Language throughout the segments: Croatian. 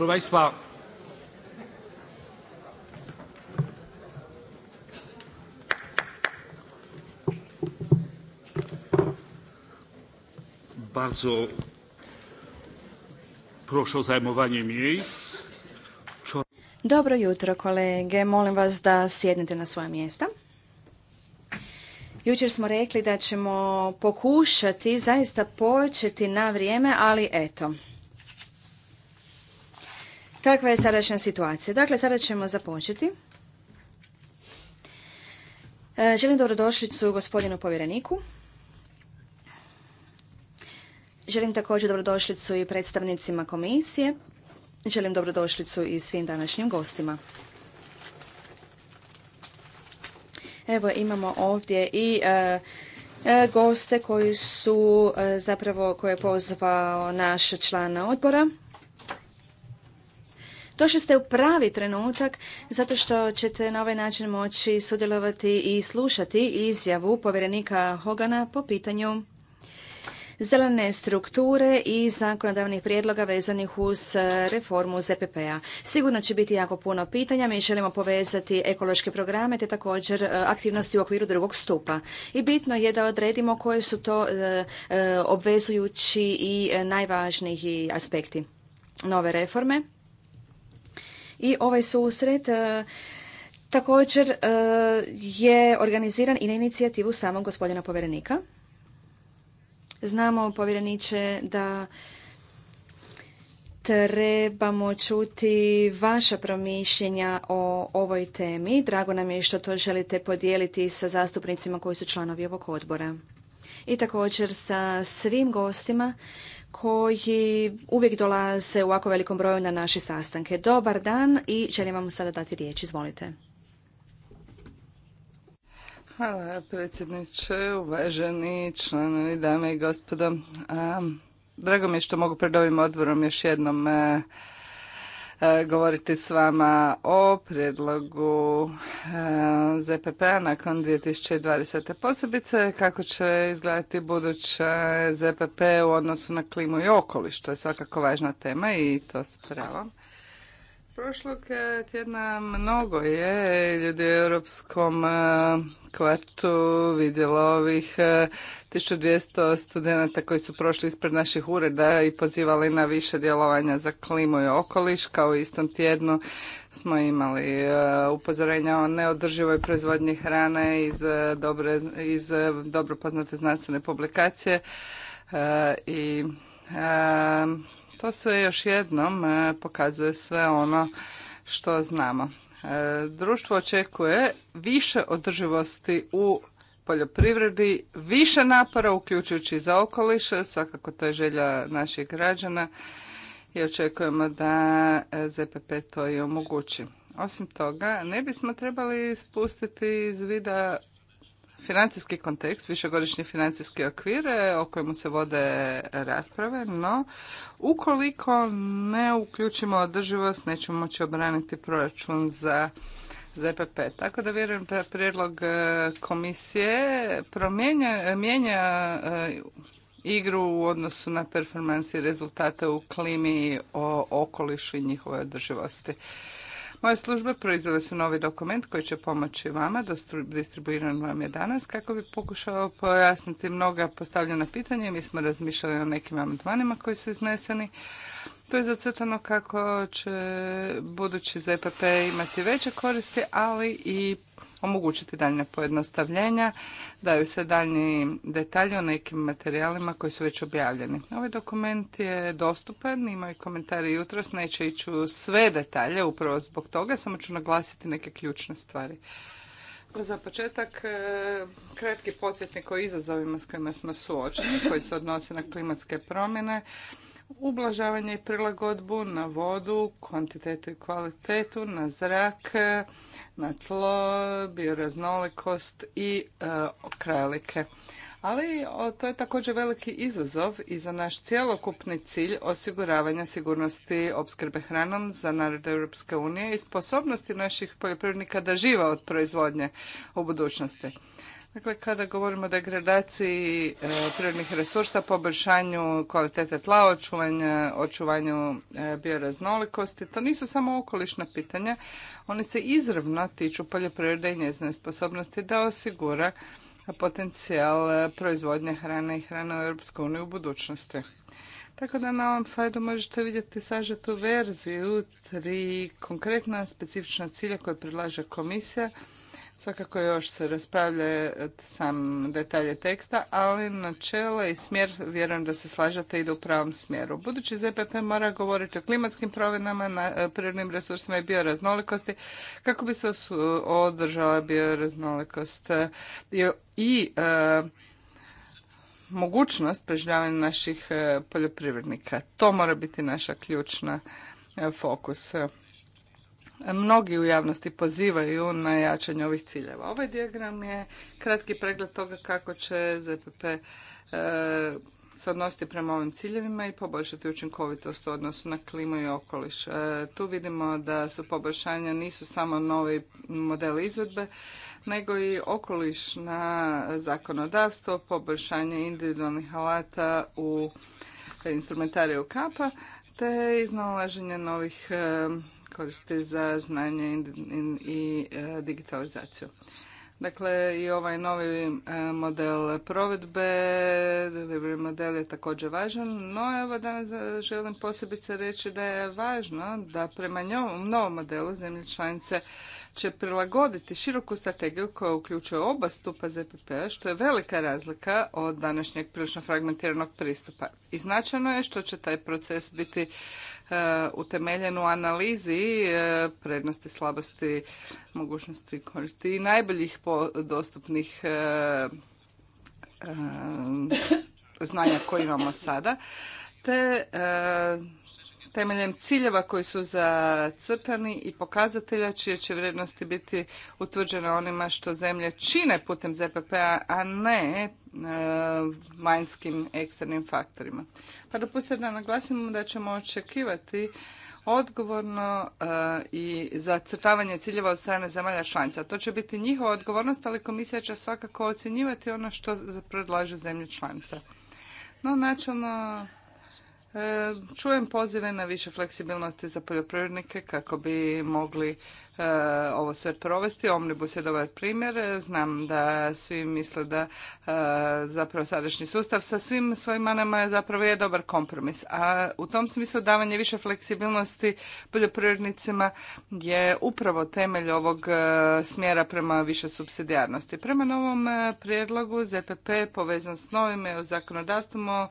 bardzo proszę o zajmowanie miejsc. Dobro jutro kolege, molim vas da sjednete na svoja mjesta. Jučer smo rekli da ćemo pokušati zaista početi na vrijeme, ali eto, Kakva je sadašnja situacija. Dakle, sada ćemo započeti. E, želim dobrodošlicu gospodinu povjereniku. Želim također dobrodošlicu i predstavnicima komisije. Želim dobrodošlicu i svim današnjim gostima. Evo imamo ovdje i e, e, goste koji su zapravo koje je pozvao naš član odbora. Došli ste u pravi trenutak zato što ćete na ovaj način moći sudjelovati i slušati izjavu povjerenika Hogana po pitanju zelene strukture i zakonodavnih prijedloga vezanih uz e, reformu ZPP-a. Sigurno će biti jako puno pitanja. Mi želimo povezati ekološke programe te također e, aktivnosti u okviru drugog stupa. I bitno je da odredimo koje su to e, obvezujući i najvažniji aspekti nove reforme i ovaj susret e, također e, je organiziran i na inicijativu samog gospodina povjerenika. Znamo, povjereniče, da trebamo čuti vaša promišljenja o ovoj temi. Drago nam je što to želite podijeliti sa zastupnicima koji su članovi ovog odbora. I također sa svim gostima koji uvijek dolaze u ovako velikom broju na naše sastanke. Dobar dan i želim vam sada dati riječ. Izvolite. Hvala predsjedniče, uvaženi članovi, dame i gospodo. Drago mi je što mogu pred ovim odborom još jednom e, E, govoriti s vama o predlogu e, ZPP-a nakon 2020. Posebice kako će izgledati buduće ZPP u odnosu na klimu i okoliš. To je svakako važna tema i to s pravom. Prošlog eh, tjedna mnogo je ljudi u europskom eh, kvartu vidjelo ovih 1200 eh, studenta koji su prošli ispred naših ureda i pozivali na više djelovanja za klimu i okoliš. Kao u istom tjednu smo imali upozorenja o neodrživoj proizvodnji hrane iz, iz dobro poznate znanstvene publikacije i to sve još jednom e, pokazuje sve ono što znamo. E, društvo očekuje više održivosti u poljoprivredi, više napora uključujući za okoliš, svakako to je želja naših građana i očekujemo da e, ZPP to i omogući. Osim toga, ne bismo trebali spustiti iz vida financijski kontekst, višegodišnji financijski okvir e, o kojemu se vode rasprave, no ukoliko ne uključimo održivost, nećemo moći obraniti proračun za ZPP. E Tako da vjerujem da prijedlog e, komisije mijenja igru u odnosu na performanse i rezultate u klimi, o okolišu i njihovoj održivosti. Moje službe proizvele su novi dokument koji će pomoći vama, distribuiran vam je danas, kako bi pokušao pojasniti mnoga postavljena pitanja i mi smo razmišljali o nekim amandmanima koji su izneseni. To je zacrtano kako će budući ZPP imati veće koristi, ali i omogućiti daljne pojednostavljenja. Daju se daljni detalji o nekim materijalima koji su već objavljeni. Ovaj dokument je dostupan, imaju komentari jutros, neće ići sve detalje upravo zbog toga, samo ću naglasiti neke ključne stvari. Za početak, e, kratki podsjetnik o izazovima s kojima smo suočeni, koji se odnose na klimatske promjene, ublažavanje i prilagodbu na vodu, kvantitetu i kvalitetu, na zrak, na tlo, bioraznolikost i e, Ali to je također veliki izazov i za naš cjelokupni cilj osiguravanja sigurnosti opskrbe hranom za narod Europske unije i sposobnosti naših poljoprivrednika da živa od proizvodnje u budućnosti. Dakle, kada govorimo o degradaciji e, prirodnih resursa, poboljšanju kvalitete tla, očuvanju očuvanju e, bioraznolikosti, to nisu samo okolišna pitanja, oni se izravno tiču poljoprivrede i njezine sposobnosti da osigura potencijal e, proizvodnje hrane i hrane u EU u budućnosti. Tako da na ovom slajdu možete vidjeti sažetu verziju tri konkretna specifična cilja koje predlaže komisija – Svakako još se raspravlja sam detalje teksta, ali načela i smjer vjerujem da se slažete ide u pravom smjeru. Budući ZPP mora govoriti o klimatskim promjenama, e, prirodnim resursima i bioraznolikosti kako bi se održala bioraznolikost e, i, i e, mogućnost preživljavanja naših poljoprivrednika. To mora biti naša ključna fokus mnogi u javnosti pozivaju na jačanje ovih ciljeva. Ovaj dijagram je kratki pregled toga kako će ZPP e, se odnositi prema ovim ciljevima i poboljšati učinkovitost u odnosu na klimu i okoliš. E, tu vidimo da su poboljšanja nisu samo novi modeli izvedbe, nego i okoliš na zakonodavstvo, poboljšanje individualnih alata u instrumentariju kapa, te iznalaženje novih e, koristi za znanje i e, digitalizaciju. Dakle, i ovaj novi e, model provedbe, delivery model je također važan, no evo danas e, želim posebice reći da je važno da prema novom modelu zemlje članice će prilagoditi široku strategiju koja uključuje oba stupa ZPP-a, što je velika razlika od današnjeg prilično fragmentiranog pristupa. I značajno je što će taj proces biti e, utemeljen u analizi e, prednosti, slabosti, mogućnosti koristi i najboljih dostupnih e, znanja koje imamo sada, te temeljem ciljeva koji su zacrtani i pokazatelja čije će vrijednosti biti utvrđene onima što zemlje čine putem ZPP-a, a ne e, vanjskim eksternim faktorima. Pa dopustite da naglasimo da ćemo očekivati odgovorno e, i zacrtavanje ciljeva od strane zemalja članica. To će biti njihova odgovornost, ali komisija će svakako ocjenjivati ono što predlažu zemlje članica. No, načelno E, čujem pozive na više fleksibilnosti za poljoprivrednike kako bi mogli E, ovo sve provesti. Omnibus je dobar primjer. Znam da svi misle da e, zapravo sadašnji sustav sa svim svojim manama je zapravo je dobar kompromis. A u tom smislu davanje više fleksibilnosti poljoprivrednicima je upravo temelj ovog e, smjera prema više subsidijarnosti. Prema novom prijedlogu ZPP povezan s novim zakonodavstvom o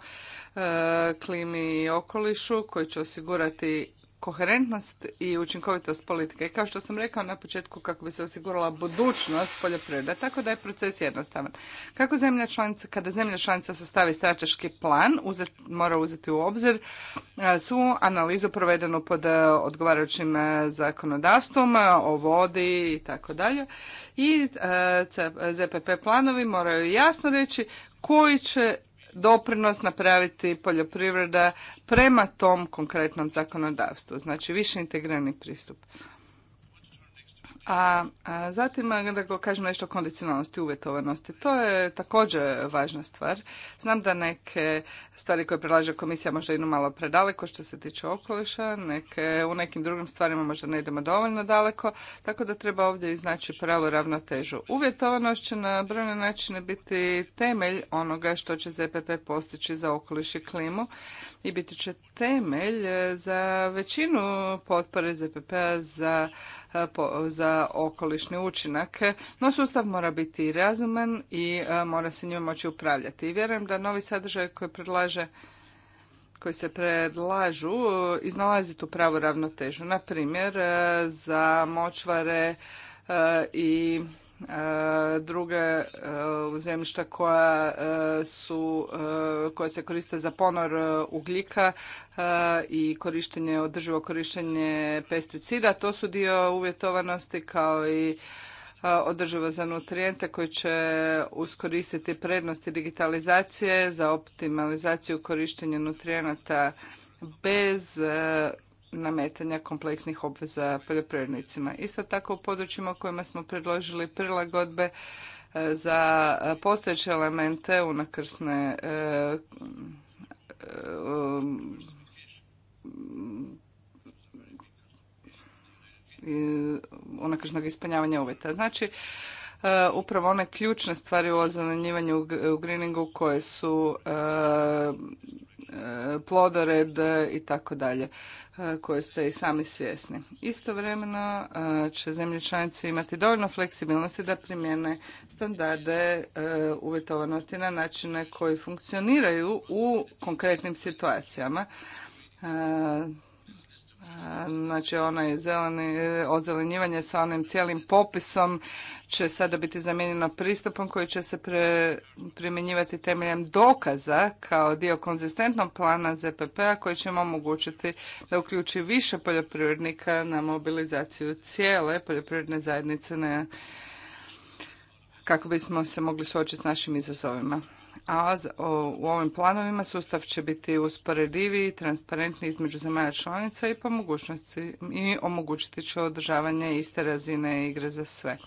klimi i okolišu koji će osigurati koherentnost i učinkovitost politike. kao što sam rekao na početku kako bi se osigurala budućnost poljoprivrede, tako da je proces jednostavan. Kako zemlja članica, kada zemlja članica sastavi strateški plan, mora uzeti u obzir svu analizu provedenu pod e, odgovarajućim e, zakonodavstvom e, o vodi i tako dalje. I ZPP planovi moraju jasno reći koji će doprinos napraviti poljoprivreda prema tom konkretnom zakonodavstvu. Znači više integrirani pristup. A, a zatim e, da kažem nešto o kondicionalnosti, uvjetovanosti. To je također važna stvar. Znam da neke stvari koje prelaže komisija možda idu malo predaleko što se tiče okoliša, neke, u nekim drugim stvarima možda ne idemo dovoljno daleko, tako da treba ovdje iznaći pravu ravnotežu. Uvjetovanost će na brojne načine biti temelj onoga što će ZPP postići za okoliš i klimu i biti će temelj e, za većinu potpore ZPP-a za, e, za okolišni učinak. No sustav mora biti razuman i e, mora se njima moći upravljati. I vjerujem da novi sadržaj koji predlaže koji se predlažu iznalazi tu pravu ravnotežu. Na primjer, za močvare i druge e, zemljišta koja e, su, e, koja se koriste za ponor ugljika i korištenje, održivo korištenje pesticida. To su dio uvjetovanosti kao i održivo za nutrijente koji će uskoristiti prednosti digitalizacije za optimalizaciju korištenja nutrijenata bez nametanja kompleksnih obveza poljoprivrednicima. Isto tako u područjima u kojima smo predložili prilagodbe e, za postojeće elemente unakrsne e, e, um, unakrsnog ispunjavanja uvjeta. Znači, upravo one ključne stvari u ozelenjivanju u greeningu koje su plodored e, i tako dalje, e, koje ste i sami svjesni. Istovremeno e, će zemlje članice imati dovoljno fleksibilnosti da primjene standarde uvjetovanosti na načine koji funkcioniraju u konkretnim situacijama znači onaj je zeleni, ozelenjivanje sa onim cijelim popisom će sada biti zamijenjeno pristupom koji će se primjenjivati temeljem dokaza kao dio konzistentnog plana ZPP-a koji će omogućiti da uključi više poljoprivrednika na mobilizaciju cijele poljoprivredne zajednice na, kako bismo se mogli suočiti s našim izazovima a u ovim planovima sustav će biti usporediviji, transparentniji između zemalja članica i po mogućnosti i omogućiti će održavanje iste razine igre za sve.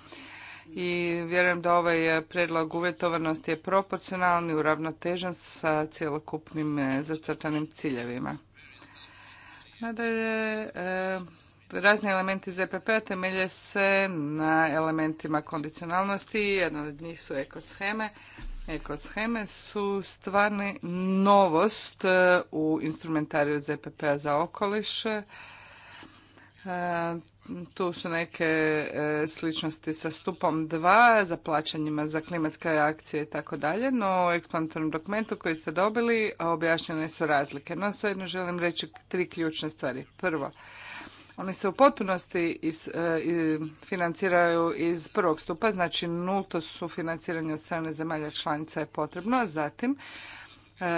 I vjerujem da ovaj e, predlog uvjetovanosti je proporcionalni, uravnotežen sa cjelokupnim e, zacrtanim ciljevima. Nadalje, e, razni elementi ZPP temelje se na elementima kondicionalnosti, jedan od njih su ekosheme Ekosheme su stvarne novost e, u instrumentariju ZPP-a za okoliš. E, tu su neke e, sličnosti sa stupom 2 za plaćanjima za klimatske akcije i tako dalje, no u eksplanatornom dokumentu koji ste dobili objašnjene su razlike. No svejedno želim reći tri ključne stvari. Prvo, oni se u potpunosti e, financiraju iz prvog stupa, znači nulto su financiranje od strane zemalja članica je potrebno. Zatim, e,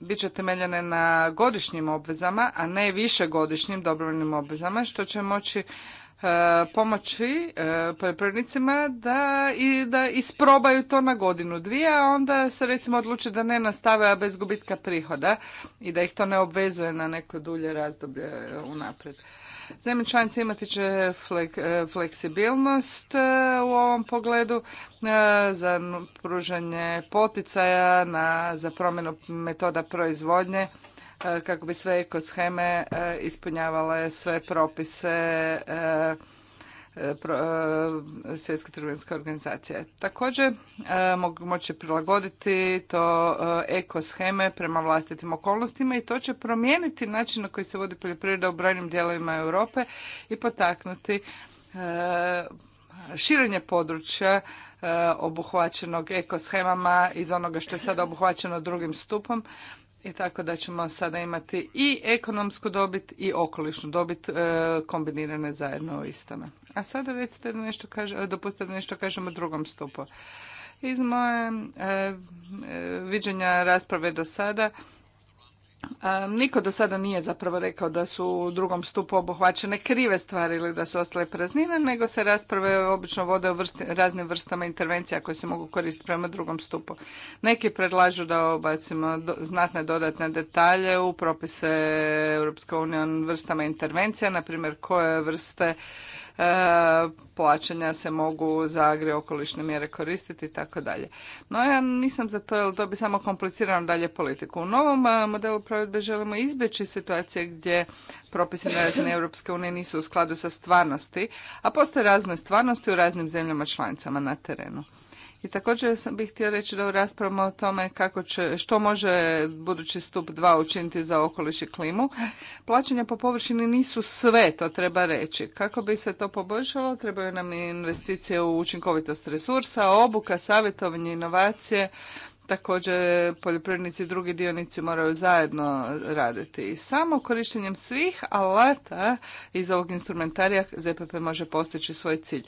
bit će temeljene na godišnjim obvezama, a ne više godišnjim dobrovoljnim obvezama, što će moći e, pomoći poljoprivrednicima da, i da isprobaju to na godinu dvije, a onda se recimo odluče da ne nastave a bez gubitka prihoda i da ih to ne obvezuje na neko dulje razdoblje unaprijed. Zemlje članice imati će e, fleksibilnost e, u ovom pogledu e, za pružanje poticaja na, za promjenu metoda proizvodnje kako bi sve ekosheme ispunjavale sve propise E, Svjetska trgovinska organizacija. Također e, moći prilagoditi to e, eko sheme prema vlastitim okolnostima i to će promijeniti način na koji se vodi poljoprivreda u brojnim dijelovima Europe i potaknuti širenje područja obuhvaćenog eko shemama iz onoga što je sada obuhvaćeno drugim stupom i tako da ćemo sada imati i ekonomsku dobit i okolišnu dobit e, kombinirane zajedno u istome. A sada recite da nešto e, dopustite da nešto kažem o drugom stupu. Iz moje e, viđenja rasprave do sada Niko do sada nije zapravo rekao da su u drugom stupu obuhvaćene krive stvari ili da su ostale praznine, nego se rasprave obično vode o vrsti, raznim vrstama intervencija koje se mogu koristiti prema drugom stupu. Neki predlažu da obacimo znatne dodatne detalje u propise Europske unije o vrstama intervencija, na primjer koje vrste E, plaćanja se mogu za agri okolišne mjere koristiti i tako dalje. No ja nisam za to jer to bi samo komplicirano dalje politiku. U novom e, modelu provedbe želimo izbjeći situacije gdje propisi na razine Europske unije nisu u skladu sa stvarnosti, a postoje razne stvarnosti u raznim zemljama članicama na terenu. I također sam bih htio reći da u raspravama o tome kako će, što može budući stup 2 učiniti za okoliš i klimu, plaćanja po površini nisu sve, to treba reći. Kako bi se to poboljšalo, trebaju nam investicije u učinkovitost resursa, obuka, savjetovanje, inovacije, također poljoprivrednici i drugi dionici moraju zajedno raditi. I samo korištenjem svih alata iz ovog instrumentarija ZPP može postići svoj cilj.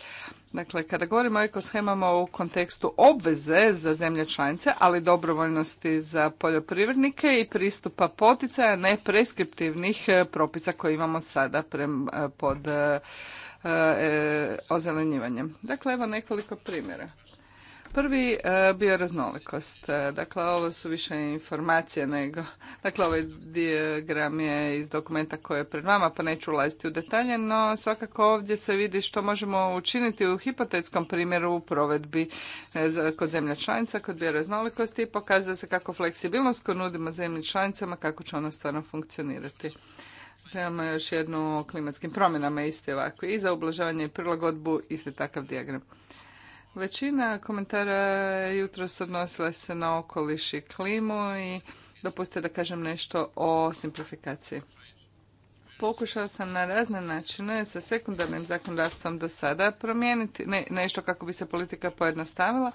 Dakle, kada govorimo o ekoshemama u kontekstu obveze za zemlje članice, ali dobrovoljnosti za poljoprivrednike i pristupa poticaja nepreskriptivnih e, propisa koje imamo sada e, pod e, e, ozelenjivanjem. Dakle, evo nekoliko primjera. Prvi e, bioraznolikost. E, dakle, ovo su više informacije nego... Dakle, ovaj diagram je iz dokumenta koji je pred vama, pa neću ulaziti u detalje, no svakako ovdje se vidi što možemo učiniti u hipotetskom primjeru u provedbi e, kod zemlja članica, kod bioraznolikosti i pokazuje se kako fleksibilnost koju nudimo zemlji članicama, kako će ona stvarno funkcionirati. Imamo još jednu o klimatskim promjenama, isti ovako, i za ublažavanje i prilagodbu, isti takav diagram. Većina komentara jutros odnosila se na okoliš i klimu i dopustite da kažem nešto o simplifikaciji. Pokušao sam na razne načine sa sekundarnim zakonodavstvom do sada promijeniti nešto kako bi se politika pojednostavila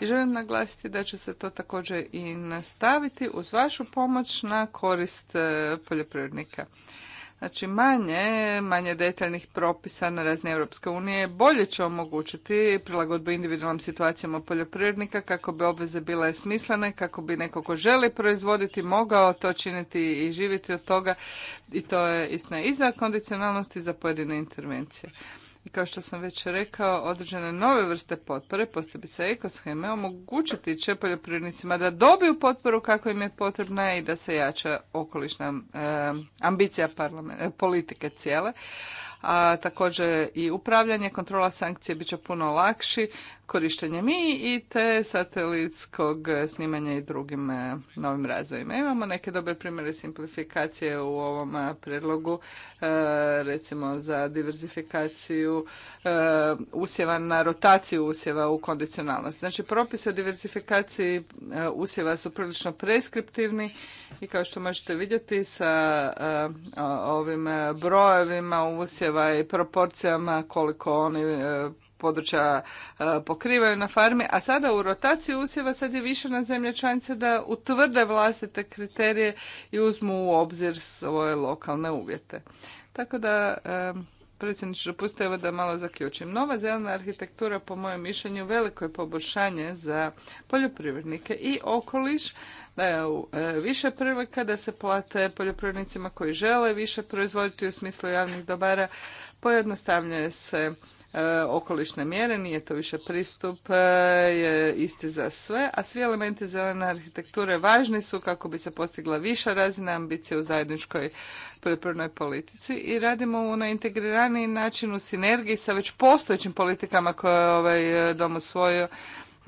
i želim naglasiti da će se to također i nastaviti uz vašu pomoć na korist eh, poljoprivrednika. Znači manje, manje detaljnih propisa na razne Europske unije bolje će omogućiti prilagodbu individualnim situacijama poljoprivrednika kako bi obveze bile smislene, kako bi neko ko želi proizvoditi mogao to činiti i živjeti od toga i to je istina i za kondicionalnost i za pojedine intervencije i kao što sam već rekao, određene nove vrste potpore, posebice ekosheme, omogućiti će poljoprivrednicima da dobiju potporu kako im je potrebna i da se jača okolišna ambicija e, politike cijele. A također i upravljanje, kontrola sankcije bit će puno lakši, korištenjem i te satelitskog snimanja i drugim e, novim razvojima. Imamo neke dobre primjere simplifikacije u ovom e, predlogu, e, recimo za diversifikaciju usjeva na rotaciju usjeva u kondicionalnosti. Znači, propise o diversifikaciji usjeva su prilično preskriptivni i kao što možete vidjeti sa ovim brojevima usjeva i proporcijama koliko oni područja e, pokrivaju na farmi, a sada u rotaciji usjeva sad je više na zemlje članice da utvrde vlastite kriterije i uzmu u obzir svoje lokalne uvjete. Tako da, e, predsjedniče, dopustite evo da malo zaključim. Nova zelena arhitektura, po mojem mišljenju, veliko je poboljšanje za poljoprivrednike i okoliš, da je e, više prilika da se plate poljoprivrednicima koji žele više proizvoditi u smislu javnih dobara, pojednostavljuje se E, okolišne mjere, nije to više pristup, e, je isti za sve, a svi elementi zelene arhitekture važni su kako bi se postigla viša razina ambicije u zajedničkoj poljoprivrednoj politici i radimo na integrirani način u sinergiji sa već postojećim politikama koje je ovaj e, dom osvojio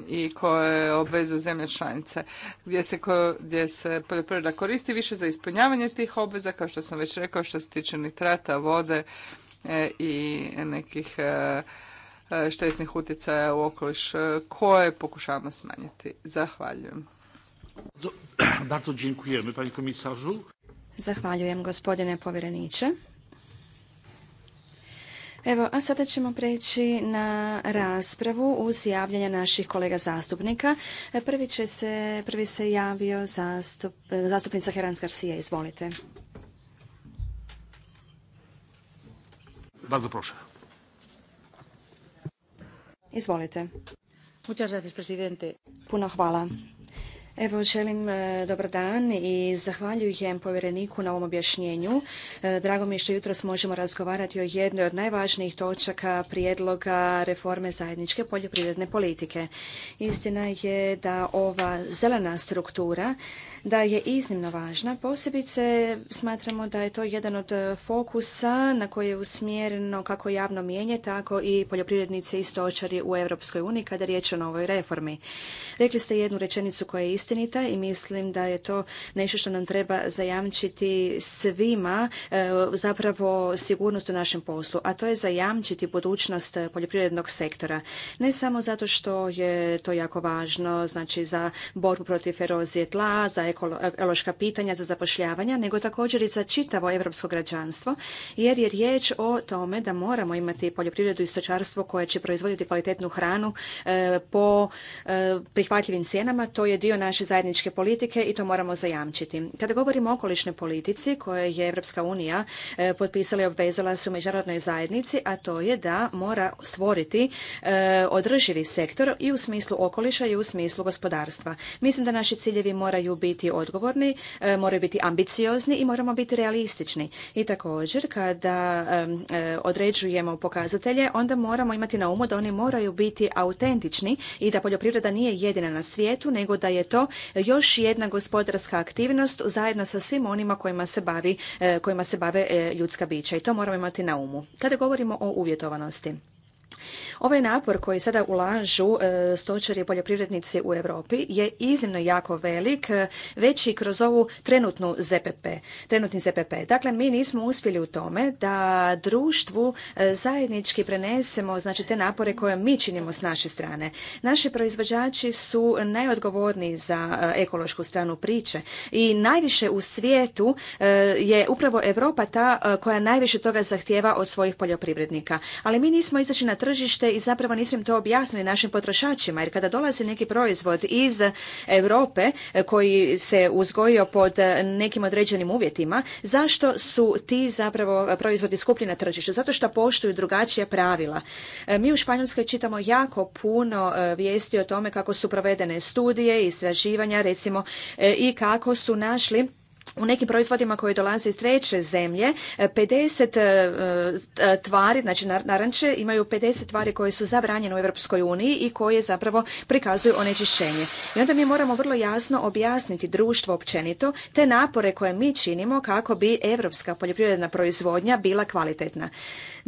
i koje obvezu zemlje članice, gdje se, gdje se poljoprivreda koristi više za ispunjavanje tih obveza, kao što sam već rekao, što se tiče nitrata, vode, E, i nekih e, e, štetnih utjecaja u okoliš koje pokušavamo smanjiti. Zahvaljujem. Bardzo Zahvaljujem, gospodine povjereniče. Evo, a sada ćemo preći na raspravu uz javljanje naših kolega zastupnika. Prvi, se, prvi se javio zastupnica Herans Garcia. Izvolite. Bardzo proszę. Izvolite. Muchas gracias, presidente. Puno hvala. Evo, želim e, dobar dan i zahvaljujem povjereniku na ovom objašnjenju. E, drago mi je što jutros možemo razgovarati o jednoj od najvažnijih točaka prijedloga reforme zajedničke poljoprivredne politike. Istina je da ova zelena struktura da je iznimno važna. Posebice smatramo da je to jedan od e, fokusa na koji je usmjereno kako javno mijenje, tako i poljoprivrednice i stočari u Europskoj uniji kada je riječ o novoj reformi. Rekli ste jednu rečenicu koja je istinita i mislim da je to nešto što nam treba zajamčiti svima e, zapravo sigurnost u našem poslu, a to je zajamčiti budućnost poljoprivrednog sektora. Ne samo zato što je to jako važno, znači za borbu protiv erozije tla, za ekološka pitanja za zapošljavanja, nego također i za čitavo europsko građanstvo, jer je riječ o tome da moramo imati poljoprivredu i stočarstvo koje će proizvoditi kvalitetnu hranu e, po e, prihvatljivim cijenama. To je dio naše zajedničke politike i to moramo zajamčiti. Kada govorimo o okolišnoj politici koje je Europska unija e, potpisala i obvezala se u međunarodnoj zajednici, a to je da mora stvoriti održivi sektor i u smislu okoliša i u smislu gospodarstva. Mislim da naši ciljevi moraju biti biti odgovorni, e, moraju biti ambiciozni i moramo biti realistični. I također kada e, određujemo pokazatelje, onda moramo imati na umu da oni moraju biti autentični i da poljoprivreda nije jedina na svijetu, nego da je to još jedna gospodarska aktivnost zajedno sa svim onima kojima se, bavi, e, kojima se bave ljudska bića. I to moramo imati na umu. Kada govorimo o uvjetovanosti, Ovaj napor koji sada ulažu e, stočari i poljoprivrednici u Europi je iznimno jako velik, e, veći kroz ovu trenutnu ZPP, trenutni ZPP. Dakle, mi nismo uspjeli u tome da društvu e, zajednički prenesemo znači, te napore koje mi činimo s naše strane. Naši proizvođači su najodgovorniji za ekološku stranu priče i najviše u svijetu je upravo Europa ta koja najviše toga zahtjeva od svojih poljoprivrednika. Ali mi nismo izašli na tržište i zapravo nisu im to objasnili našim potrošačima jer kada dolazi neki proizvod iz Europe e, koji se uzgojio pod e, nekim određenim uvjetima, zašto su ti zapravo proizvodi skuplji na tržištu? Zato što poštuju drugačija pravila. E, mi u Španjolskoj čitamo jako puno vijesti o tome kako su provedene studije, istraživanja recimo i kako su našli u nekim proizvodima koji dolaze iz treće zemlje 50 e, e, e, tvari, znači naranče imaju 50 tvari koje su zabranjene u Europskoj uniji i koje zapravo prikazuju onečišćenje. I onda mi moramo vrlo jasno objasniti društvo općenito te napore koje mi činimo kako bi europska poljoprivredna proizvodnja bila kvalitetna.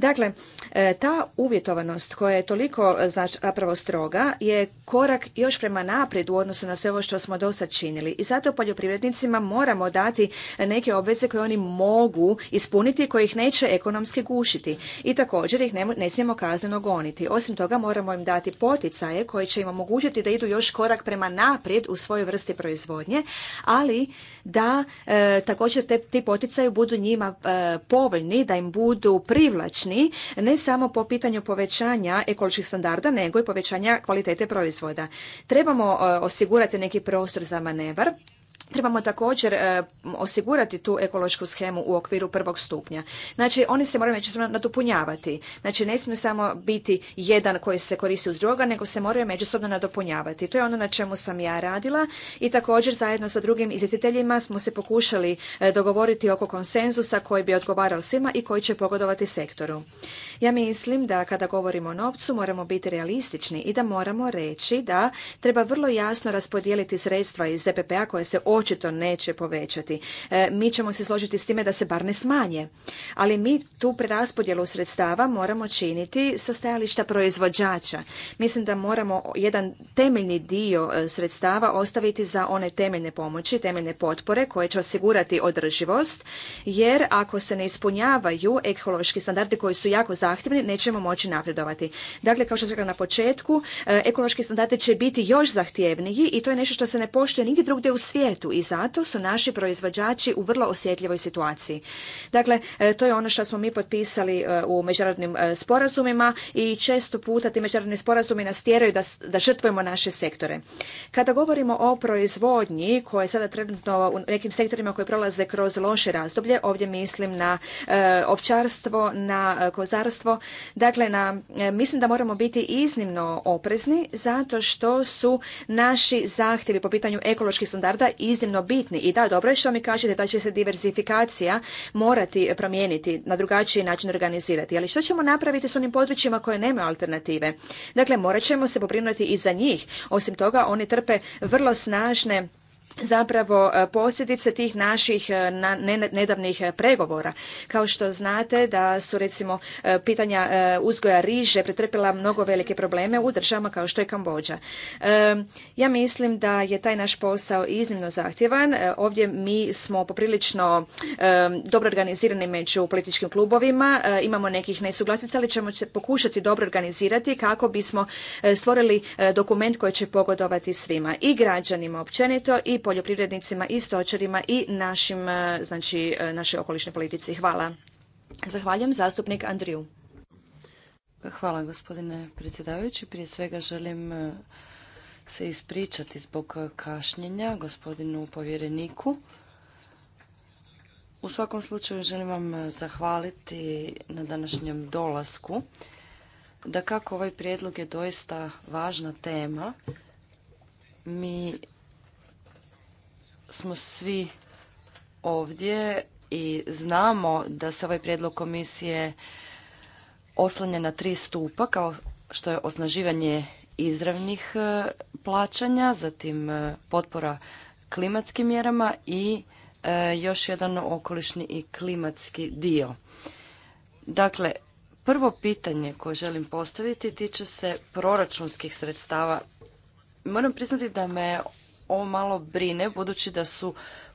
Dakle, e, ta uvjetovanost koja je toliko e, zapravo stroga je korak još prema naprijed u odnosu na sve ovo što smo do sad činili. I zato poljoprivrednicima moramo dati neke obveze koje oni mogu ispuniti i koji ih neće ekonomski gušiti. I također ih ne, ne smijemo kazneno goniti. Osim toga moramo im dati poticaje koji će im omogućiti da idu još korak prema naprijed u svojoj vrsti proizvodnje, ali da e, također te, ti poticaji budu njima e, povoljni, da im budu privlačni, ne samo po pitanju povećanja ekoloških standarda, nego i povećanja kvalitete proizvoda. Trebamo e, osigurati neki prostor za manevar Trebamo također e, osigurati tu ekološku schemu u okviru prvog stupnja. Znači, oni se moraju međusobno nadopunjavati. Znači, ne smije samo biti jedan koji se koristi uz druga, nego se moraju međusobno nadopunjavati. To je ono na čemu sam ja radila i također zajedno sa drugim izvjestiteljima smo se pokušali e, dogovoriti oko konsenzusa koji bi odgovarao svima i koji će pogodovati sektoru. Ja mislim da kada govorimo o novcu moramo biti realistični i da moramo reći da treba vrlo jasno raspodijeliti sredstva iz ZPP-a koje se očito neće povećati. E, mi ćemo se složiti s time da se bar ne smanje. Ali mi tu preraspodjelu sredstava moramo činiti sa stajališta proizvođača. Mislim da moramo jedan temeljni dio e, sredstava ostaviti za one temeljne pomoći, temeljne potpore koje će osigurati održivost, jer ako se ne ispunjavaju ekološki standardi koji su jako zahtjevni, nećemo moći napredovati. Dakle, kao što sam rekla na početku, e, ekološki standardi će biti još zahtjevniji i to je nešto što se ne poštuje nigdje drugdje u svijetu i zato su naši proizvođači u vrlo osjetljivoj situaciji. Dakle, e, to je ono što smo mi potpisali e, u međunarodnim e, sporazumima i često puta ti međunarodni sporazumi nas tjeraju da, da žrtvujemo naše sektore. Kada govorimo o proizvodnji koja je sada trenutno u nekim sektorima koji prolaze kroz loše razdoblje, ovdje mislim na ovčarstvo, na kozarstvo, dakle na, mislim da moramo biti iznimno oprezni zato što su naši zahtjevi po pitanju ekoloških standarda iz iznimno bitni i da, dobro je što mi kažete da će se diversifikacija morati promijeniti, na drugačiji način organizirati. Ali što ćemo napraviti s onim područjima koje nemaju alternative? Dakle, morat ćemo se pobrinuti i za njih. Osim toga, oni trpe vrlo snažne zapravo e, posljedice tih naših e, nedavnih e, pregovora. Kao što znate da su recimo pitanja uzgoja riže pretrpila mnogo velike probleme u državama kao što je Kambođa. Ja mislim da je taj naš posao iznimno zahtjevan. Ovdje mi smo poprilično dobro organizirani među političkim klubovima. Imamo nekih nesuglasica, ali ćemo pokušati dobro organizirati kako bismo stvorili dokument koji će pogodovati svima i građanima općenito i poljoprivrednicima i stočarima i našim, e, znači, e, našoj okolišnoj politici. Hvala. Zahvaljujem zastupnik Andriju. Hvala gospodine predsjedavajući. Prije svega želim e, se ispričati zbog kašnjenja gospodinu povjereniku. U svakom slučaju želim vam zahvaliti na današnjem dolasku. Da kako ovaj prijedlog je doista važna tema, mi smo svi ovdje i znamo da se ovaj prijedlog komisije oslanja na tri stupa kao što je osnaživanje izravnih e, plaćanja, zatim e, potpora klimatskim mjerama i e, još jedan okolišni i klimatski dio. Dakle, prvo pitanje koje želim postaviti tiče se proračunskih sredstava. Moram priznati da me ovo malo brine budući da su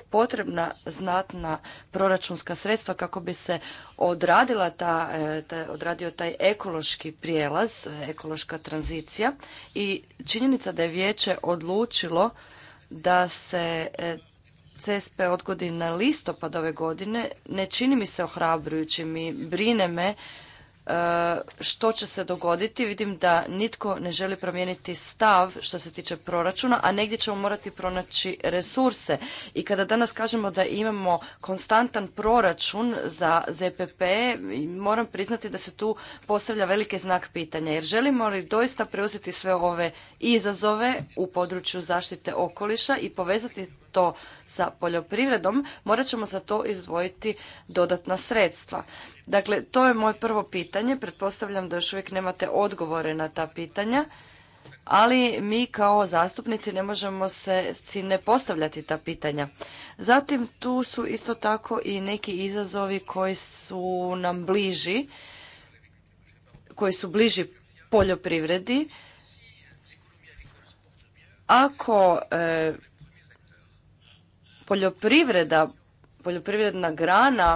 potrebna znatna proračunska sredstva kako bi se odradila ta, e, odradio taj ekološki prijelaz, e, ekološka tranzicija i činjenica da je vijeće odlučilo da se e, CSP odgodi na listopad ove godine ne čini mi se ohrabrujućim i brine me E, što će se dogoditi. Vidim da nitko ne želi promijeniti stav što se tiče proračuna, a negdje ćemo morati pronaći resurse. I kada danas kažemo da imamo konstantan proračun za ZPP, moram priznati da se tu postavlja veliki znak pitanja. Jer želimo li doista preuzeti sve ove izazove u području zaštite okoliša i povezati to sa poljoprivredom, morat ćemo za to izdvojiti dodatna sredstva. Dakle, to je moje prvo pitanje. Pretpostavljam da još uvijek nemate odgovore na ta pitanja, ali mi kao zastupnici ne možemo se si ne postavljati ta pitanja. Zatim tu su isto tako i neki izazovi koji su nam bliži, koji su bliži poljoprivredi. Ako e, poljoprivreda poljoprivredna grana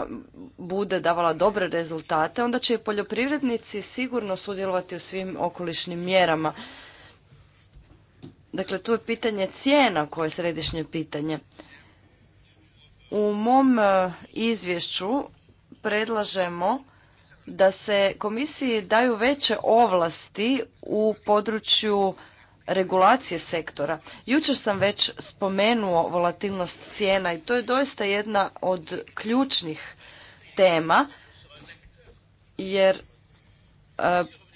bude davala dobre rezultate, onda će i poljoprivrednici sigurno sudjelovati u svim okolišnim mjerama. Dakle, tu je pitanje cijena koje je središnje pitanje. U mom e, izvješću predlažemo da se komisiji daju veće ovlasti u području regulacije sektora. Jučer sam već spomenuo volatilnost cijena i to je doista jedna od ključnih tema jer e,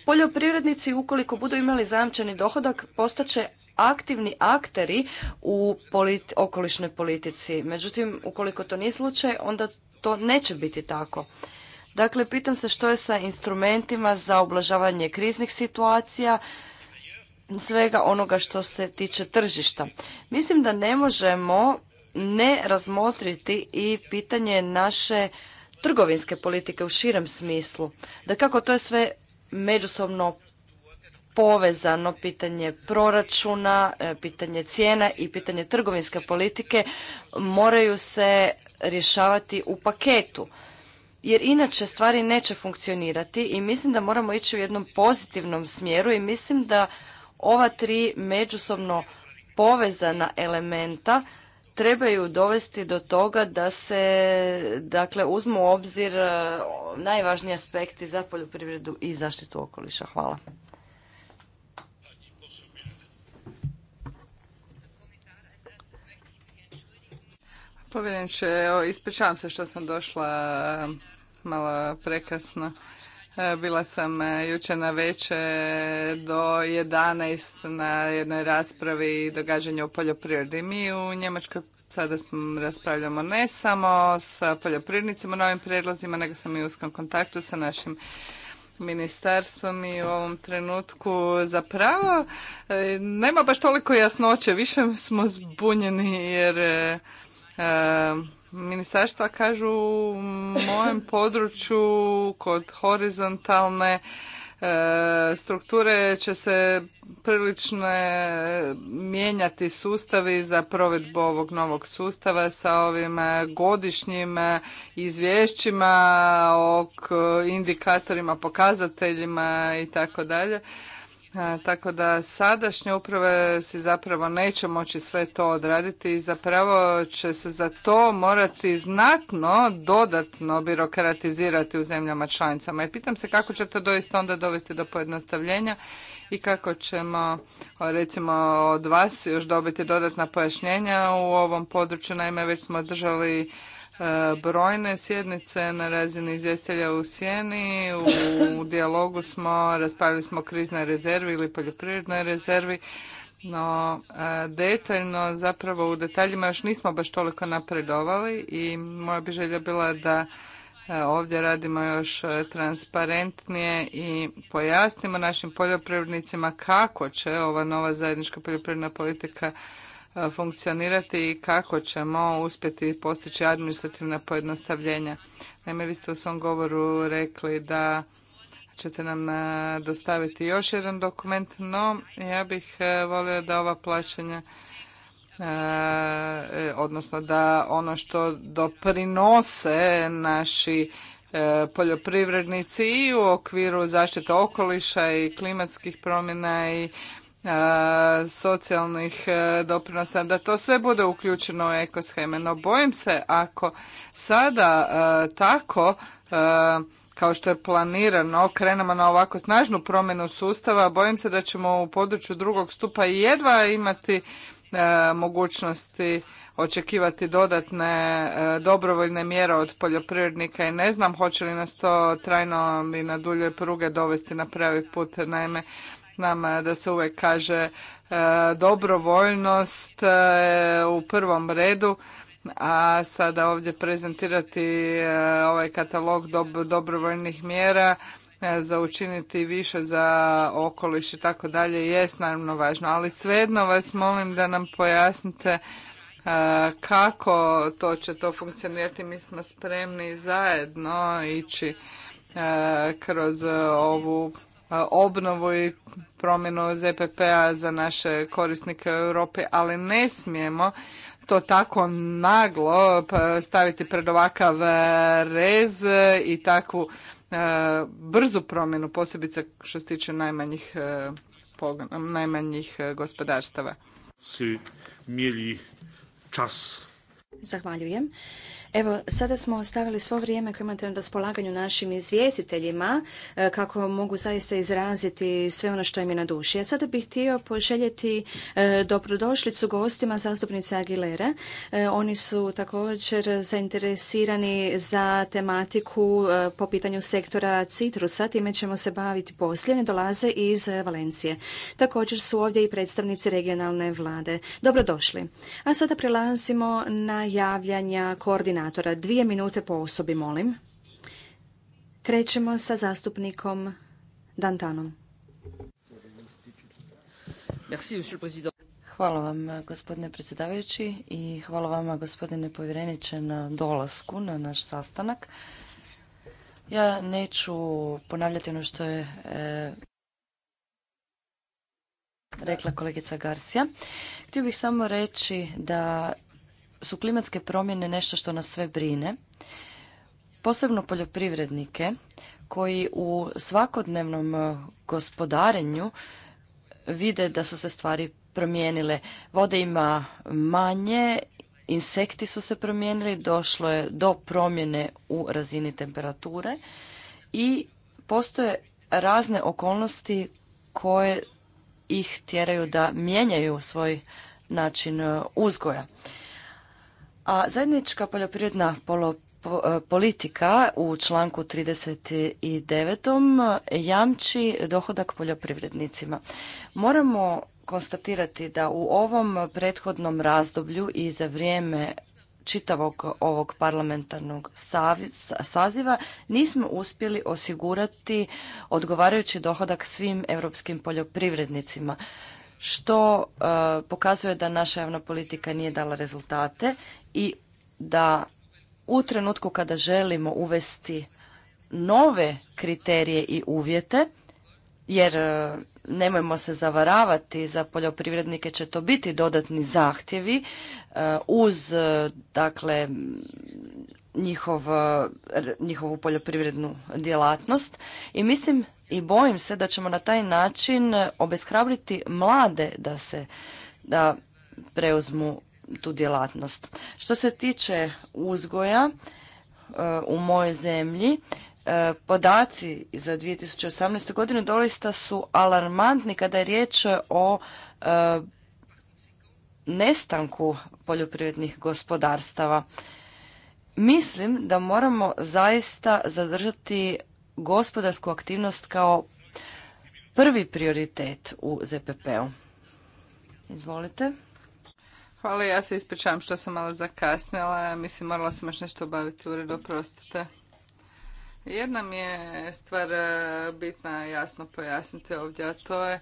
poljoprivrednici ukoliko budu imali zajamčeni dohodak postaće aktivni akteri u okolišnoj politici. Međutim, ukoliko to nije slučaj, onda to neće biti tako. Dakle, pitam se što je sa instrumentima za oblažavanje kriznih situacija, svega onoga što se tiče tržišta. Mislim da ne možemo ne razmotriti i pitanje naše trgovinske politike u širem smislu. Da kako to je sve međusobno povezano pitanje proračuna, e, pitanje cijena i pitanje trgovinske politike moraju se rješavati u paketu. Jer inače stvari neće funkcionirati i mislim da moramo ići u jednom pozitivnom smjeru i mislim da ova tri međusobno povezana elementa trebaju dovesti do toga da se dakle uzmu u obzir e, najvažniji aspekti za poljoprivredu i zaštitu okoliša. Hvala. Povjerenče, ispričavam se što sam došla e, malo prekasno. E, bila sam e, jučer na večer do 11 na jednoj raspravi događanja u poljoprivredi. Mi u Njemačkoj sada raspravljamo ne samo sa poljoprivrednicima novim prijedlozima, nego sam i u uskom kontaktu sa našim ministarstvom i u ovom trenutku zapravo e, nema baš toliko jasnoće. Više smo zbunjeni jer E, ministarstva kažu u mojem području kod horizontalne e, strukture će se prilično mijenjati sustavi za provedbu ovog novog sustava sa ovim e, godišnjim izvješćima o indikatorima, pokazateljima i tako dalje. Tako da sadašnje uprave si zapravo neće moći sve to odraditi i zapravo će se za to morati znatno dodatno birokratizirati u zemljama članicama. I pitam se kako će to doista onda dovesti do pojednostavljenja i kako ćemo recimo od vas još dobiti dodatna pojašnjenja u ovom području. Naime, već smo držali E, brojne sjednice na razini izvjestelja u Sjeni. U dijalogu smo, raspravili smo krizne rezervi ili poljoprivredne rezervi, no e, detaljno, zapravo u detaljima još nismo baš toliko napredovali i moja bi želja bila da e, ovdje radimo još transparentnije i pojasnimo našim poljoprivrednicima kako će ova nova zajednička poljoprivredna politika funkcionirati i kako ćemo uspjeti postići administrativna pojednostavljenja. Naime, vi ste u svom govoru rekli da ćete nam e, dostaviti još jedan dokument, no ja bih e, volio da ova plaćanja e, odnosno da ono što doprinose naši poljoprivrednici i u okviru zaštite okoliša i klimatskih promjena i E, socijalnih e, doprinosa, da to sve bude uključeno u ekosheme. No bojim se ako sada e, tako kao što je planirano, krenemo na ovako snažnu promjenu sustava, bojim se da ćemo u području drugog stupa i jedva imati mogućnosti očekivati dodatne dobrovoljne mjere od poljoprivrednika i ne znam hoće li nas to trajno i na dulje pruge dovesti na pravi put. Naime, nama eh, da se uvijek kaže eh, dobrovoljnost eh, u prvom redu, a sada ovdje prezentirati ovaj katalog dobrovoljnih mjera za učiniti više za okoliš i tako dalje jest naravno važno, ali svejedno vas molim da nam pojasnite kako to će to funkcionirati. Mi smo spremni zajedno ići kroz ovu obnovu i promjenu ZPP-a za naše korisnike u Europi, ali ne smijemo to tako naglo pa, staviti pred ovakav e, rez i takvu e, brzu promjenu, posebice što se tiče najmanjih, e, najmanjih gospodarstava. Zahvaljujem. Evo, sada smo ostavili svo vrijeme koje imate na raspolaganju našim izvjestiteljima e, kako mogu zaista izraziti sve ono što im je na duši. Ja sada bih htio poželjeti e, dobrodošlicu gostima zastupnice Aguilera. E, oni su također zainteresirani za tematiku po pitanju sektora citrusa. Time ćemo se baviti poslije. Oni dolaze iz Valencije. Također su ovdje i predstavnici regionalne vlade. Dobrodošli. A sada prelazimo na javljanja koordinatora koordinatora. Dvije minute po osobi, molim. Krećemo sa zastupnikom Dantanom. Hvala vam gospodine predsjedavajući i hvala vama gospodine povjereniče na dolasku na naš sastanak. Ja neću ponavljati ono što je eh, rekla kolegica Garcia. Htio bih samo reći da su klimatske promjene nešto što nas sve brine, posebno poljoprivrednike koji u svakodnevnom e, gospodarenju e, vide da su se stvari promijenile. Vode ima manje, insekti su se promijenili, došlo je do promjene u razini temperature i postoje razne okolnosti koje ih tjeraju da mijenjaju svoj način e, uzgoja. A zajednička poljoprivredna e, politika u članku 39. jamči dohodak poljoprivrednicima. Moramo konstatirati da u ovom prethodnom razdoblju i za vrijeme čitavog ovog parlamentarnog saziva nismo uspjeli osigurati odgovarajući dohodak svim europskim poljoprivrednicima što e, pokazuje da naša javna politika nije dala rezultate i da u trenutku kada želimo uvesti nove kriterije i uvjete, jer e, nemojmo se zavaravati, za poljoprivrednike će to biti dodatni zahtjevi e, uz dakle njihov, njihovu poljoprivrednu djelatnost i mislim i bojim se da ćemo na taj način obeshrabriti mlade da se da preuzmu tu djelatnost. Što se tiče uzgoja e, u mojoj zemlji, e, podaci za 2018. godinu doista su alarmantni kada je riječ o e, nestanku poljoprivrednih gospodarstava. Mislim da moramo zaista zadržati gospodarsku aktivnost kao prvi prioritet u ZPP-u. Izvolite. Hvala, ja se ispričavam što sam malo zakasnila. Mislim, morala sam još nešto obaviti u redu, oprostite. Jedna mi je stvar e, bitna jasno pojasniti ovdje, a to je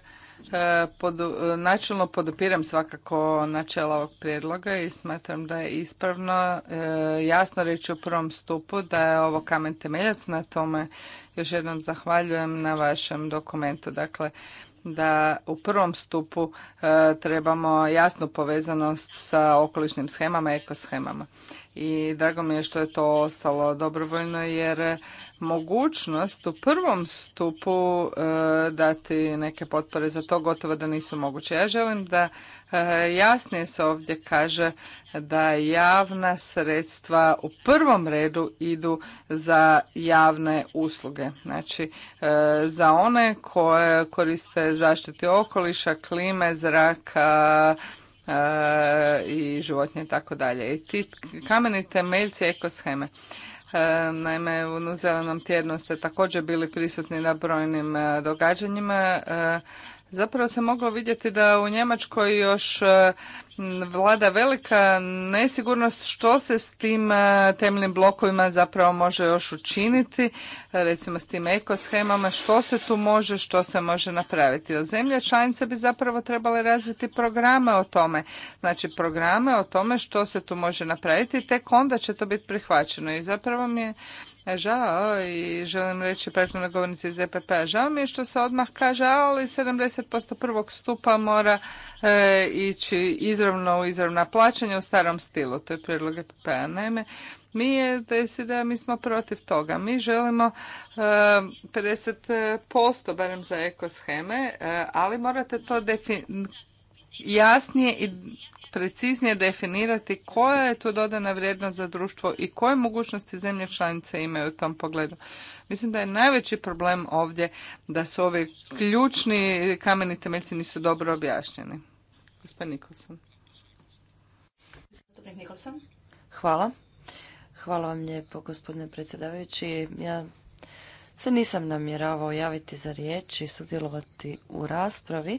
E, pod, načelno podupiram svakako načela ovog prijedloga i smatram da je ispravno e, jasno reći u prvom stupu da je ovo kamen temeljac na tome još jednom zahvaljujem na vašem dokumentu dakle da u prvom stupu e, trebamo jasnu povezanost sa okolišnim shemama i ekoshemama i drago mi je što je to ostalo dobrovoljno jer mogućnost u prvom stupu e, dati neke potpore za to gotovo da nisu moguće. Ja želim da e, jasnije se ovdje kaže da javna sredstva u prvom redu idu za javne usluge. Znači e, za one koje koriste zaštiti okoliša, klime, zraka, E, i životinje i tako dalje. I ti kameni temeljci ekosheme. E, naime, u zelenom tjednu ste također bili prisutni na brojnim e, događanjima zapravo se moglo vidjeti da u Njemačkoj još e, vlada velika nesigurnost što se s tim e, temeljnim blokovima zapravo može još učiniti, recimo s tim ekoshemama, što se tu može, što se može napraviti. Zemlje članice bi zapravo trebale razviti programe o tome, znači programe o tome što se tu može napraviti, tek onda će to biti prihvaćeno i zapravo mi je E, žao i želim reći prethodnoj govornici iz EPP-a. Žao mi je što se odmah kaže, ali 70% prvog stupa mora e, ići izravno u izravna plaćanja u starom stilu. To je prijedlog EPP-a. Naime, mi je da mi smo protiv toga. Mi želimo 50% e, barem za ekosheme, sheme ali morate to jasnije i preciznije definirati koja je to dodana vrijednost za društvo i koje mogućnosti zemlje članice imaju u tom pogledu. Mislim da je najveći problem ovdje da su ovi ključni kameni temeljci nisu dobro objašnjeni. Gospodin Hvala. Hvala vam lijepo, gospodine predsjedavajući. Ja se nisam namjeravao javiti za riječ i sudjelovati u raspravi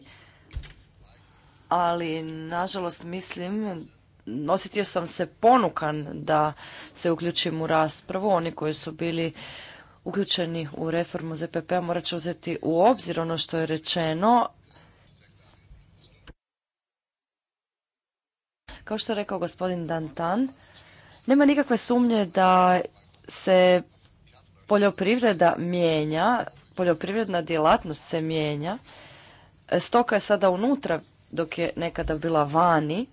ali nažalost mislim osjetio sam se ponukan da se uključim u raspravu. Oni koji su bili uključeni u reformu ZPP-a morat će uzeti u obzir ono što je rečeno. Kao što je rekao gospodin Dantan, nema nikakve sumnje da se poljoprivreda mijenja, poljoprivredna djelatnost se mijenja. Stoka je sada unutra dok je nekada bila vani,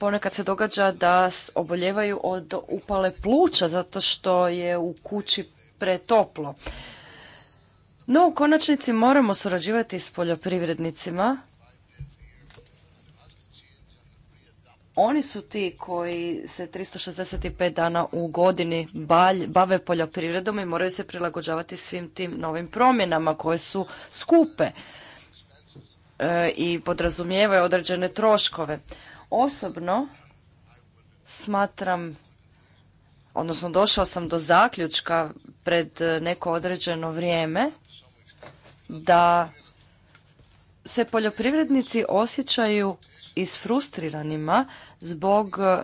ponekad se događa da oboljevaju od upale pluća zato što je u kući pretoplo. No, u konačnici moramo surađivati s poljoprivrednicima oni su ti koji se 365 dana u godini bave poljoprivredom i moraju se prilagođavati svim tim novim promjenama koje su skupe e, i podrazumijevaju određene troškove. Osobno smatram, odnosno došao sam do zaključka pred neko određeno vrijeme da se poljoprivrednici osjećaju isfrustriranima zbog e,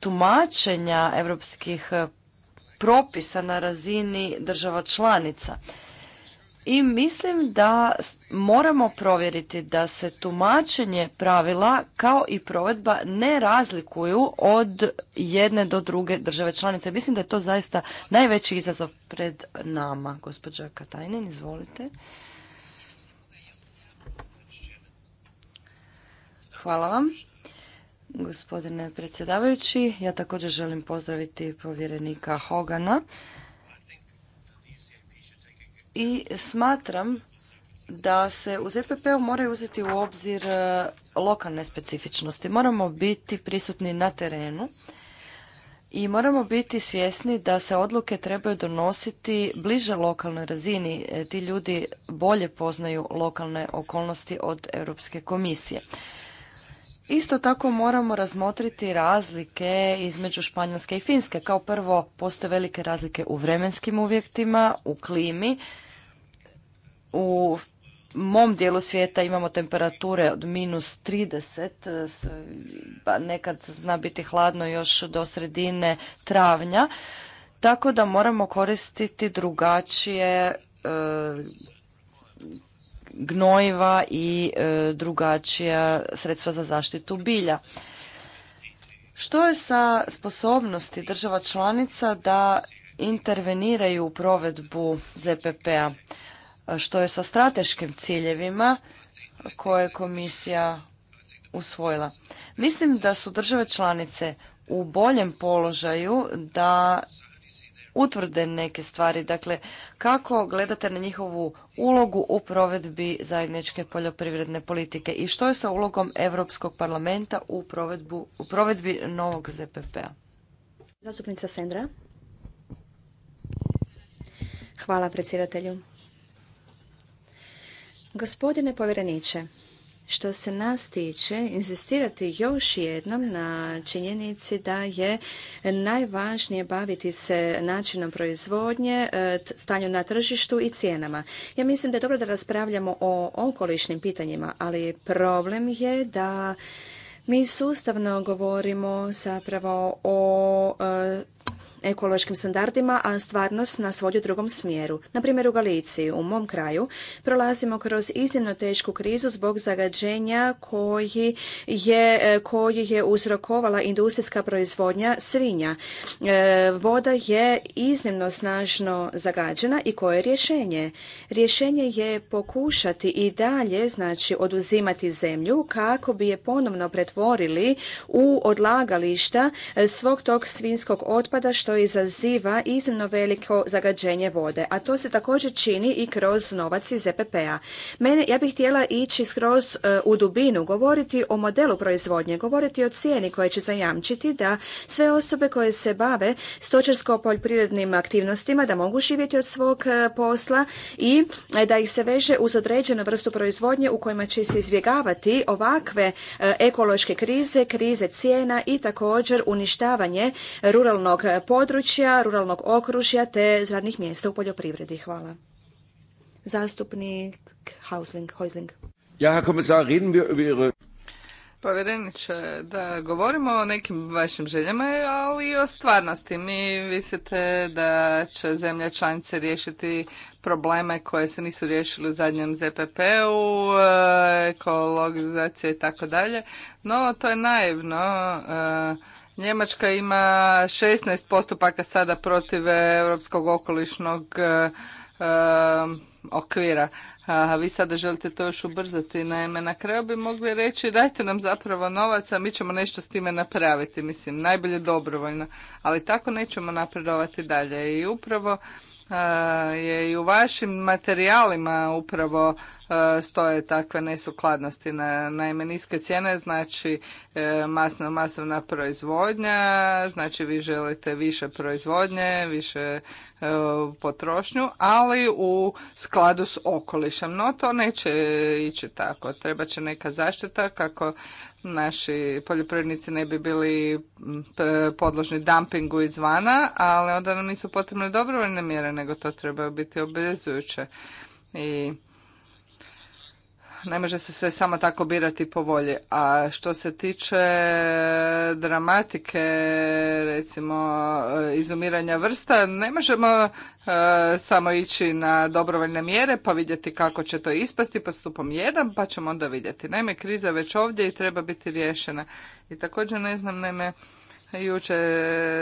tumačenja europskih e, propisa na razini država članica. I mislim da moramo provjeriti da se tumačenje pravila kao i provedba ne razlikuju od jedne do druge države članice. Mislim da je to zaista najveći izazov pred nama. Gospođa Katajnin, izvolite. Hvala vam. Gospodine predsjedavajući, ja također želim pozdraviti povjerenika Hogana i smatram da se u zpp u moraju uzeti u obzir e, lokalne specifičnosti. Moramo biti prisutni na terenu i moramo biti svjesni da se odluke trebaju donositi bliže lokalnoj razini. E, ti ljudi bolje poznaju lokalne okolnosti od Europske komisije. Isto tako moramo razmotriti razlike između Španjolske i Finske. Kao prvo, postoje velike razlike u vremenskim uvjetima, u klimi. U mom dijelu svijeta imamo temperature od minus 30, pa nekad zna biti hladno još do sredine travnja, tako da moramo koristiti drugačije e, gnojiva i e, drugačija sredstva za zaštitu bilja. Što je sa sposobnosti država članica da interveniraju u provedbu ZPP-a? Što je sa strateškim ciljevima koje je komisija usvojila? Mislim da su države članice u boljem položaju da utvrde neke stvari. Dakle, kako gledate na njihovu ulogu u provedbi zajedničke poljoprivredne politike i što je sa ulogom Europskog parlamenta u, provedbu, u provedbi novog ZPP-a? Zastupnica Sendra. Hvala predsjedatelju. Gospodine povjereniče, što se nas tiče inzistirati još jednom na činjenici da je najvažnije baviti se načinom proizvodnje, e, stanju na tržištu i cijenama. Ja mislim da je dobro da raspravljamo o okolišnim pitanjima, ali problem je da mi sustavno govorimo zapravo o e, ekološkim standardima, a stvarnost nas vodi u drugom smjeru. Na primjer u Galiciji, u mom kraju, prolazimo kroz iznimno tešku krizu zbog zagađenja koji je, e, koji je uzrokovala industrijska proizvodnja svinja. E, voda je iznimno snažno zagađena i koje je rješenje? Rješenje je pokušati i dalje znači oduzimati zemlju kako bi je ponovno pretvorili u odlagališta e, svog tog svinskog otpada što izaziva iznimno veliko zagađenje vode, a to se također čini i kroz novac iz EPP-a. Mene, ja bih htjela ići skroz e, u dubinu, govoriti o modelu proizvodnje, govoriti o cijeni koja će zajamčiti da sve osobe koje se bave stočarsko-poljoprivrednim aktivnostima da mogu živjeti od svog e, posla i e, da ih se veže uz određenu vrstu proizvodnje u kojima će se izbjegavati ovakve ekološke krize, krize cijena i također uništavanje ruralnog područja, ruralnog okružja te zradnih mjesta u poljoprivredi. Hvala. Zastupnik Hausling, Ja, reden wir über Povjereniče, da govorimo o nekim vašim željama, ali i o stvarnosti. Mi visite da će zemlje članice riješiti probleme koje se nisu riješili u zadnjem ZPP-u, e, i tako dalje, no to je naivno e, Njemačka ima 16 postupaka sada protiv e, europskog okolišnog e, e, okvira. A vi sada želite to još ubrzati. Naime, na kraju bi mogli reći dajte nam zapravo novaca, a mi ćemo nešto s time napraviti. Mislim, najbolje dobrovoljno. Ali tako nećemo napredovati dalje. I upravo E, je i u vašim materijalima upravo e, stoje takve nesukladnosti. Na, naime, niske cijene znači e, masno masovna proizvodnja, znači vi želite više proizvodnje, više potrošnju, ali u skladu s okolišem. No, to neće ići tako. Treba će neka zaštita kako naši poljoprivrednici ne bi bili podložni dumpingu izvana, ali onda nam nisu potrebne dobrovoljne mjere, nego to trebaju biti obvezujuće. I ne može se sve samo tako birati po volji. A što se tiče dramatike, recimo e, izumiranja vrsta, ne možemo e, samo ići na dobrovoljne mjere pa vidjeti kako će to ispasti pod stupom 1 pa ćemo onda vidjeti. Naime, kriza već ovdje i treba biti riješena. I također ne znam, naime, Juče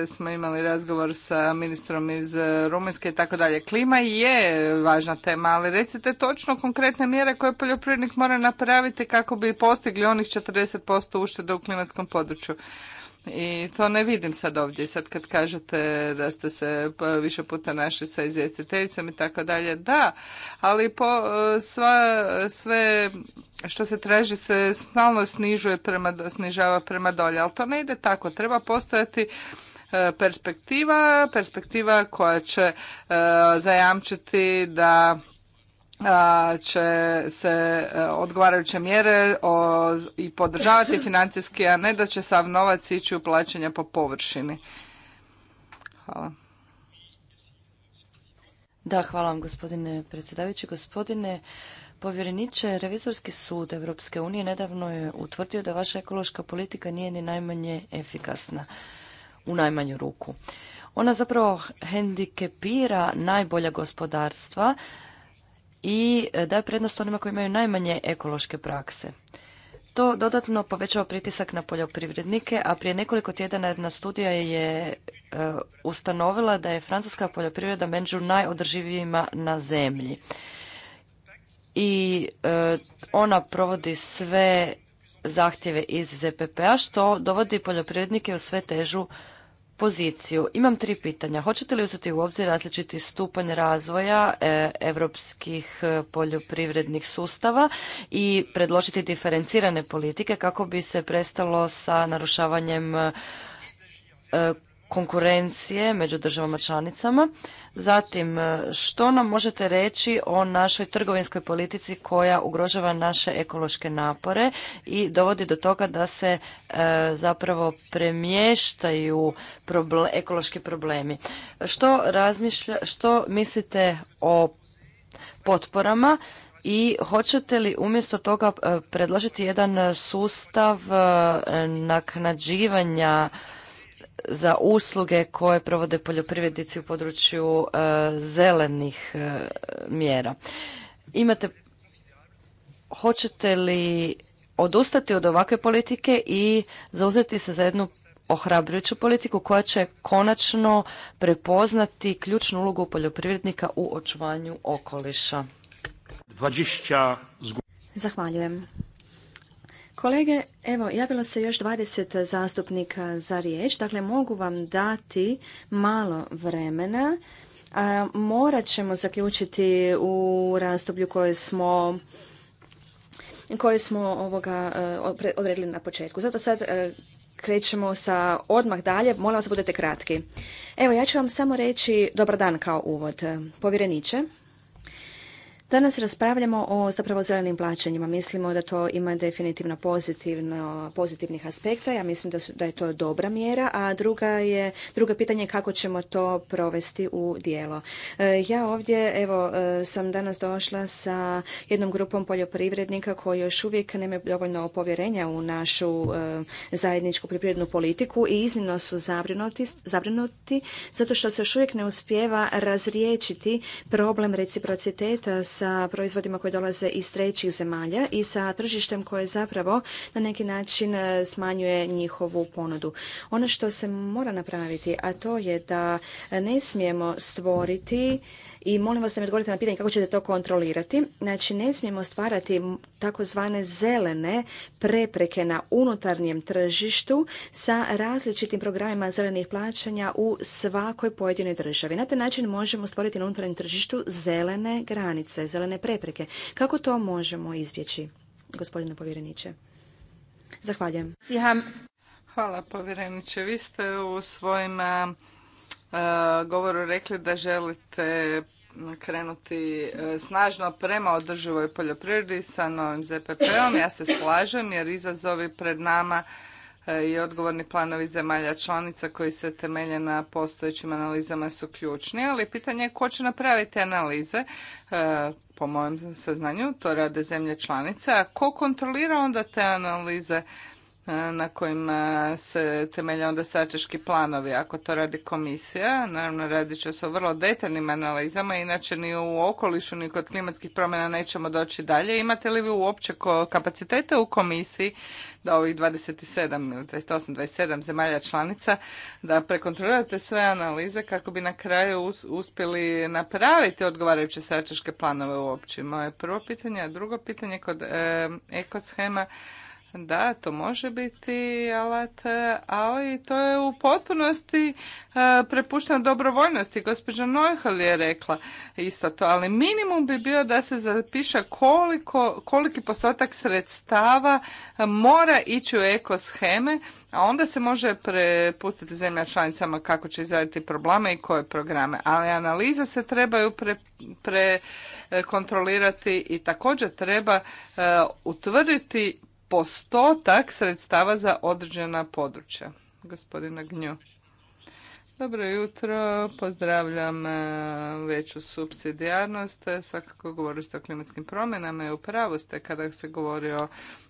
smo imali razgovor sa ministrom iz Rumunjske i tako dalje. Klima je važna tema, ali recite točno konkretne mjere koje poljoprivrednik mora napraviti kako bi postigli onih 40% uštede u klimatskom području. I to ne vidim sad ovdje. Sad kad kažete da ste se više puta našli sa izvjestiteljicom i tako dalje, da, ali po e, sva, sve što se traži se stalno snižuje prema, snižava prema dolje, ali to ne ide tako. Treba postojati e, perspektiva, perspektiva koja će e, zajamčiti da će se e, odgovarajuće mjere i podržavati financijski, a ne da će sav novac ići u plaćanja po površini. Hvala. Da, hvala vam gospodine predsjedavajući. Gospodine povjereniče, Revizorski sud Evropske unije nedavno je utvrdio da vaša ekološka politika nije ni najmanje efikasna, u najmanju ruku. Ona zapravo hendikepira najbolja gospodarstva, i e, daje prednost onima koji imaju najmanje ekološke prakse. To dodatno povećava pritisak na poljoprivrednike, a prije nekoliko tjedana jedna studija je e, ustanovila da je francuska poljoprivreda među najodrživijima na zemlji. I e, ona provodi sve zahtjeve iz ZPP-a, što dovodi poljoprivrednike u sve težu poziciju. Imam tri pitanja. Hoćete li uzeti u obzir različiti stupanj razvoja europskih e, poljoprivrednih sustava i predložiti diferencirane politike kako bi se prestalo sa narušavanjem e, konkurencije među državama članicama. Zatim, e, što nam možete reći o našoj trgovinskoj politici koja ugrožava naše ekološke napore i dovodi do toga da se e, zapravo premještaju ekološki problemi. Što, razmišlja, što mislite o potporama i hoćete li umjesto toga e, predložiti jedan sustav naknađivanja za usluge koje provode poljoprivrednici u području e, zelenih e, mjera. Imate, hoćete li odustati od ovakve politike i zauzeti se za jednu ohrabrujuću politiku koja će konačno prepoznati ključnu ulogu poljoprivrednika u očuvanju okoliša. Zahvaljujem. Kolege, evo, javilo se još 20 zastupnika za riječ, dakle mogu vam dati malo vremena. morat ćemo zaključiti u razdoblju koje smo koje smo ovoga e, odredili na početku. Zato sad e, krećemo sa odmah dalje. Molim vas budete kratki. Evo, ja ću vam samo reći dobar dan kao uvod. Povjereniče, Danas raspravljamo o zapravo zelenim plaćanjima. Mislimo da to ima definitivno pozitivno, pozitivnih aspekta. Ja mislim da, su, da je to dobra mjera, a druga je, drugo pitanje je kako ćemo to provesti u dijelo. E, ja ovdje evo e, sam danas došla sa jednom grupom poljoprivrednika koji još uvijek nema dovoljno povjerenja u našu e, zajedničku poljoprivrednu politiku i iznimno su zabrinuti, zabrinuti zato što se još uvijek ne uspijeva razriječiti problem reciprociteta sa proizvodima koji dolaze iz trećih zemalja i sa tržištem koje zapravo na neki način e, smanjuje njihovu ponudu. Ono što se mora napraviti, a to je da ne smijemo stvoriti i molim vas da mi odgovorite na pitanje kako ćete to kontrolirati. Znači, ne smijemo stvarati takozvane zelene prepreke na unutarnjem tržištu sa različitim programima zelenih plaćanja u svakoj pojedinoj državi. Na taj način možemo stvoriti na unutarnjem tržištu zelene granice, zelene prepreke. Kako to možemo izbjeći, gospodine povjereniče? Zahvaljujem. Hvala povjereniče. Vi ste u svojima eh, govoru rekli da želite krenuti e, snažno prema održivoj poljoprivredi sa novim ZPP-om. Ja se slažem jer izazovi pred nama e, i odgovorni planovi zemalja članica koji se temelje na postojećim analizama su ključni, ali pitanje je ko će napraviti analize, e, po mojem saznanju, to rade zemlje članice, a ko kontrolira onda te analize na kojima se temelje onda strateški planovi. Ako to radi komisija, naravno radit će se o vrlo detaljnim analizama, inače ni u okolišu ni kod klimatskih promjena nećemo doći dalje. Imate li vi uopće kapacitete u komisiji da ovih 27 ili 28, 27 zemalja članica da prekontrolirate sve analize kako bi na kraju uspjeli napraviti odgovarajuće strateške planove uopće? Moje prvo pitanje, a drugo pitanje kod e, ekoshema, da, to može biti alat, ali to je u potpunosti e, prepušteno dobrovoljnosti. Gospođa Neuhal je rekla isto to, ali minimum bi bio da se zapiše koliko, koliki postotak sredstava mora ići u sheme, a onda se može prepustiti zemlja članicama kako će izraditi probleme i koje programe. Ali analize se trebaju prekontrolirati pre, kontrolirati i također treba e, utvrditi postotak sredstava za određena područja. Gospodina Gnju. Dobro jutro, pozdravljam e, veću subsidijarnost. Svakako govorili ste o klimatskim promjenama i upravo ste kada se govori o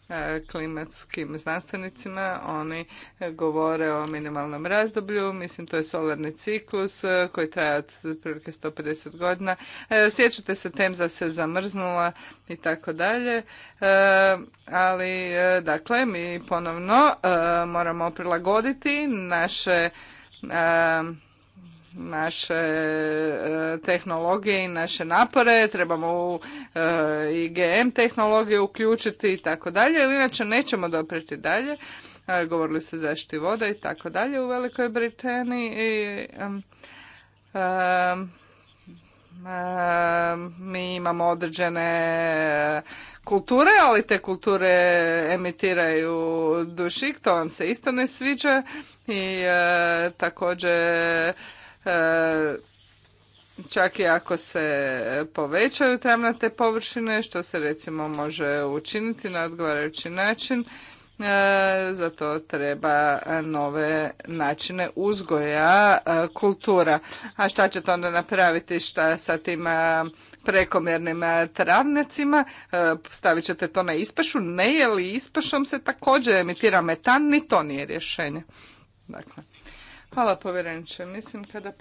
e, klimatskim znanstvenicima. Oni e, govore o minimalnom razdoblju, mislim to je solarni ciklus koji traje od prilike 150 godina. Sjećate se, temza se zamrznula i tako dalje, ali dakle mi ponovno moramo prilagoditi naše naše e, tehnologije i naše napore, trebamo u e, i GM uključiti i tako dalje, ili inače nećemo dopreti dalje. E, govorili se zaštiti voda i tako dalje u Velikoj Britaniji i mi imamo određene kulture, ali te kulture emitiraju dušik, to vam se isto ne sviđa i e, također e, čak i ako se povećaju travnate površine, što se recimo može učiniti na odgovarajući način, e, zato treba nove načine uzgoja kultura. A šta ćete onda napraviti šta sa tima prekomjernim e, travnjacima, e, stavit ćete to na ispašu, ne je li ispašom se također emitira metan, ni to nije rješenje. Dakle, hvala povjerenče. Mislim kada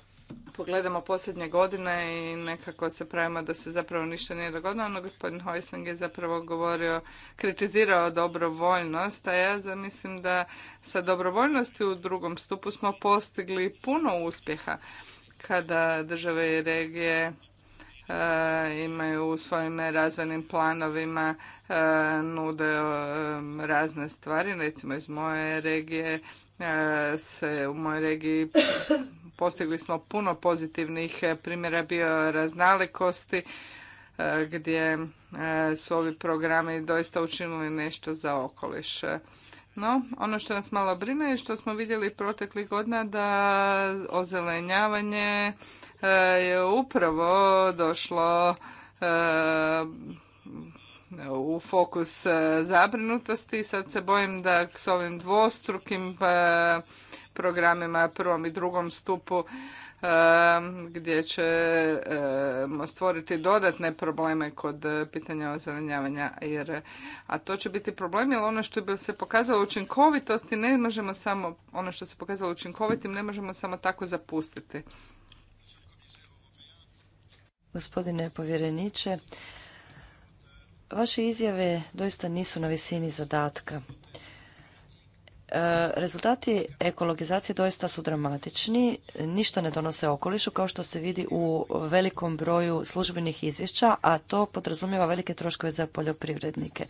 pogledamo posljednje godine i nekako se pravimo da se zapravo ništa nije dogodilo, ono gospodin Hoisling je zapravo govorio, kritizirao dobrovoljnost, a ja mislim da sa dobrovoljnosti u drugom stupu smo postigli puno uspjeha kada države i regije E, imaju u svojim razvojnim planovima e, nude e, razne stvari. Recimo iz moje regije se u mojoj regiji postigli smo puno pozitivnih primjera raznalikosti gdje su ovi programi doista učinili nešto za okoliš. No, ono što nas malo brine je što smo vidjeli proteklih godina da ozelenjavanje e, je upravo došlo e, u fokus e, zabrinutosti. Sad se bojim da s ovim dvostrukim programima, prvom i drugom stupu, gdje ćemo stvoriti dodatne probleme kod e, pitanja ozelenjavanja jer a to će biti problem jer ono što bi se pokazalo učinkovitosti ne možemo samo ono što se pokazalo učinkovitim ne možemo samo tako zapustiti. Gospodine povjereniče, vaše izjave doista nisu na visini zadatka. E, rezultati ekologizacije doista su dramatični, ništa ne donose okolišu kao što se vidi u velikom broju službenih izvješća, a to podrazumijeva velike troškove za poljoprivrednike.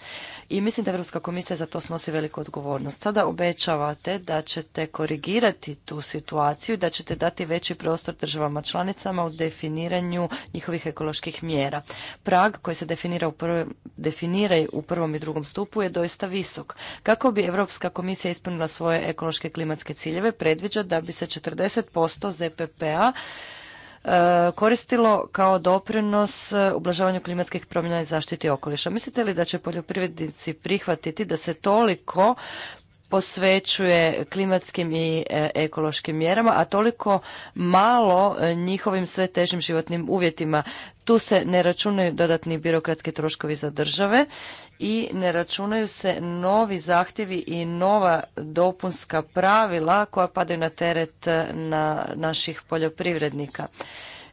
I mislim da Europska komisija za to snosi veliku odgovornost. Sada obećavate da ćete korigirati tu situaciju, i da ćete dati veći prostor državama članicama u definiranju njihovih ekoloških mjera. Prag koji se definira u prvom, definira u prvom i drugom stupu je doista visok. Kako bi Europska komisija ispunila svoje ekološke klimatske ciljeve predviđa da bi se 40% ZPP-a e, koristilo kao doprinos e, ublažavanju klimatskih promjena i zaštiti okoliša. Mislite li da će poljoprivrednici prihvatiti da se toliko posvećuje klimatskim i e, ekološkim mjerama, a toliko malo njihovim sve težim životnim uvjetima. Tu se ne računaju dodatni birokratski troškovi za države i ne računaju se novi zahtjevi i nova dopunska pravila koja padaju na teret eh, na naših poljoprivrednika.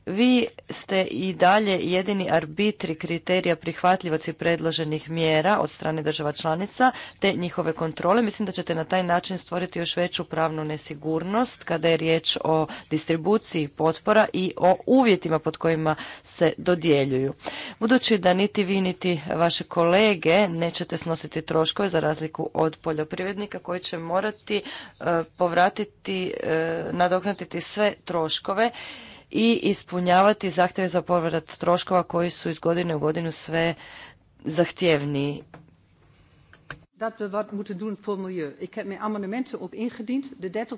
Vi ste i dalje jedini arbitri kriterija prihvatljivosti predloženih mjera od strane država članica te njihove kontrole. Mislim da ćete na taj način stvoriti još veću pravnu nesigurnost kada je riječ o distribuciji potpora i o uvjetima pod kojima se dodjeljuju. Budući da niti vi niti vaše kolege nećete snositi troškove za razliku od poljoprivrednika koji će morati e, povratiti, e, nadoknatiti sve troškove i ispunjavati zahtjeve za povrat troškova koji su iz godine u godinu sve zahtjevniji. Dat we wat moeten doen voor milieu. Ik heb mijn amendementen ook ingediend. De 30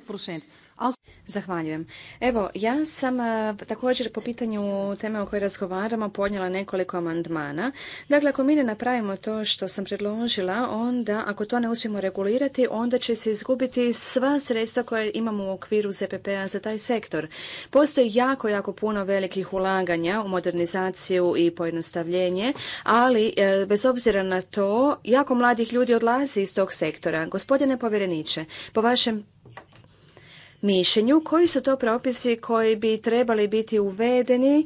Zahvaljujem. Evo, ja sam e, također po pitanju teme o kojoj razgovaramo podnijela nekoliko amandmana. Dakle, ako mi ne napravimo to što sam predložila, onda ako to ne uspijemo regulirati, onda će se izgubiti sva sredstva koje imamo u okviru ZPP-a za taj sektor. Postoji jako, jako puno velikih ulaganja u modernizaciju i pojednostavljenje, ali e, bez obzira na to, jako mladih ljudi odlazi iz tog sektora. Gospodine povjereniče, po vašem mišljenju koji su to propisi koji bi trebali biti uvedeni, e,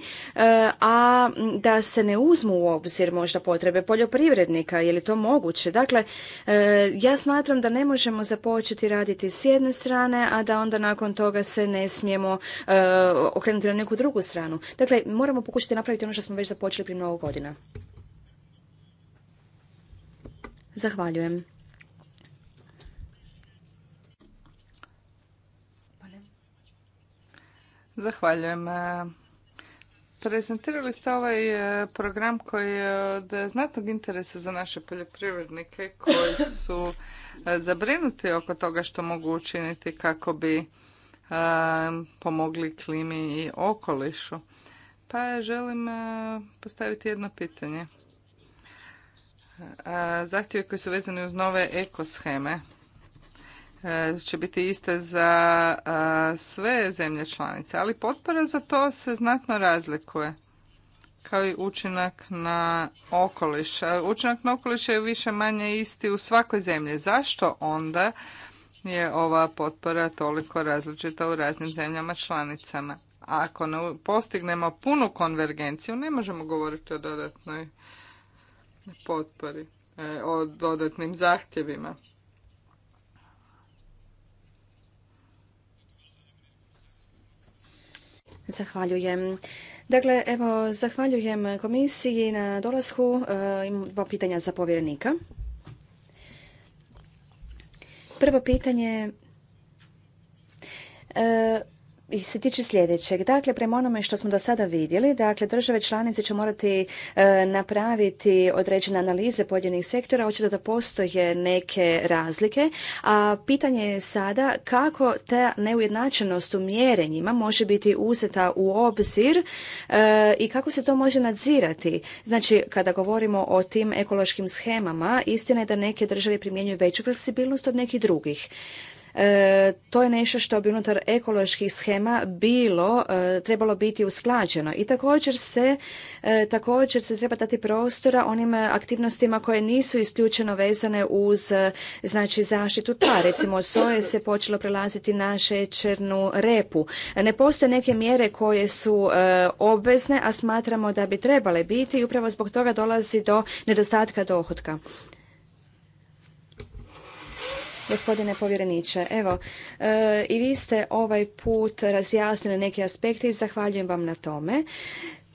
a da se ne uzmu u obzir možda potrebe poljoprivrednika, je li to moguće? Dakle, e, ja smatram da ne možemo započeti raditi s jedne strane, a da onda nakon toga se ne smijemo e, okrenuti na neku drugu stranu. Dakle, moramo pokušati napraviti ono što smo već započeli prije mnogo godina. Zahvaljujem. Zahvaljujem. E, prezentirali ste ovaj e, program koji je od znatnog interesa za naše poljoprivrednike koji su e, zabrinuti oko toga što mogu učiniti kako bi pomogli klimi i okolišu. Pa želim postaviti jedno pitanje. Zahtjevi koji su vezani uz nove ekosheme E, će biti iste za e, sve zemlje članice, ali potpora za to se znatno razlikuje kao i učinak na okoliš. E, učinak na okoliš je više manje isti u svakoj zemlji. Zašto onda je ova potpora toliko različita u raznim zemljama članicama? Ako ne postignemo punu konvergenciju, ne možemo govoriti o dodatnoj potpori, o dodatnim zahtjevima. Zahvaljujem. Dakle, evo, zahvaljujem komisiji na dolasku. E, Imamo dva pitanja za povjerenika. Prvo pitanje, e, i se tiče sljedećeg, dakle prema onome što smo do sada vidjeli, dakle države članice će morati e, napraviti određene analize pojedinih sektora, očito da postoje neke razlike, a pitanje je sada kako ta neujednačenost u mjerenjima može biti uzeta u obzir e, i kako se to može nadzirati. Znači, kada govorimo o tim ekološkim schemama, istina je da neke države primjenjuju veću fleksibilnost od nekih drugih. E, to je nešto što bi unutar ekoloških schema bilo, e, trebalo biti usklađeno. I također se, e, također se treba dati prostora onim aktivnostima koje nisu isključeno vezane uz znači zaštitu tla. Recimo soje se počelo prelaziti na šećernu repu. Ne postoje neke mjere koje su obvezne, a smatramo da bi trebale biti i upravo zbog toga dolazi do nedostatka dohotka. Gospodine povjereniče, evo, e, i vi ste ovaj put razjasnili neke aspekte i zahvaljujem vam na tome.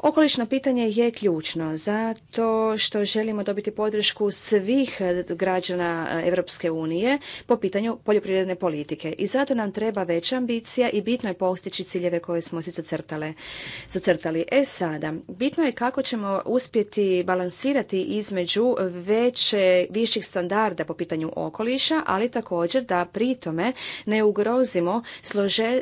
Okolišno pitanje je ključno zato što želimo dobiti podršku svih građana Europske eh, unije po pitanju poljoprivredne politike i zato nam treba veća ambicija i bitno je postići ciljeve koje smo si zacrtali. E sada, bitno je kako ćemo uspjeti balansirati između veće, viših standarda po pitanju okoliša, ali također da pritome ne ugrozimo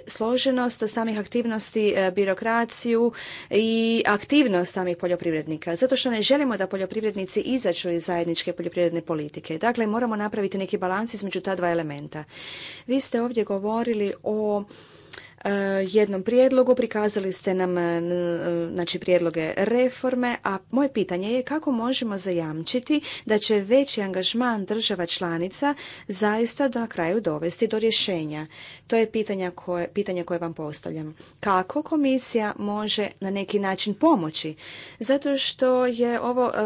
složenost samih aktivnosti, eh, birokraciju i aktivnost samih poljoprivrednika, zato što ne želimo da poljoprivrednici izađu iz zajedničke poljoprivredne politike. Dakle, moramo napraviti neki balans između ta dva elementa. Vi ste ovdje govorili o Eh, jednom prijedlogu, prikazali ste nam eh, znači, prijedloge reforme, a moje pitanje je kako možemo zajamčiti da će veći angažman država članica zaista na kraju dovesti do rješenja. To je pitanje koje, pitanje koje vam postavljam. Kako komisija može na neki način pomoći? Zato što je ovo eh,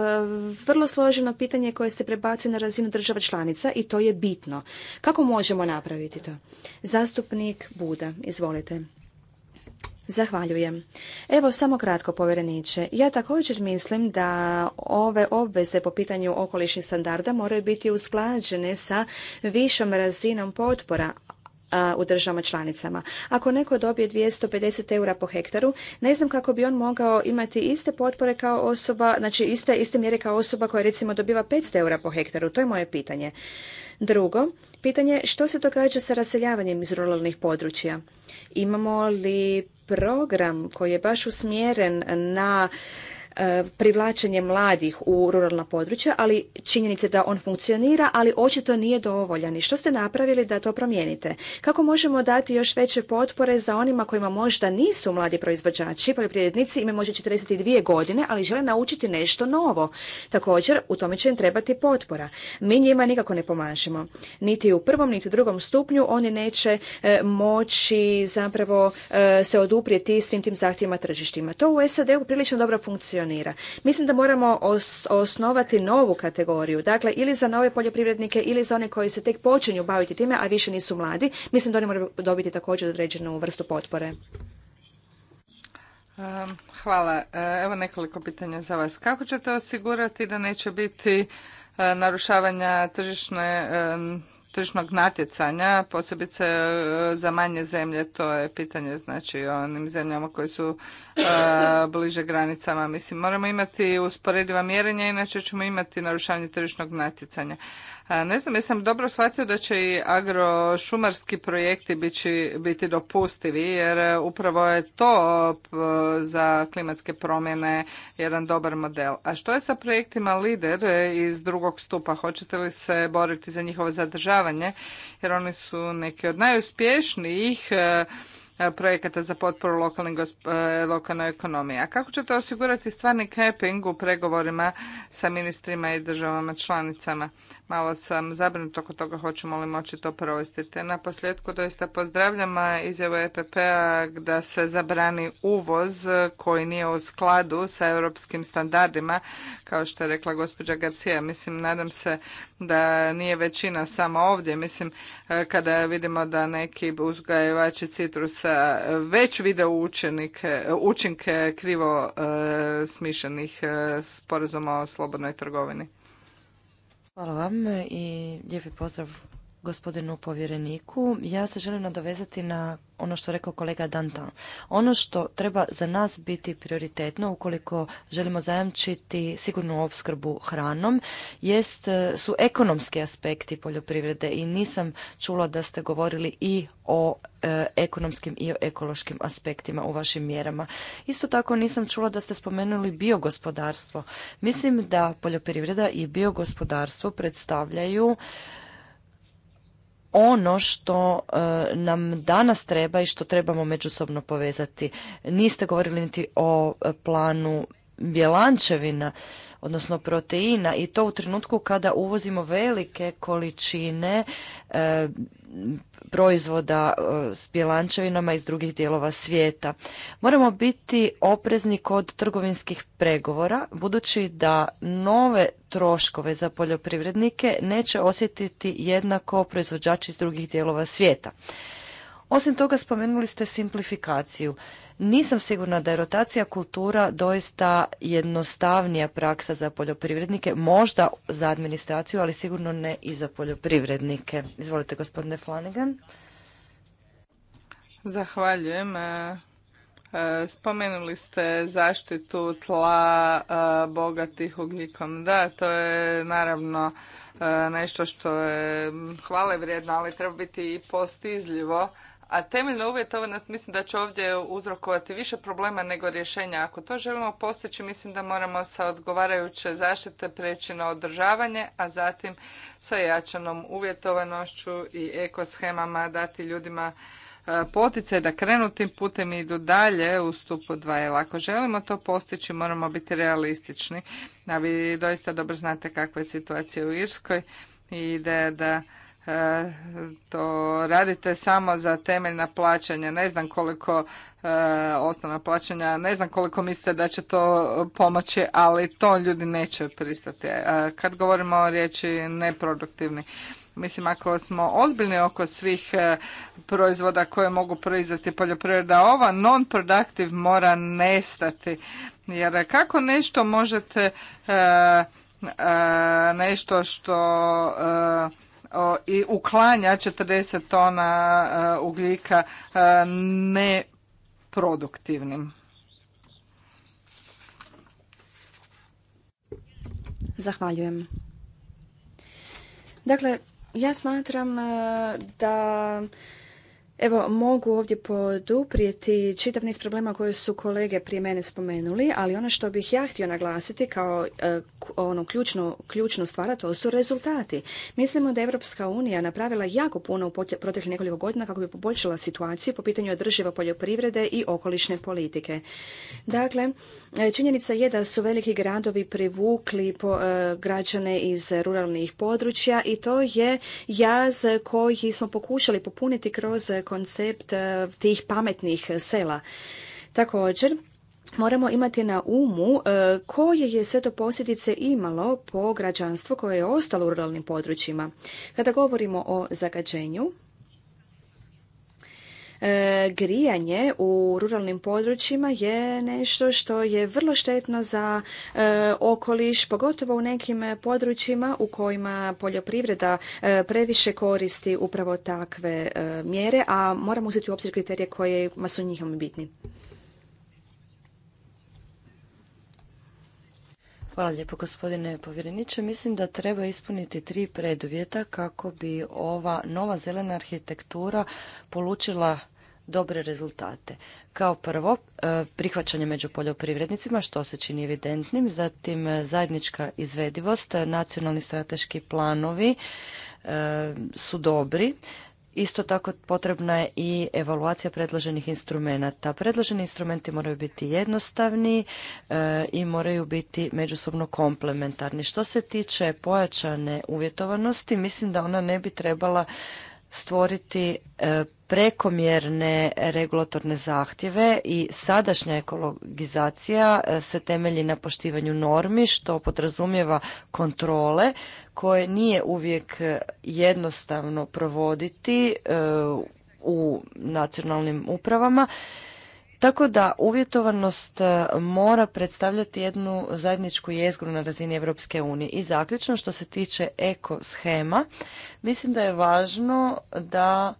vrlo složeno pitanje koje se prebacuje na razinu država članica i to je bitno. Kako možemo napraviti to? Zastupnik Buda, izvolite. Zahvaljujem. Evo samo kratko povjereniče. Ja također mislim da ove obveze po pitanju okolišnih standarda moraju biti usklađene sa višom razinom potpora u državama članicama. Ako neko dobije 250 eura po hektaru, ne znam kako bi on mogao imati iste potpore kao osoba, znači iste, iste mjere kao osoba koja recimo dobiva 500 eura po hektaru. To je moje pitanje. Drugo, pitanje što se događa sa raseljavanjem iz ruralnih područja? Imamo li program koji je baš usmjeren na E, privlačenje mladih u ruralna područja, ali činjenice da on funkcionira, ali očito nije dovoljan. I što ste napravili da to promijenite? Kako možemo dati još veće potpore za onima kojima možda nisu mladi proizvođači, poljoprivrednici, imaju možda 42 godine, ali žele naučiti nešto novo. Također, u tome će im trebati potpora. Mi njima nikako ne pomažemo. Niti u prvom, niti u drugom stupnju oni neće e, moći zapravo e, se oduprijeti svim tim zahtjevima tržištima. To u SAD-u prilično dobro funkcionira funkcionira. Mislim da moramo osnovati novu kategoriju, dakle ili za nove poljoprivrednike ili za one koji se tek počinju baviti time, a više nisu mladi. Mislim da oni moraju dobiti također određenu vrstu potpore. Hvala. E, evo nekoliko pitanja za vas. Kako ćete osigurati da neće biti e, narušavanja tržišne tržišnog natjecanja, posebice e, za manje zemlje, to je pitanje znači o onim zemljama koje su e, bliže granicama. Mislim, moramo imati usporediva mjerenja, inače ćemo imati narušanje tržišnog natjecanja. Ne znam, jesam dobro shvatio da će i agrošumarski projekti biti, biti dopustivi, jer e, upravo je to za klimatske promjene jedan dobar model. A što je sa projektima LIDER e, iz drugog stupa? Hoćete li se boriti za njihovo zadržavanje? Jer oni su neki od najuspješnijih e, E, projekata za potporu lokalnoj, e, lokalnoj ekonomiji. A kako ćete osigurati stvarni keping u pregovorima sa ministrima i državama članicama? Malo sam zabrinuta oko toga, hoćemo li moći to provesti. Te na posljedku doista pozdravljam izjavu EPP-a da se zabrani uvoz koji nije u skladu sa europskim standardima, kao što je rekla gospođa Garcia. Mislim, nadam se da nije većina samo ovdje. Mislim, e, kada vidimo da neki uzgajivači citrusa već vide učenike, učinke krivo e, smišljenih e, sporazuma o slobodnoj trgovini. Hvala vam i lijepi pozdrav gospodinu povjereniku. Ja se želim nadovezati na ono što rekao kolega Dantan. Ono što treba za nas biti prioritetno ukoliko želimo zajamčiti sigurnu opskrbu hranom jest, e, su ekonomski aspekti poljoprivrede i nisam čula da ste govorili i o e, ekonomskim i o ekološkim aspektima u vašim mjerama. Isto tako nisam čula da ste spomenuli biogospodarstvo. Mislim da poljoprivreda i biogospodarstvo predstavljaju ono što e, nam danas treba i što trebamo međusobno povezati. Niste govorili niti o e, planu bjelančevina, odnosno proteina i to u trenutku kada uvozimo velike količine e, proizvoda e, s bjelančevinama iz drugih dijelova svijeta. Moramo biti oprezni kod trgovinskih pregovora, budući da nove troškove za poljoprivrednike neće osjetiti jednako proizvođači iz drugih dijelova svijeta. Osim toga, spomenuli ste simplifikaciju. Nisam sigurna da je rotacija kultura doista jednostavnija praksa za poljoprivrednike, možda za administraciju, ali sigurno ne i za poljoprivrednike. Izvolite gospodine Flanagan. Zahvaljujem. E, e, spomenuli ste zaštitu tla e, bogatih ugljikom. Da, to je naravno nešto što je hvale vrijedno, ali treba biti i postizljivo a temeljna uvjetovanost mislim da će ovdje uzrokovati više problema nego rješenja. Ako to želimo postići, mislim da moramo sa odgovarajuće zaštite preći na održavanje, a zatim sa jačanom uvjetovanošću i ekoshemama dati ljudima e, potice da krenu tim putem i idu dalje u stupu 2. Jer ako želimo to postići, moramo biti realistični. A vi doista dobro znate kakva je situacija u Irskoj i ideja da to radite samo za temeljna plaćanja. Ne znam koliko e, osnovna plaćanja, ne znam koliko mislite da će to pomoći, ali to ljudi neće pristati. E, kad govorimo o riječi neproduktivni, Mislim, ako smo ozbiljni oko svih e, proizvoda koje mogu proizvesti poljoprivreda, ova non-productive mora nestati. Jer kako nešto možete, nešto što i uklanja 40 tona e, ugljika e, neproduktivnim. Zahvaljujem. Dakle, ja smatram e, da Evo, mogu ovdje poduprijeti čitav niz problema koje su kolege prije mene spomenuli, ali ono što bih ja htio naglasiti kao e, ono ključno, ključnu stvar, to su rezultati. Mislimo da je Evropska unija napravila jako puno u proteklih nekoliko godina kako bi poboljšala situaciju po pitanju održiva poljoprivrede i okolišne politike. Dakle, e, činjenica je da su veliki gradovi privukli e, građane iz ruralnih područja i to je jaz koji smo pokušali popuniti kroz koncept eh, tih pametnih eh, sela. Također, moramo imati na umu eh, koje je sve to posljedice imalo po građanstvo koje je ostalo u ruralnim područjima. Kada govorimo o zagađenju, E, grijanje u ruralnim područjima je nešto što je vrlo štetno za e, okoliš, pogotovo u nekim područjima u kojima poljoprivreda e, previše koristi upravo takve mjere, a moramo uzeti u obzir kriterije kojima su njihom bitni. Hvala lijepo gospodine povjereniče. Mislim da treba ispuniti tri preduvjeta kako bi ova nova zelena arhitektura polučila dobre rezultate. Kao prvo, e, prihvaćanje među poljoprivrednicima, što se čini evidentnim, zatim e, zajednička izvedivost, nacionalni strateški planovi e, su dobri. Isto tako potrebna je i evaluacija predloženih instrumenata. Predloženi instrumenti moraju biti jednostavni i moraju biti međusobno komplementarni. Što se tiče pojačane uvjetovanosti, mislim da ona ne bi trebala stvoriti e, prekomjerne regulatorne zahtjeve i sadašnja ekologizacija e, se temelji na poštivanju normi što podrazumijeva kontrole koje nije uvijek jednostavno provoditi e, u nacionalnim upravama tako da uvjetovanost e, mora predstavljati jednu zajedničku jezgru na razini Europske unije. I zaključno što se tiče eko shema, mislim da je važno da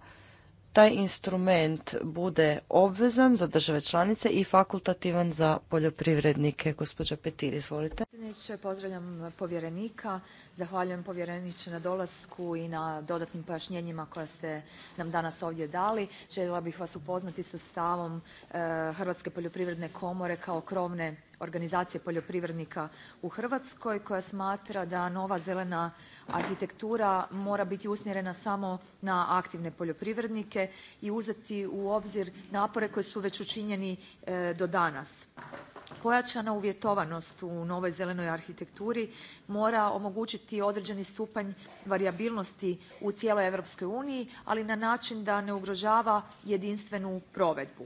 taj instrument bude obvezan za države članice i fakultativan za poljoprivrednike. Gospođa Petir, izvolite. Pozdravljam povjerenika, zahvaljujem povjereniče na dolasku i na dodatnim pojašnjenjima koja ste nam danas ovdje dali. Željela bih vas upoznati sa stavom e, Hrvatske poljoprivredne komore kao krovne organizacije poljoprivrednika u Hrvatskoj koja smatra da nova zelena Arhitektura mora biti usmjerena samo na aktivne poljoprivrednike i uzeti u obzir napore koji su već učinjeni e, do danas. Pojačana uvjetovanost u novoj zelenoj arhitekturi mora omogućiti određeni stupanj varijabilnosti u cijeloj Europskoj uniji, ali na način da ne ugrožava jedinstvenu provedbu.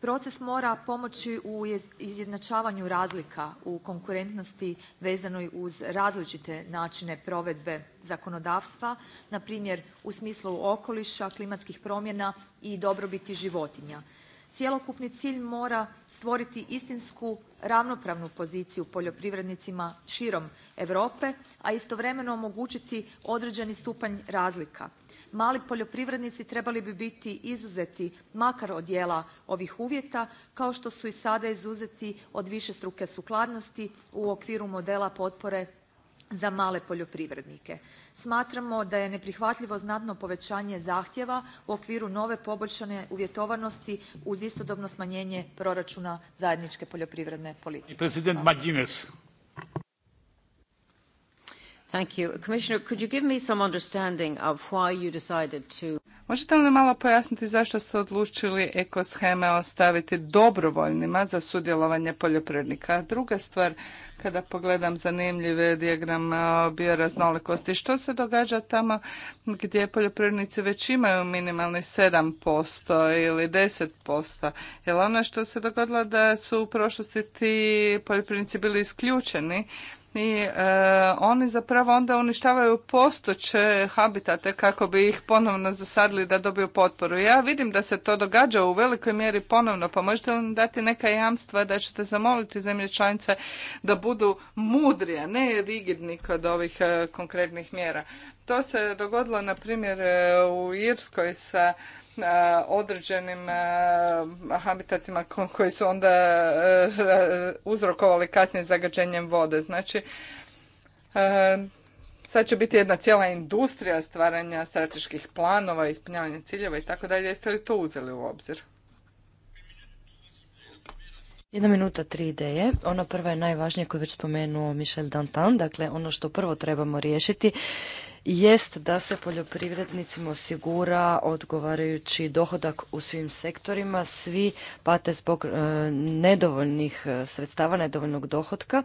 Proces mora pomoći u izjednačavanju razlika u konkurentnosti vezanoj uz različite načine provedbe zakonodavstva na primjer u smislu okoliša, klimatskih promjena i dobrobiti životinja cjelokupni cilj mora stvoriti istinsku ravnopravnu poziciju poljoprivrednicima širom Europe, a istovremeno omogućiti određeni stupanj razlika. Mali poljoprivrednici trebali bi biti izuzeti makar od dijela ovih uvjeta kao što su i sada izuzeti od višestruke sukladnosti u okviru modela potpore za male poljoprivrednike. Smatramo da je neprihvatljivo znatno povećanje zahtjeva u okviru nove poboljšane uvjetovanosti uz istodobno smanjenje proračuna zajedničke poljoprivredne politike. Možete li malo pojasniti zašto ste odlučili ekosheme ostaviti dobrovoljnima za sudjelovanje poljoprivrednika? Druga stvar, kada pogledam zanimljive dijagram bioraznolikosti, što se događa tamo gdje poljoprivrednici već imaju minimalni 7% ili 10%? jel ono što se dogodilo da su u prošlosti ti poljoprivrednici bili isključeni i e, oni zapravo onda uništavaju postoće habitate kako bi ih ponovno zasadili da dobiju potporu. Ja vidim da se to događa u velikoj mjeri ponovno, pa možete li dati neka jamstva da ćete zamoliti zemlje članice da budu mudrije, ne rigidni kod ovih e, konkretnih mjera. To se dogodilo, na primjer, e, u Irskoj sa e, određenim e, habitatima koji su onda uzrokovali kasnije zagađenjem vode. Znači, sad će biti jedna cijela industrija stvaranja strateških planova, ispunjavanja ciljeva i tako dalje. Jeste li to uzeli u obzir? Jedna minuta tri ideje. Ona prva je najvažnija koju je već spomenuo Michel Dantan. Dakle, ono što prvo trebamo riješiti jest da se poljoprivrednicima osigura odgovarajući dohodak u svim sektorima. Svi pate zbog e, nedovoljnih e, sredstava, nedovoljnog dohotka.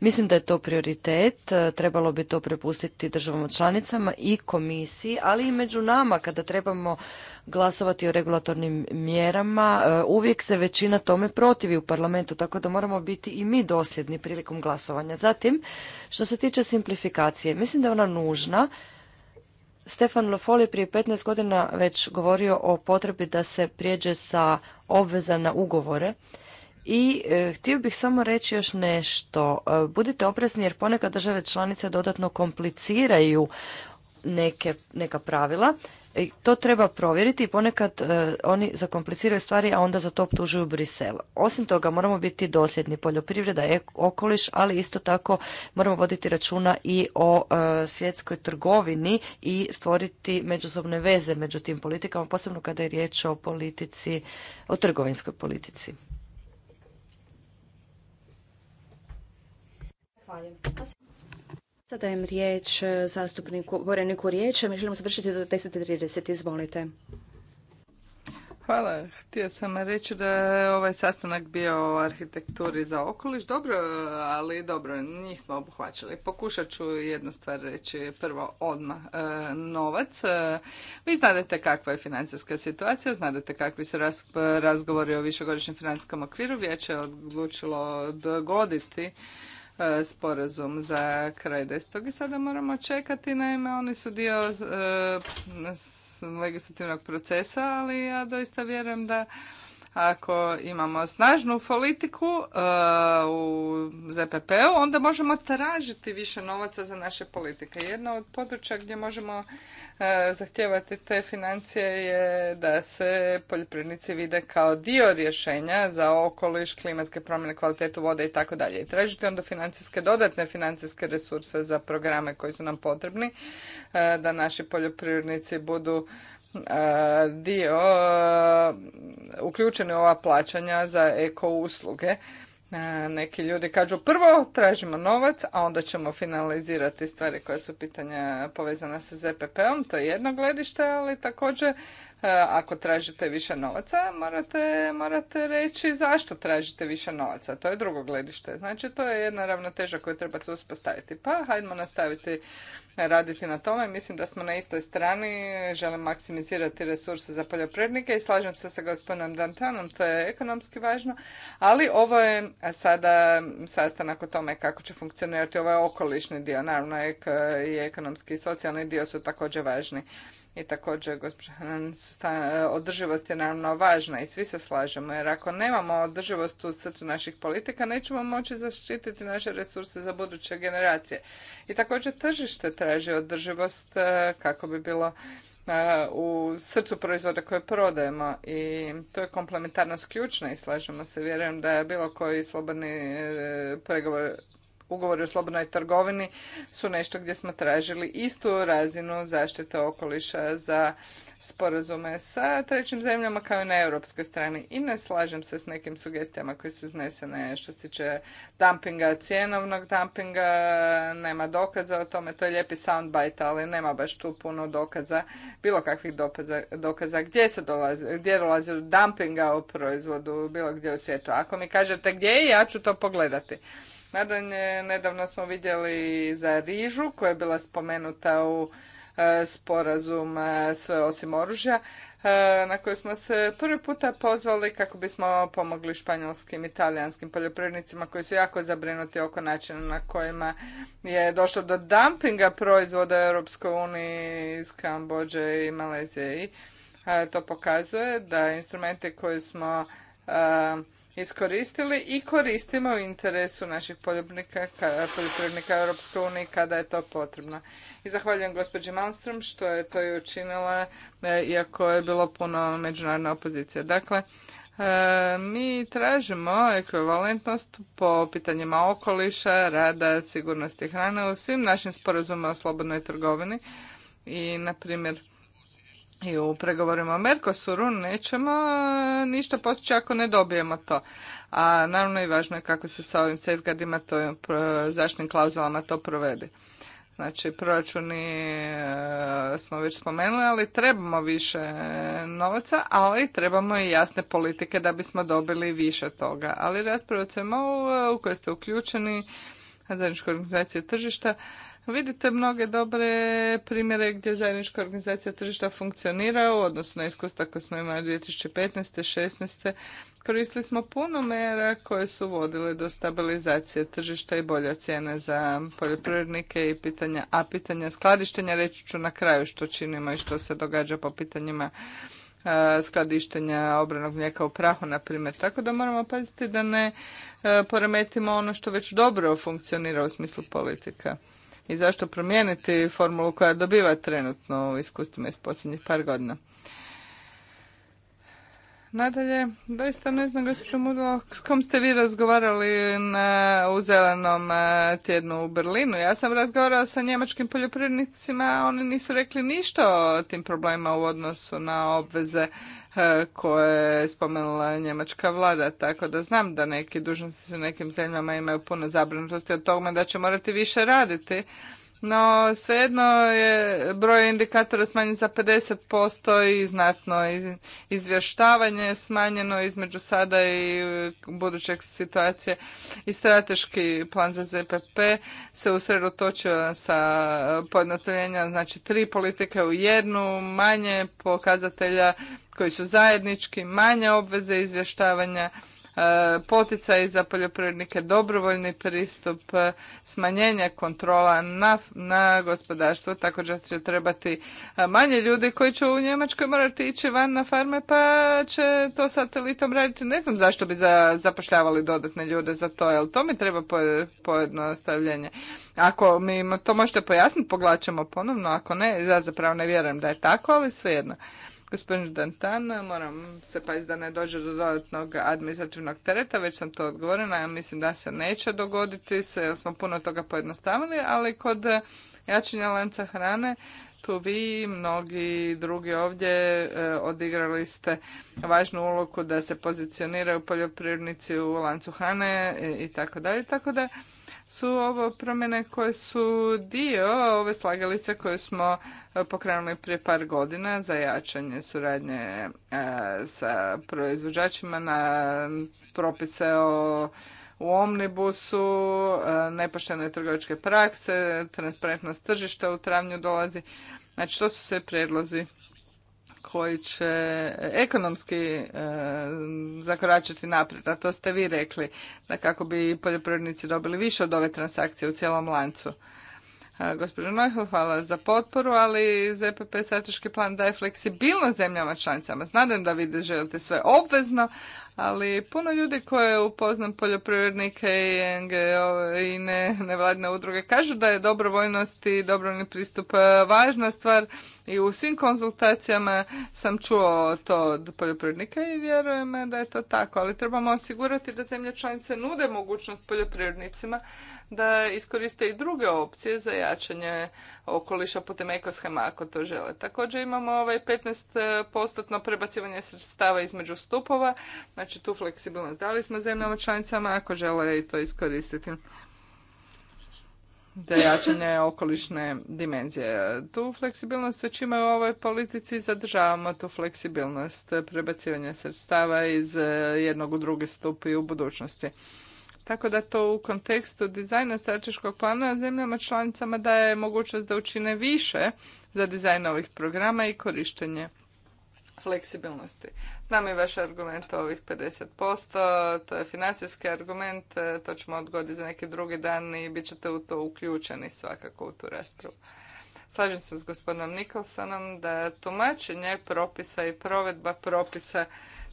Mislim da je to prioritet. E, trebalo bi to prepustiti državama članicama i komisiji, ali i među nama kada trebamo glasovati o regulatornim mjerama, e, uvijek se većina tome protivi u parlamentu, tako da moramo biti i mi dosljedni prilikom glasovanja. Zatim, što se tiče simplifikacije, mislim da je ona nužna. Stefan Lofol je prije 15 godina već govorio o potrebi da se prijeđe sa obveza na ugovore. I e, htio bih samo reći još nešto. E, budite oprezni jer ponekad države članice dodatno kompliciraju neke, neka pravila to treba provjeriti i ponekad e, oni zakompliciraju stvari, a onda za to optužuju Brisel. Osim toga, moramo biti dosljedni. Poljoprivreda i okoliš, ali isto tako moramo voditi računa i o e, svjetskoj trgovini i stvoriti međusobne veze među tim politikama, posebno kada je riječ o politici, o trgovinskoj politici. Hvala. Sada dajem riječ e, zastupniku Voreniku Riječe. Mi želimo završiti do 10.30. Izvolite. Hvala. Htio sam reći da je ovaj sastanak bio o arhitekturi za okoliš. Dobro, ali dobro, njih smo obuhvaćali. Pokušat ću jednu stvar reći prvo odmah. E, novac. E, vi znate kakva je financijska situacija, znadete kakvi su razgovori o višegodišnjem financijskom okviru. Vijeće je odlučilo dogoditi E, sporazum za kraj desetog i sada moramo čekati, naime oni su dio e, legislativnog procesa, ali ja doista vjerujem da ako imamo snažnu politiku uh, u ZPP-u, onda možemo tražiti više novaca za naše politike. Jedno od područja gdje možemo uh, zahtijevati te financije je da se poljoprivrednici vide kao dio rješenja za okoliš, klimatske promjene, kvalitetu vode i tako dalje. I tražiti onda financijske, dodatne financijske resurse za programe koji su nam potrebni, uh, da naši poljoprivrednici budu E, dio e, uključeni ova plaćanja za eko usluge. E, neki ljudi kažu prvo tražimo novac, a onda ćemo finalizirati stvari koje su pitanja povezana sa ZPP-om. To je jedno gledište, ali također ako tražite više novaca, morate, morate reći zašto tražite više novaca. To je drugo gledište. Znači, to je jedna ravnoteža koju trebate uspostaviti. Pa, hajdemo nastaviti raditi na tome. Mislim da smo na istoj strani, želim maksimizirati resurse za poljoprivrednike i slažem se sa gospodinom Dantanom, to je ekonomski važno, ali ovo je sada sastanak o tome kako će funkcionirati ovaj okolišni dio, naravno i ekonomski i socijalni dio su također važni i također e, održivost je naravno važna i svi se slažemo jer ako nemamo održivost u srcu naših politika nećemo moći zaštititi naše resurse za buduće generacije. I također tržište traži održivost e, kako bi bilo e, u srcu proizvoda koje prodajemo i to je komplementarnost ključna i slažemo se. Vjerujem da je bilo koji slobodni pregovor, ugovori o slobodnoj trgovini su nešto gdje smo tražili istu razinu zaštite okoliša za sporazume sa trećim zemljama kao i na europskoj strani. I ne slažem se s nekim sugestijama koje su iznesene što se tiče dumpinga, cijenovnog dumpinga, nema dokaza o tome, to je lijepi soundbite, ali nema baš tu puno dokaza, bilo kakvih dokaza, dokaza gdje se dolazi, gdje dolazi dumpinga u proizvodu, bilo gdje u svijetu. Ako mi kažete gdje ja ću to pogledati. Nadalje, nedavno smo vidjeli za rižu koja je bila spomenuta u e, sporazum e, sve osim oružja e, na koju smo se prvi puta pozvali kako bismo pomogli španjolskim i talijanskim poljoprivrednicima koji su jako zabrinuti oko načina na kojima je došlo do dumpinga proizvoda u Europskoj uniji iz Kambođe i Malezije. To pokazuje da instrumente koje smo iskoristili i koristimo u interesu naših poljoprivrednika, poljoprivrednika Europske unije kada je to potrebno. I zahvaljujem gospođi Malmström što je to i učinila, e, iako je bilo puno međunarodne opozicija. Dakle, e, mi tražimo ekvivalentnost po pitanjima okoliša, rada, sigurnosti hrane u svim našim sporazumima o slobodnoj trgovini i, na primjer, i u pregovorima o Merkosuru nećemo e, ništa postići ako ne dobijemo to. A naravno i važno je kako se sa ovim safeguardima, to, e, zaštitnim klauzulama to provede. Znači, proračuni e, smo već spomenuli, ali trebamo više novaca, ali trebamo i jasne politike da bismo dobili više toga. Ali rasprava u kojoj ste uključeni, zajedničke organizacije tržišta, Vidite mnoge dobre primjere gdje zajednička organizacija tržišta funkcionira u odnosu na iskustva koje smo imali 2015. 16. Koristili smo puno mjera koje su vodile do stabilizacije tržišta i bolje cijene za poljoprivrednike i pitanja, a pitanja skladištenja reći ću na kraju što činimo i što se događa po pitanjima skladištenja obranog mlijeka u prahu, na primjer. Tako da moramo paziti da ne poremetimo ono što već dobro funkcionira u smislu politika i zašto promijeniti formulu koja dobiva trenutno u iskustvima iz posljednjih par godina. Nadalje, doista ne znam, gospođo Mudlo, s kom ste vi razgovarali na, u zelenom e, tjednu u Berlinu. Ja sam razgovarala sa njemačkim poljoprivrednicima, oni nisu rekli ništa o tim problemima u odnosu na obveze E, koje je spomenula njemačka vlada, tako da znam da neki dužnosnici u nekim zemljama imaju puno zabrinutosti od toga da će morati više raditi, no, svejedno je broj indikatora smanjen za 50% i znatno izvještavanje je smanjeno između sada i e, budućeg situacije. I strateški plan za ZPP se usredotočio sa pojednostavljenja znači tri politike u jednu, manje pokazatelja koji su zajednički, manje obveze izvještavanja E, poticaji za poljoprivrednike, dobrovoljni pristup, e, smanjenje kontrola na, na gospodarstvo, također će trebati e, manje ljudi koji će u Njemačkoj morati ići van na farme pa će to satelitom raditi. Ne znam zašto bi za, zapošljavali dodatne ljude za to, jer to mi treba pojednostavljenje. Ako mi to možete pojasniti, poglačemo ponovno, ako ne, ja zapravo ne vjerujem da je tako, ali svejedno. Gospodin Dantan, moram se paziti da ne dođe do dodatnog administrativnog tereta, već sam to odgovorila, ja mislim da se neće dogoditi, se, smo puno toga pojednostavili, ali kod jačanja lanca hrane, tu vi i mnogi drugi ovdje e, odigrali ste važnu ulogu da se pozicioniraju poljoprivrednici u lancu hrane i tako dalje, tako da su ovo promjene koje su dio ove slagalice koje smo e, pokrenuli prije par godina za jačanje suradnje e, sa proizvođačima na propise o u omnibusu, e, nepoštene trgovačke prakse, transparentnost tržišta u travnju dolazi. Znači, to su sve prijedlozi koji će e, ekonomski e, zakoračiti naprijed, a to ste vi rekli, da kako bi poljoprivrednici dobili više od ove transakcije u cijelom lancu. E, gospođo Neuhl, hvala za potporu, ali ZPP strateški plan daje fleksibilnost zemljama članicama. Znam da vi želite sve obvezno, ali puno ljudi koje upoznam poljoprivrednike i NGO i ne, nevladne udruge kažu da je dobrovoljnost i dobrovoljni pristup e, važna stvar i u svim konzultacijama sam čuo to od poljoprivrednika i vjerujem da je to tako, ali trebamo osigurati da zemlje članice nude mogućnost poljoprivrednicima da iskoriste i druge opcije za jačanje okoliša putem ekoshema ako to žele. Također imamo ovaj 15% prebacivanje sredstava između stupova, znači Znači tu fleksibilnost dali smo zemljama članicama ako žele i to iskoristiti da jačanje okolišne dimenzije. Tu fleksibilnost već imaju u ovoj politici zadržavamo tu fleksibilnost prebacivanja sredstava iz e, jednog u drugi stup i u budućnosti. Tako da to u kontekstu dizajna strateškog plana zemljama članicama daje mogućnost da učine više za dizajn ovih programa i korištenje fleksibilnosti. Znam i vaš argument ovih 50%, to je financijski argument, e, to ćemo odgoditi za neki drugi dan i bit ćete u to uključeni svakako u tu raspravu. Slažem se s gospodinom Nikolsonom da tumačenje propisa i provedba propisa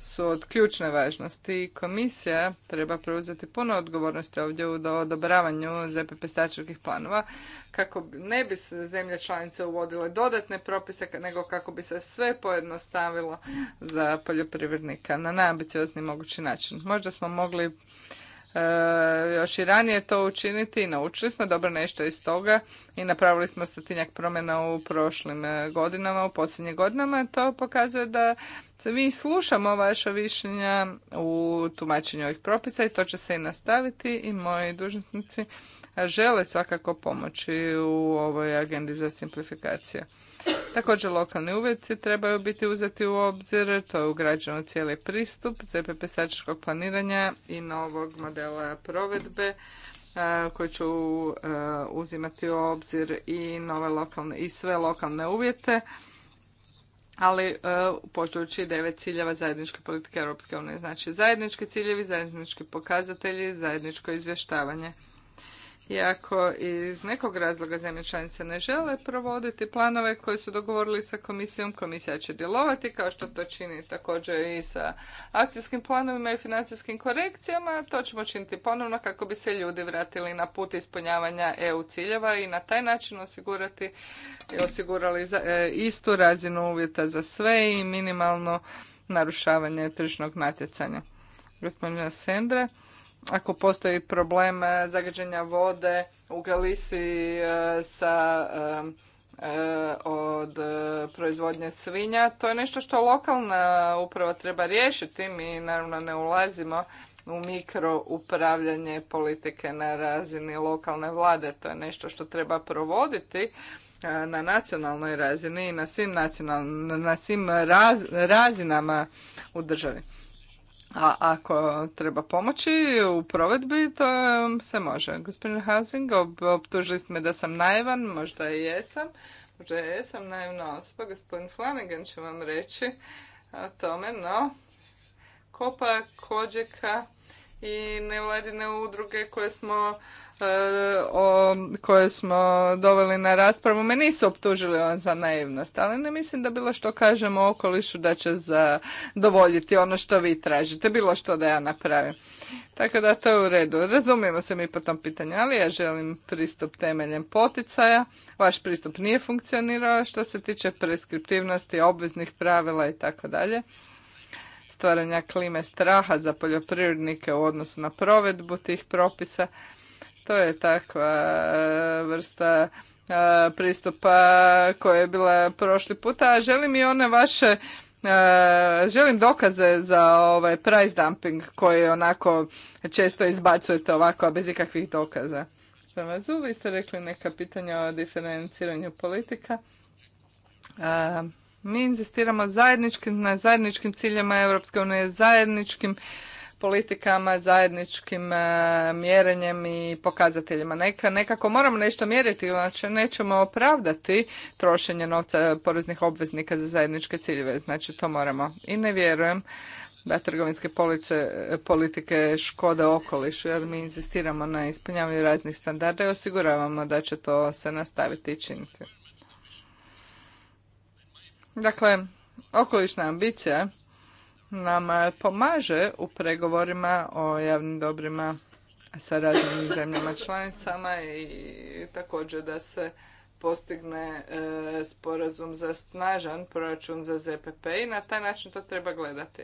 su od ključne važnosti i komisija treba preuzeti puno odgovornosti ovdje u odobravanju ZPP stačarkih planova kako ne bi se zemlje članice uvodile dodatne propise nego kako bi se sve pojednostavilo za poljoprivrednika na najambiciozni mogući način. Možda smo mogli E, još i ranije to učiniti i naučili smo dobro nešto iz toga i napravili smo stotinjak promjena u prošlim e, godinama, u posljednjim godinama. To pokazuje da mi slušamo vaša višljenja u tumačenju ovih propisa i to će se i nastaviti i moji dužnosnici žele svakako pomoći u ovoj agendi za simplifikaciju. Također lokalni uvjeti trebaju biti uzeti u obzir, to je ugrađeno cijeli pristup ZPP strateškog planiranja i novog modela provedbe koji ću uzimati u obzir i nove lokalne i sve lokalne uvjete ali poštujući devet ciljeva zajedničke politike Europske unije. Znači zajednički ciljevi, zajednički pokazatelji, zajedničko izvještavanje. I ako iz nekog razloga zemlje članice ne žele provoditi planove koje su dogovorili sa komisijom, komisija će djelovati kao što to čini također i sa akcijskim planovima i financijskim korekcijama. To ćemo činiti ponovno kako bi se ljudi vratili na put ispunjavanja EU ciljeva i na taj način osigurati i osigurali e, istu razinu uvjeta za sve i minimalno narušavanje tržnog natjecanja. Gospodina Sendre, ako postoji problem e, zagađenja vode u Galisiji e, sa e, od proizvodnje svinja, to je nešto što lokalna uprava treba riješiti. Mi naravno ne ulazimo u mikro upravljanje politike na razini lokalne vlade. To je nešto što treba provoditi na nacionalnoj razini i na svim, na razinama u državi. A ako treba pomoći u provedbi, to um, se može. Gospodin Housing, optužili ste me da sam naivan, možda i jesam. Možda i jesam naivna osoba. Gospodin Flanagan će vam reći o tome, no... Kopa Kođeka i nevladine udruge koje smo e, koje smo doveli na raspravu me nisu optužili za naivnost, ali ne mislim da bilo što kažemo o okolišu da će zadovoljiti ono što vi tražite, bilo što da ja napravim. Tako da to je u redu. Razumijemo se mi po tom pitanju, ali ja želim pristup temeljem poticaja. Vaš pristup nije funkcionirao što se tiče preskriptivnosti, obveznih pravila i tako dalje stvaranja klime straha za poljoprivrednike u odnosu na provedbu tih propisa. To je takva e, vrsta e, pristupa koja je bila prošli puta, želim i one vaše e, želim dokaze za ovaj price dumping koji onako često izbacujete ovako, a bez ikakvih dokaza. Vi ste rekli neka pitanja o diferenciranju politika. Mi inzistiramo zajednički, na zajedničkim ciljama Europske unije, zajedničkim politikama, zajedničkim e, mjerenjem i pokazateljima. Neka, nekako moramo nešto mjeriti, inače nećemo opravdati trošenje novca poreznih obveznika za zajedničke ciljeve. Znači to moramo. I ne vjerujem da trgovinske police, politike škode okolišu, jer mi inzistiramo na ispunjavanju raznih standarda i osiguravamo da će to se nastaviti i činiti. Dakle, okolišna ambicija nam eh, pomaže u pregovorima o javnim dobrima sa raznim zemljama članicama i također da se postigne eh, sporazum za snažan proračun za ZPP i na taj način to treba gledati.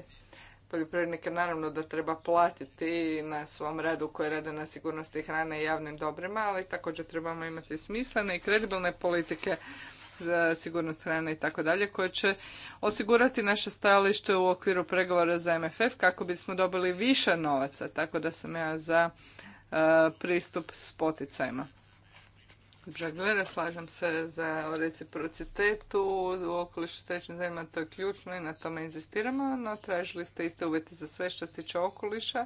Poljoprivrednike naravno da treba platiti na svom radu koji rade na sigurnosti hrane i javnim dobrima, ali također trebamo imati smislene i kredibilne politike za sigurnost hrane i tako dalje, koje će osigurati naše stajalište u okviru pregovora za MFF kako bismo dobili više novaca, tako da sam ja za e, pristup s poticajima. slažem se za reciprocitetu u okolišu srećnim zemljama, to je ključno i na tome inzistiramo, no tražili ste iste uvjete za sve što se tiče okoliša.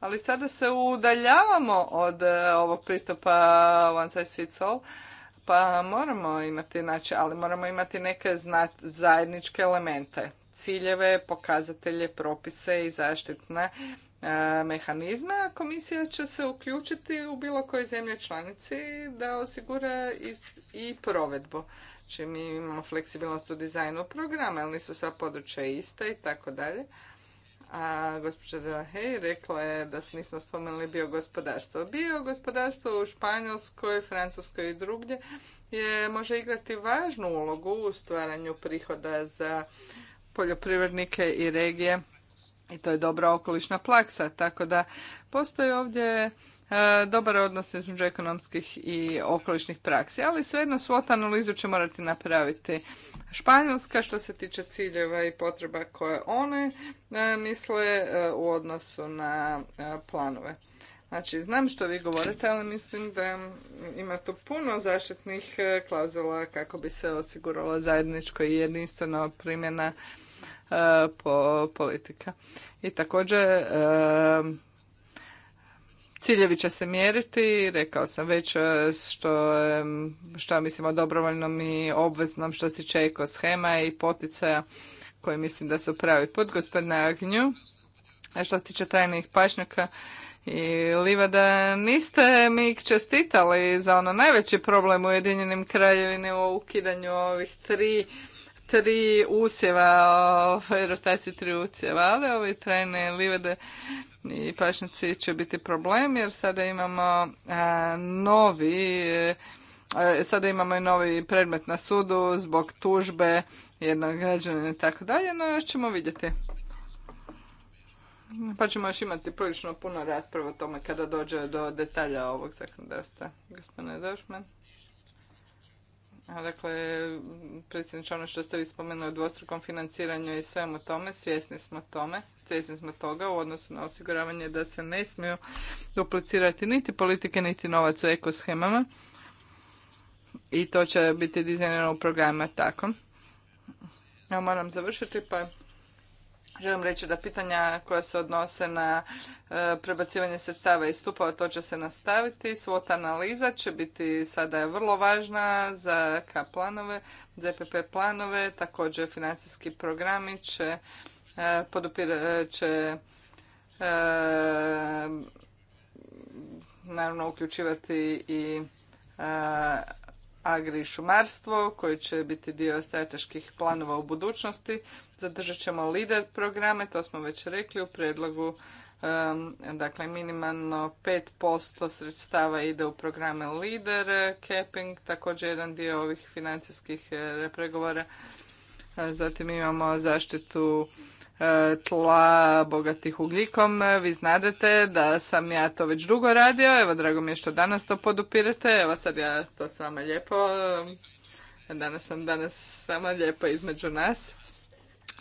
Ali sada se udaljavamo od e, ovog pristupa one size fits all pa moramo imati, znači, ali moramo imati neke znat, zajedničke elemente, ciljeve, pokazatelje, propise i zaštitne e, mehanizme, a komisija će se uključiti u bilo koje zemlje članici da osigura i, i provedbu. Znači mi imamo fleksibilnost u dizajnu programa, ali nisu sva područja ista i tako dalje. A gospođa hej, rekla je da se nismo spomenuli bio Bio gospodarstvo u Španjolskoj, Francuskoj i drugdje je, može igrati važnu ulogu u stvaranju prihoda za poljoprivrednike i regije i to je dobra okolišna plaksa, tako da postoji ovdje E, dobar odnos između ekonomskih i okolišnih praksi, ali svejedno svot analizu će morati napraviti Španjolska što se tiče ciljeva i potreba koje one e, misle e, u odnosu na planove. Znači, znam što vi govorite, ali mislim da ima tu puno zaštitnih klauzula kako bi se osigurala zajedničko i jedinstveno primjena politika. I također Ciljevi će se mjeriti, rekao sam već e, što, što mislim o dobrovoljnom i obveznom što se tiče schema i poticaja koje mislim da su pravi put gospodine Agnju. A što se tiče tajnih pašnjaka i livada, niste mi ih čestitali za ono najveći problem u Ujedinjenim kraljevini o ukidanju ovih tri tri usjeva, ovaj, rotaciji tri usjeva, ali ove ovaj, trajne livede i pašnici će biti problem jer sada imamo novi e, e, sada imamo i novi predmet na sudu zbog tužbe jednog građana i tako dalje, no još ćemo vidjeti. Pa ćemo još imati prilično puno rasprava o tome kada dođe do detalja ovog zakonodavstva. Gospodine Došman. Dakle, predsjedniče, ono što ste vi spomenuli o dvostrukom financiranju i svemu tome, svjesni smo tome, svjesni smo toga u odnosu na osiguravanje da se ne smiju duplicirati niti politike, niti novac u ekoshemama. I to će biti dizajnirano u programima tako. Ja moram završiti, pa Želim reći da pitanja koja se odnose na e, prebacivanje sredstava i stupova, to će se nastaviti. Svota analiza će biti sada je vrlo važna za K planove, ZPP e planove, također financijski programi će e, podupirati će naravno uključivati i agri šumarstvo koji će biti dio strateških planova u budućnosti. Zadržat ćemo lider programe, to smo već rekli u predlogu. Dakle, minimalno 5% sredstava ide u programe LIDER, eh, capping, također jedan dio ovih financijskih eh, pregovora. Zatim imamo zaštitu tla bogatih ugljikom. Vi znadete da sam ja to već dugo radio, evo drago mi je što danas to podupirate, evo sad ja to s vama lijepo, um, danas sam danas sama lijepo između nas,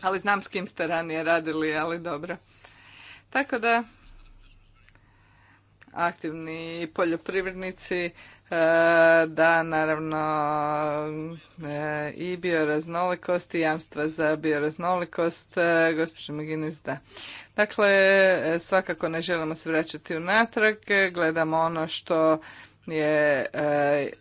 ali znam s kim ste ranije radili, ali dobro. Tako da aktivni poljoprivrednici, e, da naravno e, i bioraznolikost i jamstva za bioraznolikost, e, gospođo Maginis, da. Dakle, svakako ne želimo se vraćati unatrag, gledamo ono što je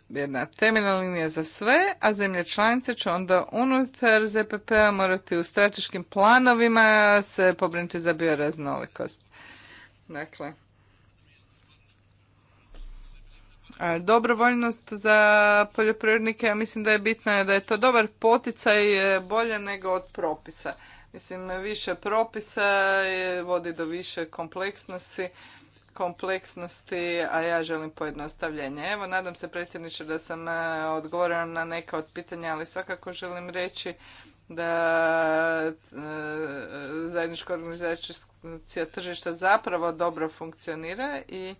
jedna temeljna linija za sve, a zemlje članice će onda unutar ZPP-a morati u strateškim planovima se pobrinuti za bioraznolikost. Dakle, dobrovoljnost za poljoprivrednike, ja mislim da je bitno da je to dobar poticaj e, bolje nego od propisa. Mislim, više propisa e, vodi do više kompleksnosti, kompleksnosti, a ja želim pojednostavljenje. Evo, nadam se predsjedniče da sam e, odgovorila na neka od pitanja, ali svakako želim reći da zajednička organizacija tržišta zapravo dobro funkcionira i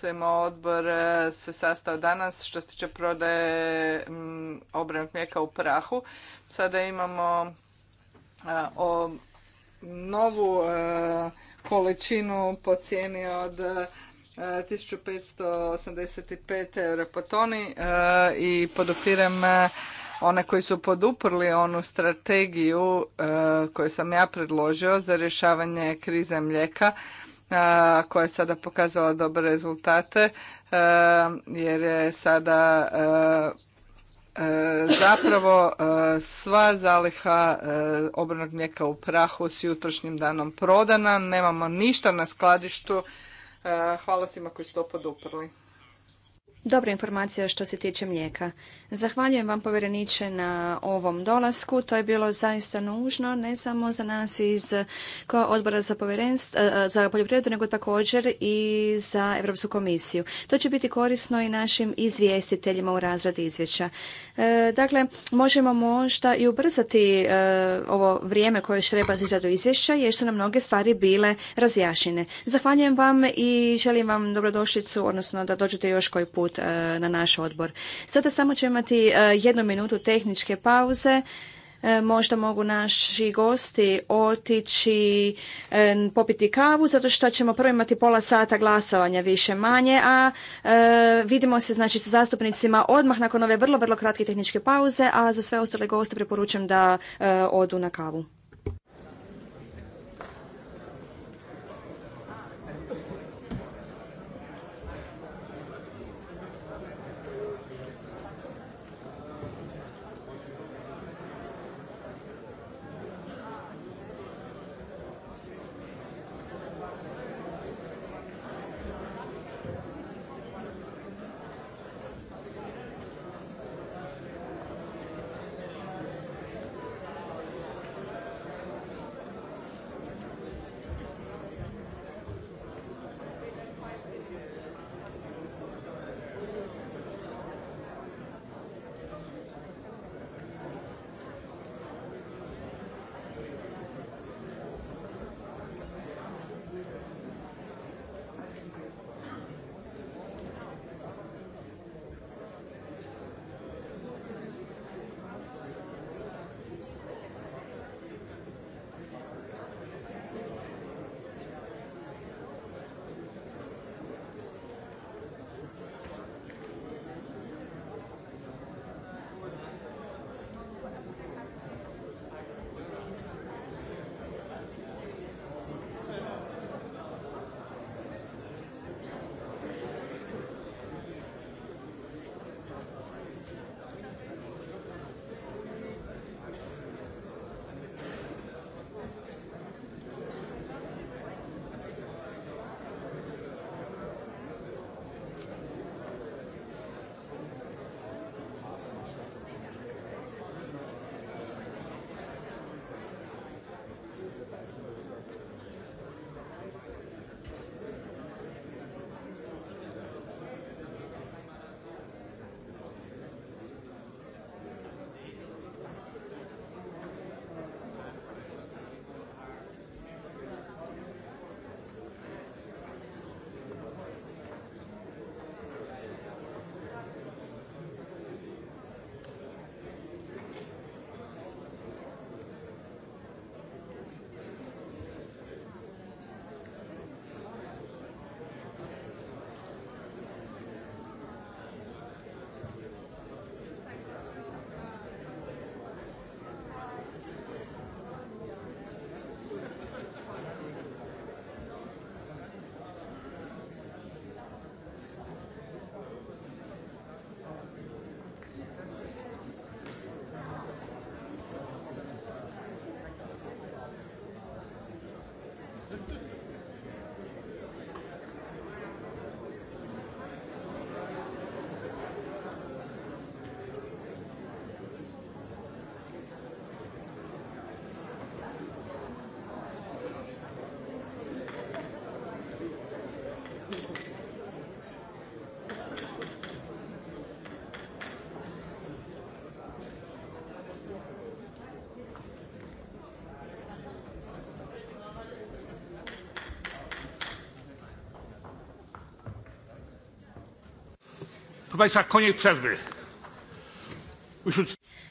CMO odbor e, se sastao danas što se tiče prodaje mm, obranog mlijeka u prahu. Sada imamo e, o novu e, količinu po cijeni od 1585 eura po toni i podupiram one koji su poduprli onu strategiju koju sam ja predložio za rješavanje krize mlijeka koja je sada pokazala dobre rezultate jer je sada zapravo sva zaliha obrnog mlijeka u prahu s jutrošnjim danom prodana, nemamo ništa na skladištu. Hvala svima koji su to poduprli dobra informacija što se tiče mlijeka. Zahvaljujem vam povjereniče na ovom dolasku. To je bilo zaista nužno, ne samo za nas iz odbora za, e, e, za poljoprivredu, nego također i za Europsku komisiju. To će biti korisno i našim izvjestiteljima u razradi izvješća. E, dakle, možemo možda i ubrzati ovo vrijeme koje još treba za izradu izvješća, jer su nam mnoge stvari bile razjašnjene. Zahvaljujem vam i želim vam dobrodošlicu, odnosno da dođete još koji put E, na naš odbor. Sada samo ćemo imati e, jednu minutu tehničke pauze. E, možda mogu naši gosti otići popiti kavu zato što ćemo prvo imati pola sata glasovanja više manje, a vidimo se znači sa zastupnicima odmah nakon ove vrlo, vrlo kratke tehničke pauze, a za sve ostale goste preporučam da odu na kavu.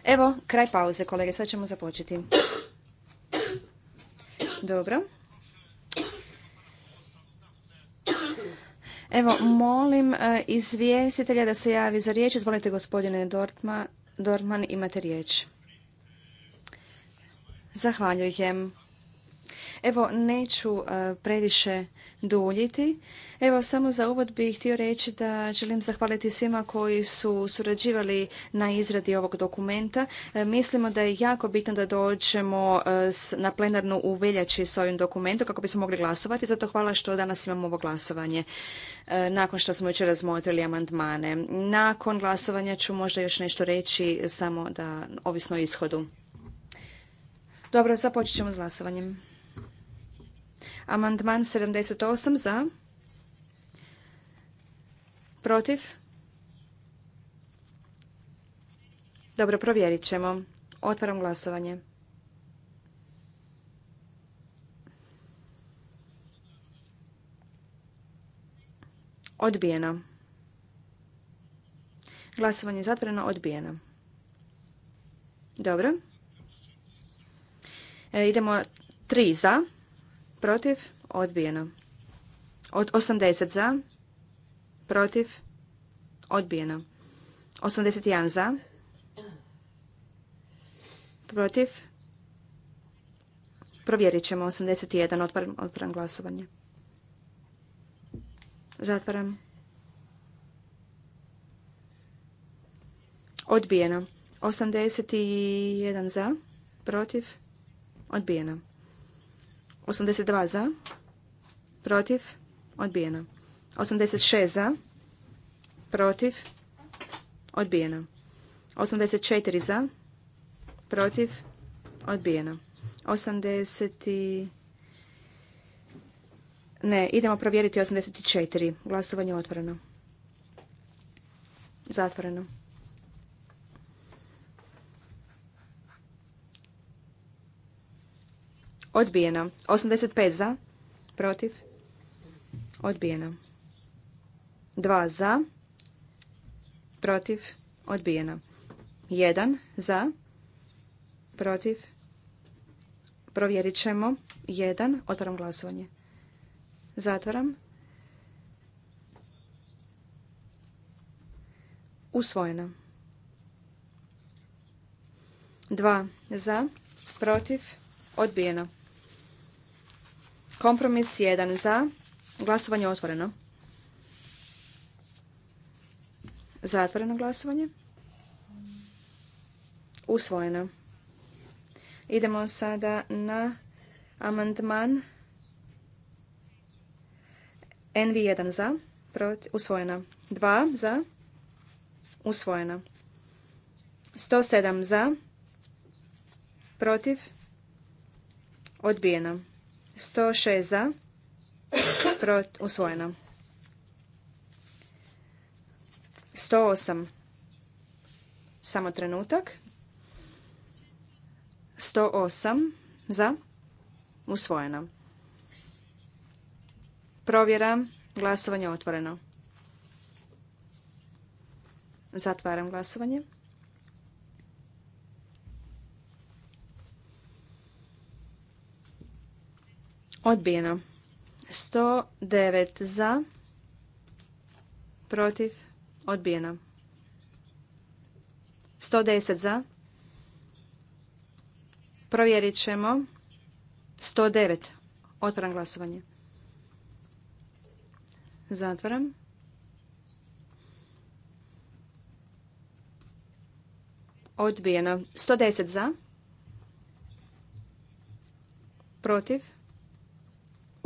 Evo, kraj pauze, kolege. Sad ćemo započeti. Dobro. Evo, molim e, izvjestitelja da se javi za riječ. Izvolite, gospodine Dortman, imate riječ. Zahvaljujem. Evo, neću e, previše duljiti. Evo, samo za uvod bih htio reći da želim zahvaliti svima koji su surađivali na izradi ovog dokumenta. E, mislimo da je jako bitno da dođemo e, na plenarnu u veljači s ovim dokumentom kako bismo mogli glasovati. Zato hvala što danas imamo ovo glasovanje nakon što smo jučer razmotrili amandmane. Nakon glasovanja ću možda još nešto reći samo da ovisno o ishodu. Dobro, započet ćemo s glasovanjem. Amandman 78 za. Protiv? Dobro, provjerit ćemo. Otvaram glasovanje. Odbijeno. Glasovanje je zatvoreno, odbijeno. Dobro. E, idemo tri za protiv, odbijeno. Od 80 za, protiv, odbijeno. 81 za, protiv, provjerit ćemo 81, otvaram, otvaram glasovanje. Zatvaram. Odbijeno. 81 za, protiv, odbijeno. 82 za, protiv, odbijeno. 86 za, protiv, odbijeno. 84 za, protiv, odbijeno. 80 Ne, idemo provjeriti 84. Glasovanje otvoreno. Zatvoreno. Odbijeno. 85 za. Protiv. Odbijeno. 2 za. Protiv. Odbijeno. 1 za. Protiv. Provjerit ćemo. 1. Otvaram glasovanje. Zatvaram. Usvojeno. 2 za. Protiv. Odbijeno. Kompromis 1 za. Glasovanje otvoreno. Zatvoreno glasovanje. Usvojeno. Idemo sada na amandman NV1 za. Usvojena. 2 za. Usvojena. 107 za. Protiv. Odbijeno. 106 za, usvojeno. 108, samo trenutak. 108 za, usvojeno. Provjera, glasovanje otvoreno. Zatvaram glasovanje. Odbijeno. 109 za. Protiv. Odbijeno. 110 za. Provjerit ćemo. 109. otvoram glasovanje. zatvoram Odbijeno. 110 za. Protiv.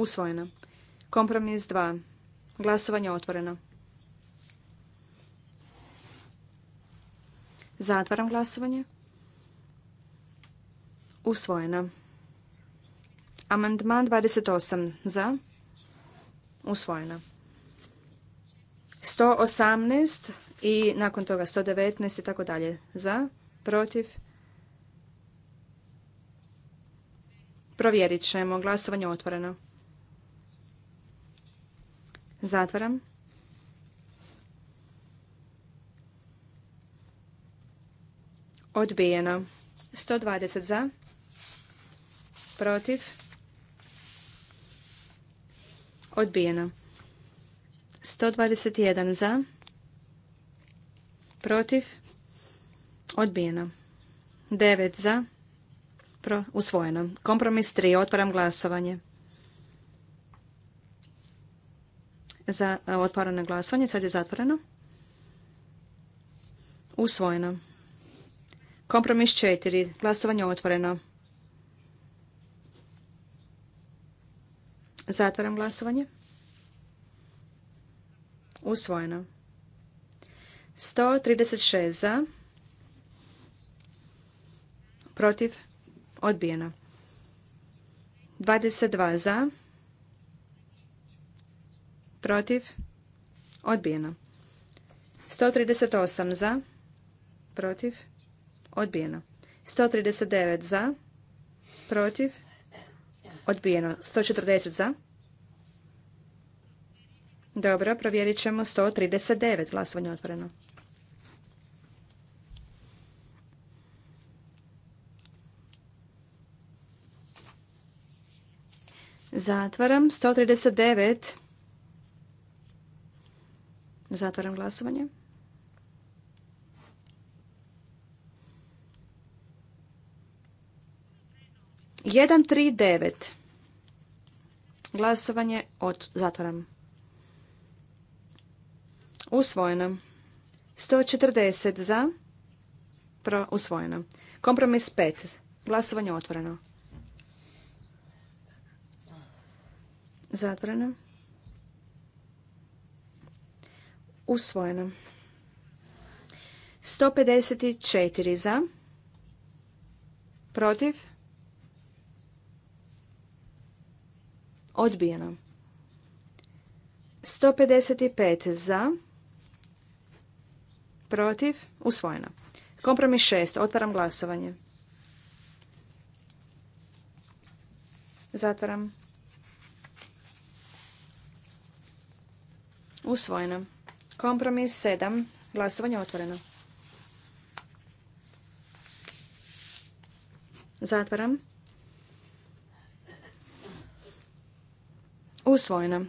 Usvojeno. Kompromis 2. Glasovanje otvoreno. Zatvaram glasovanje. Usvojeno. Amandman 28. Za. Usvojeno. 118 i nakon toga 119 i tako dalje. Za. Protiv. Provjerit ćemo. Glasovanje otvoreno. Zatvaram. Odbijeno. 120 za. Protiv. Odbijeno. 121 za. Protiv. Odbijeno. 9 za. Pro, usvojeno. Kompromis 3. Otvaram glasovanje. za e, otvoreno glasovanje. Sad je zatvoreno. Usvojeno. Kompromis četiri. Glasovanje otvoreno. Zatvaram glasovanje. Usvojeno. 136 za. Protiv. Odbijeno. 22 za protiv, odbijeno. 138 za, protiv, odbijeno. 139 za, protiv, odbijeno. 140 za, dobro, provjerit ćemo 139, glasovanje otvoreno. Zatvaram, 139 Zatvaram glasovanje. Jedan, tri, devet. Glasovanje od... Zatvaram. Usvojeno. 140 za. Pro, usvojeno. Kompromis 5. Glasovanje otvoreno. Zatvoreno. Usvojeno. 154 za. Protiv. Odbijeno. 155 za. Protiv. Usvojeno. Kompromis 6. Otvaram glasovanje. Zatvaram. Usvojeno. Kompromis sedam. Glasovanje otvoreno. Zatvaram. Usvojeno.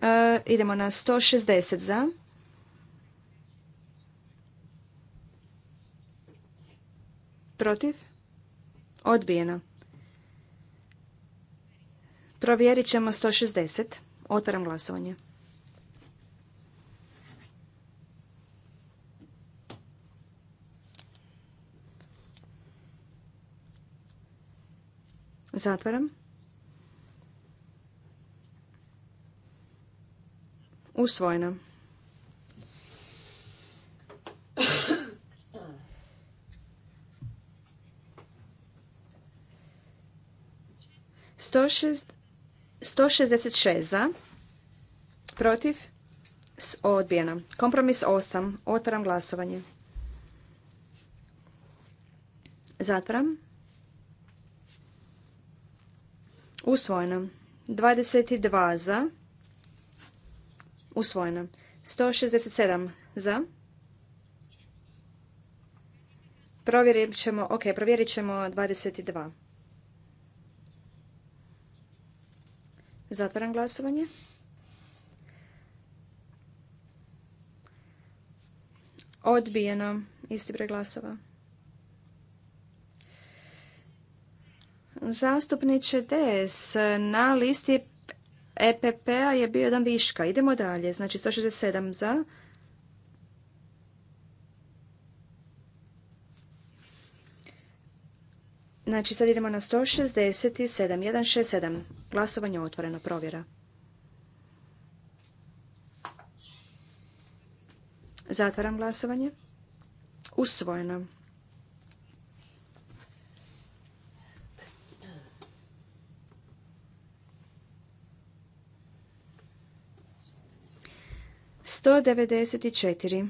E, idemo na 160 za. Protiv? Odbijeno. Provjerit ćemo 160. Otvaram glasovanje. Zatvaram. usvojena Sto šezdeset šest za, protiv, odbijena Kompromis osam. Otvaram glasovanje. Zatvaram. Usvojeno. 22 za. Usvojeno. 167 za. Provjerit ćemo, ok, provjerit ćemo 22. Zatvaram glasovanje. Odbijeno. Isti broj Zastupniče DS, na listi EPP-a je bio jedan viška. Idemo dalje. Znači 167 za. Znači sad idemo na 167. 167. Glasovanje otvoreno. Provjera. Zatvaram glasovanje. Usvojeno. 194.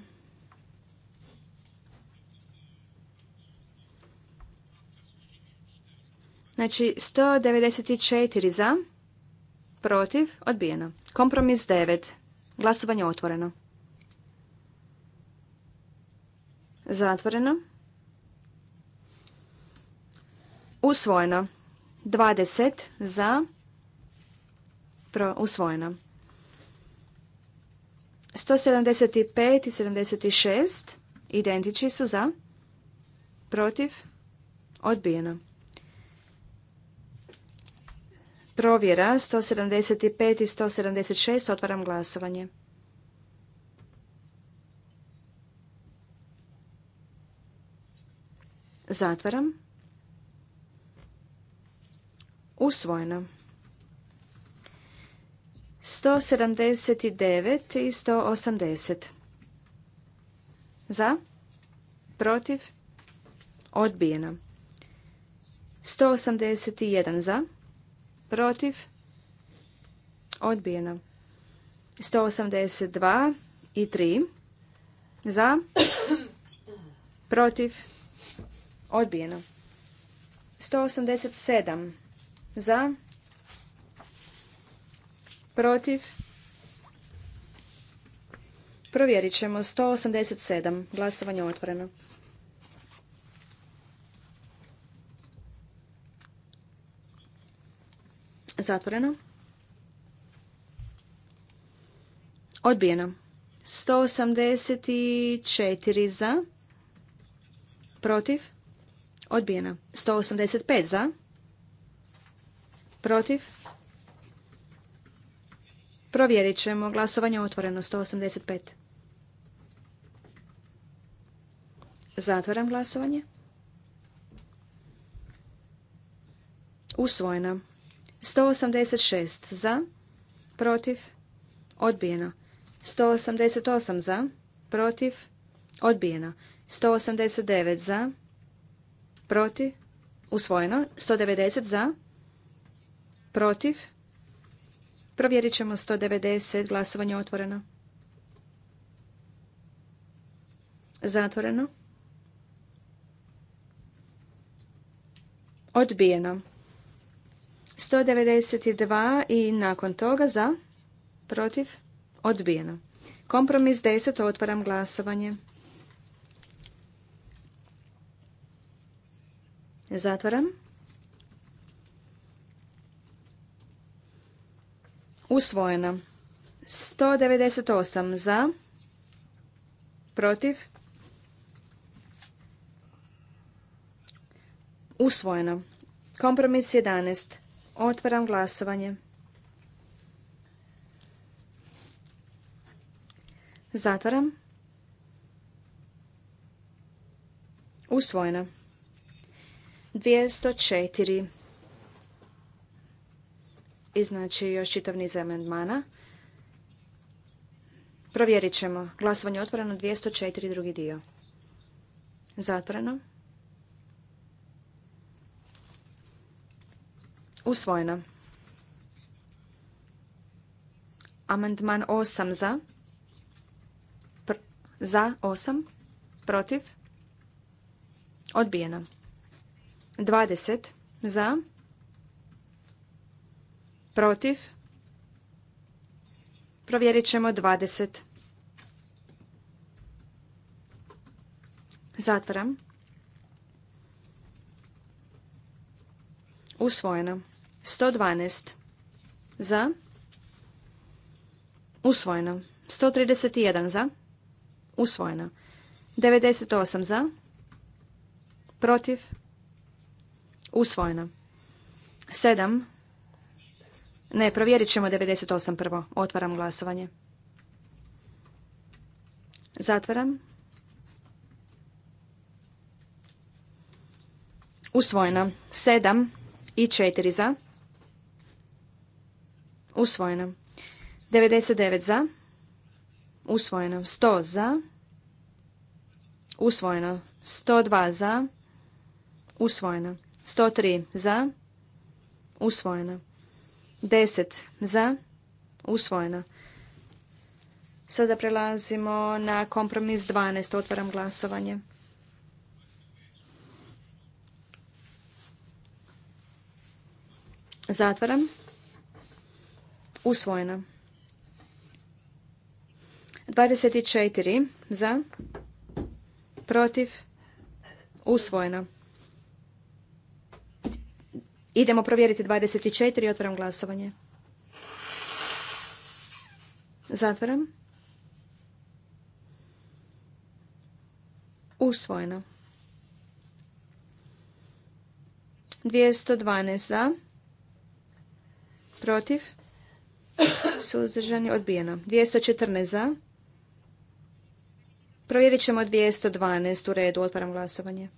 Znači 194 za, protiv, odbijeno. Kompromis 9. Glasovanje otvoreno. Zatvoreno. Usvojeno. 20 za, pro, usvojeno. 175 i 76 identični su za, protiv, odbijeno. Provjera 175 i 176, otvaram glasovanje. Zatvaram. Usvojeno. 179 i 180. Za? Protiv? Odbijeno. 181 za? Protiv? Odbijeno. 182 i 3. Za? Protiv? Odbijeno. 187 za? protiv, provjerit ćemo 187, glasovanje otvoreno. Zatvoreno. Odbijeno. 184 za. Protiv. Odbijeno. 185 za. Protiv. Provjerit ćemo. Glasovanje otvoreno 185. Zatvoram glasovanje. Usvojeno. 186 za, protiv, odbijeno. 188 za, protiv, odbijeno. 189 za, protiv, usvojeno. 190 za, protiv, Provjerit ćemo 190. Glasovanje otvoreno. Zatvoreno. Odbijeno. 192 i nakon toga za, protiv, odbijeno. Kompromis 10, otvaram glasovanje. Zatvaram. Usvojena. 198 za. Protiv. Usvojeno. Kompromis 11. Otvaram glasovanje. Zatvaram. Usvojeno. 204 i znači još čitav niz amandmana. Provjerit ćemo. Glasovanje otvoreno 204. drugi dio. Zatvoreno. Usvojeno. Amandman 8 za. za 8. Protiv. Odbijeno. 20 za. Protiv? Provjerit ćemo 20. Zatvaram. Usvojeno. 112. Za. Usvojeno. 131 za. Usvojeno. 98 za. Protiv. Usvojeno. 7 ne, provjerit ćemo 98 prvo. Otvaram glasovanje. Zatvaram. Usvojeno. 7 i 4 za. Usvojeno. 99 za. Usvojeno. 100 za. Usvojeno. 102 za. Usvojeno. 103 za. Usvojeno. 10 za, usvojeno. Sada prelazimo na kompromis 12. Otvaram glasovanje. Zatvaram. Usvojeno. 24 za, protiv, usvojeno. Idemo provjeriti 24. Otvaram glasovanje. Zatvaram. Usvojeno. 212 za. Protiv. Suzdržani. Odbijeno. 214 za. Provjerit ćemo 212 u redu. Otvaram glasovanje.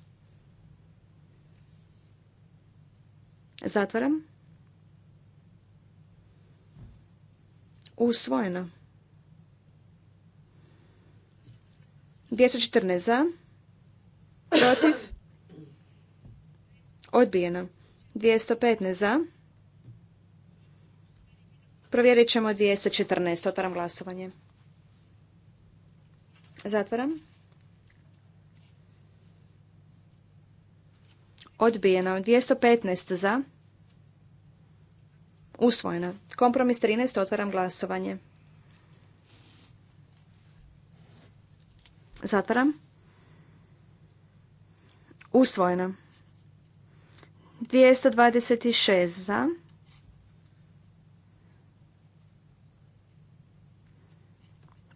Zatvaram. Usvojeno. 214 za. Protiv. Odbijeno. 215 za. Provjerit ćemo 214. Otvaram glasovanje. Zatvaram. Odbijeno. 215 za. Usvojeno. Kompromis 13. Otvaram glasovanje. Zatvaram. Usvojeno. 226 za.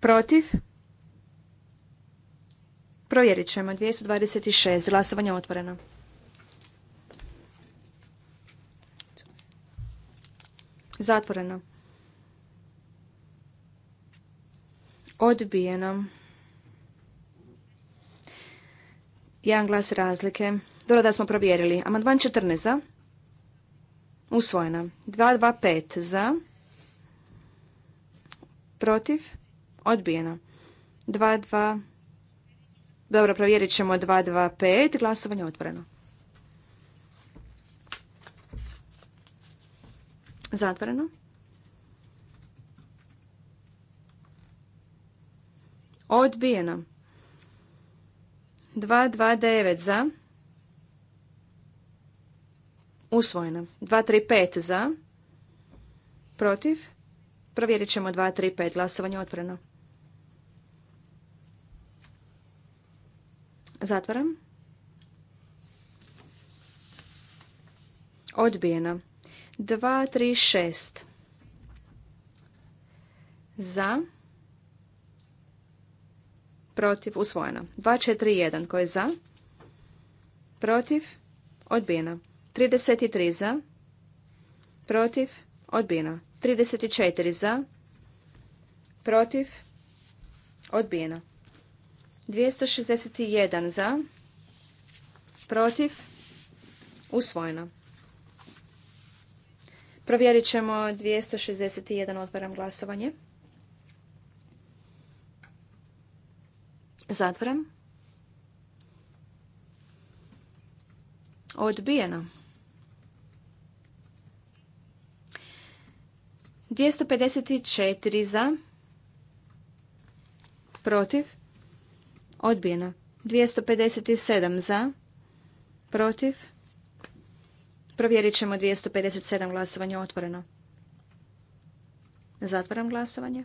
Protiv. Provjerit ćemo. 226. Glasovanje otvoreno. Zatvoreno. Odbijeno. Jedan glas razlike. Dobro da smo provjerili. Amandman 14 za. Usvojena. 225 za. Protiv. Odbijeno. 22. Dobro, provjerit ćemo 225. Glasovanje otvoreno. Zatvoreno. Odbijeno. 229 za. Usvojeno. 235 za. Protiv. Provjerit ćemo 235. Glasovanje otvoreno. Zatvaram. Odbijeno. 2, 3, 6. Za. Protiv. Usvojeno. 2, 4, 1. je za? Protiv. Odbijeno. 33 za. Protiv. Odbijeno. 34 za. Protiv. Odbijeno. 261 za. Protiv. Usvojeno. Provjerit ćemo 261. Otvaram glasovanje. Zatvaram. Odbijeno. 254 za. Protiv. Odbijeno. 257 za. Protiv. Odbijeno. Provjerit ćemo 257 glasovanje otvoreno. Zatvaram glasovanje.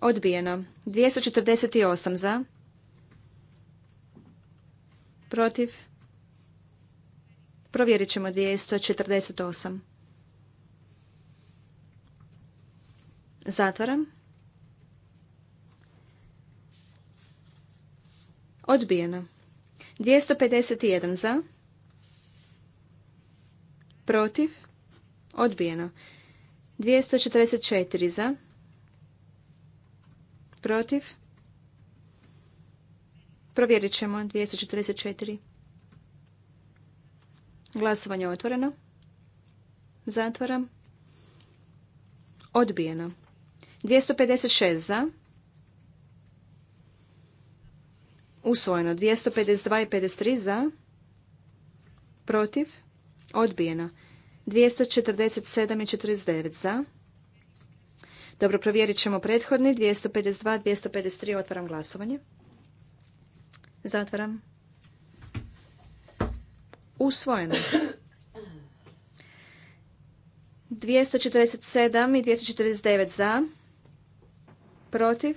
Odbijeno. 248 za. Protiv. Provjerit ćemo 248. Zatvaram. Odbijeno. 251 za. Protiv. Odbijeno. 244 za. Protiv. Provjerit ćemo 244. Glasovanje otvoreno. Zatvaram. Odbijeno. 256 za. Usvojeno. 252 i 53 za. Protiv. Odbijeno. 247 i 49 za. Dobro, provjerit ćemo prethodni. 252, 253. Otvaram glasovanje. Zatvaram. Usvojeno. 247 i 249 za. Protiv.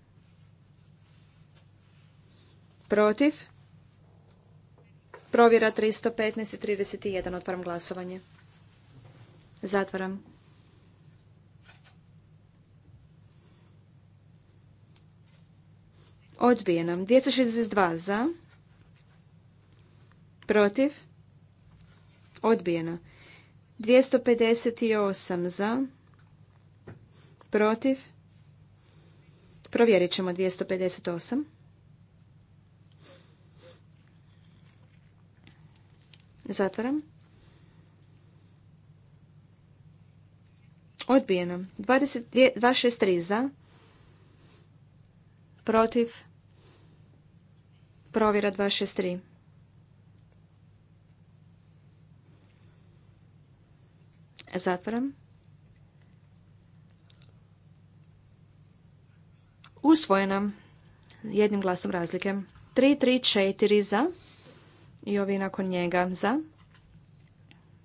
Protiv? Provjera 315 i 31. Otvaram glasovanje. Zatvaram. Odbijeno. 262 za. Protiv. Odbijeno. 258 za. Protiv. Provjerit ćemo 258. Zatvaram. Odbijeno. 22, 263 za. Protiv. Provjera 263. Zatvaram. Usvojena. Jednim glasom razlike. 334 za i ovi nakon njega za.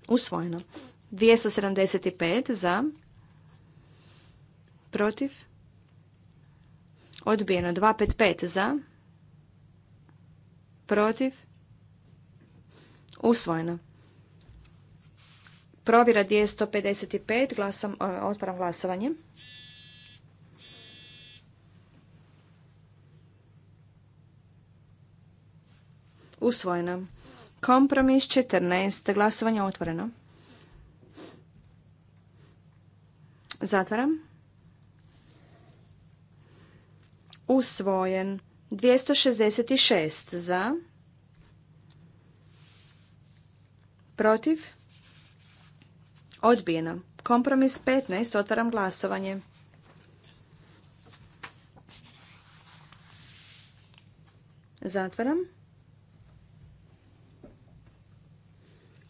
Usvojeno. 275 za. Protiv. Odbijeno. 255 za. Protiv. Usvojeno. Provjera 255. Glasam, otvaram glasovanje. Usvojeno. Kompromis 14. Glasovanje otvoreno. Zatvaram. Usvojen. 266 za. Protiv. Odbijeno. Kompromis 15. Otvaram glasovanje. Zatvaram.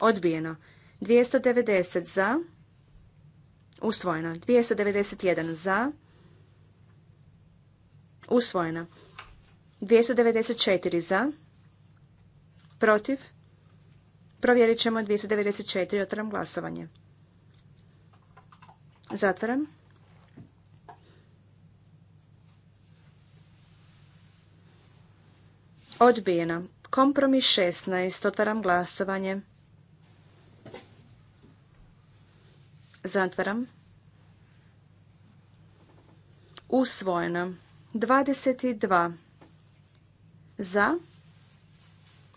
Odbijeno. 290 za. Usvojeno. 291 za. Usvojeno. 294 za. Protiv. Provjerit ćemo 294. Otvaram glasovanje. Zatvaram. Odbijeno. Kompromis 16. Otvaram glasovanje. Zatvaram. Usvojeno. 22 za,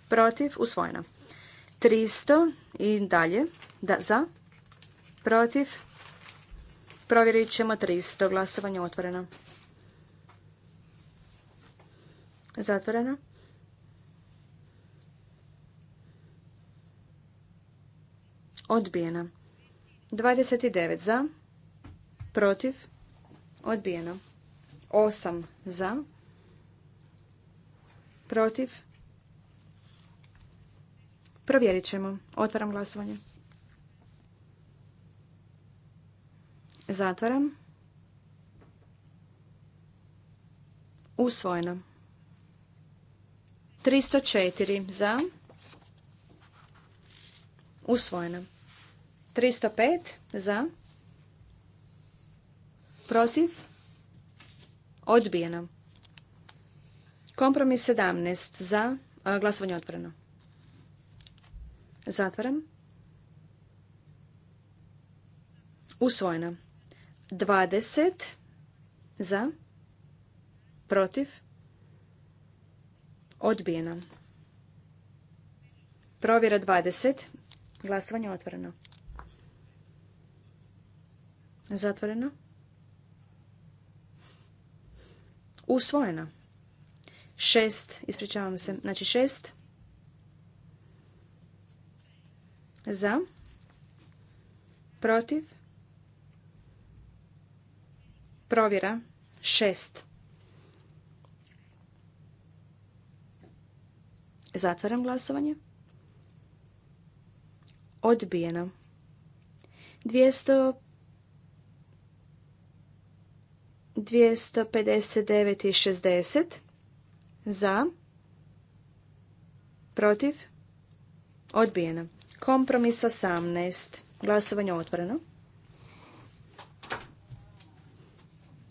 protiv, usvojeno. 300 i dalje, da, za, protiv, provjerit ćemo 300, glasovanje otvoreno. Zatvoreno. Odbijeno. 29 za, protiv, odbijeno. 8 za, protiv, provjerit ćemo. Otvaram glasovanje. Zatvaram. Usvojeno. 304 za, usvojeno. 305 za, protiv, odbijeno. Kompromis 17 za, glasovanje otvoreno. Zatvaram. Usvojeno. 20 za, protiv, odbijeno. Provjera 20. Glasovanje otvoreno. Zatvoreno. Usvojeno. Šest, ispričavam se, znači šest. Za. Protiv. Provjera. Šest. Zatvaram glasovanje. Odbijeno. 200 259 i 60 za protiv odbijeno. Kompromis 18. Glasovanje otvoreno.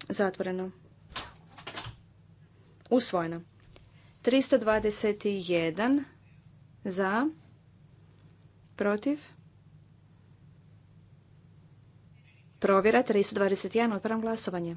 Zatvoreno. Usvojeno. 321 za protiv Provjera 321. Otvaram glasovanje.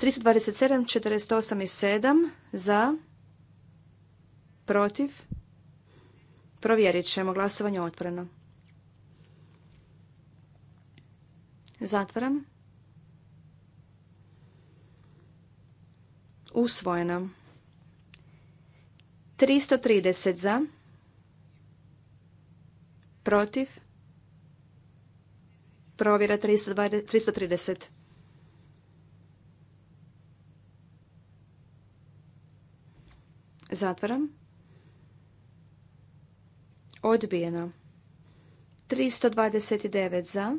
327, 48 i 7 za, protiv. Provjerit ćemo. Glasovanje otvoreno. Zatvaram. Usvojeno. 330 za, protiv. Provjera 320, 330. Zatvaram. Odbijeno. 329 za.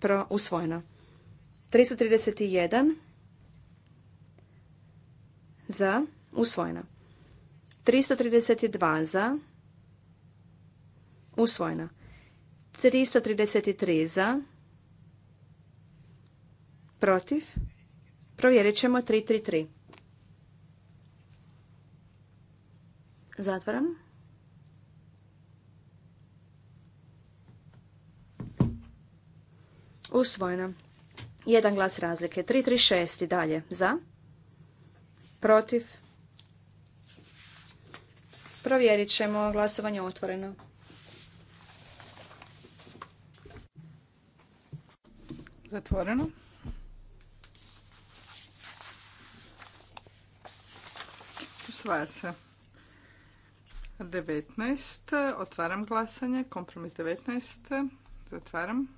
Pro, usvojeno. 331 za. Usvojeno. 332 za. Usvojeno. 333 za. Protiv. Provjerit ćemo 333. Zatvaram. Usvojeno. Jedan glas razlike. 6 i dalje. Za. Protiv. Provjerit ćemo. Glasovanje otvoreno. Zatvoreno. Usvaja se. 19. Otvaram glasanje. Kompromis 19. Zatvaram.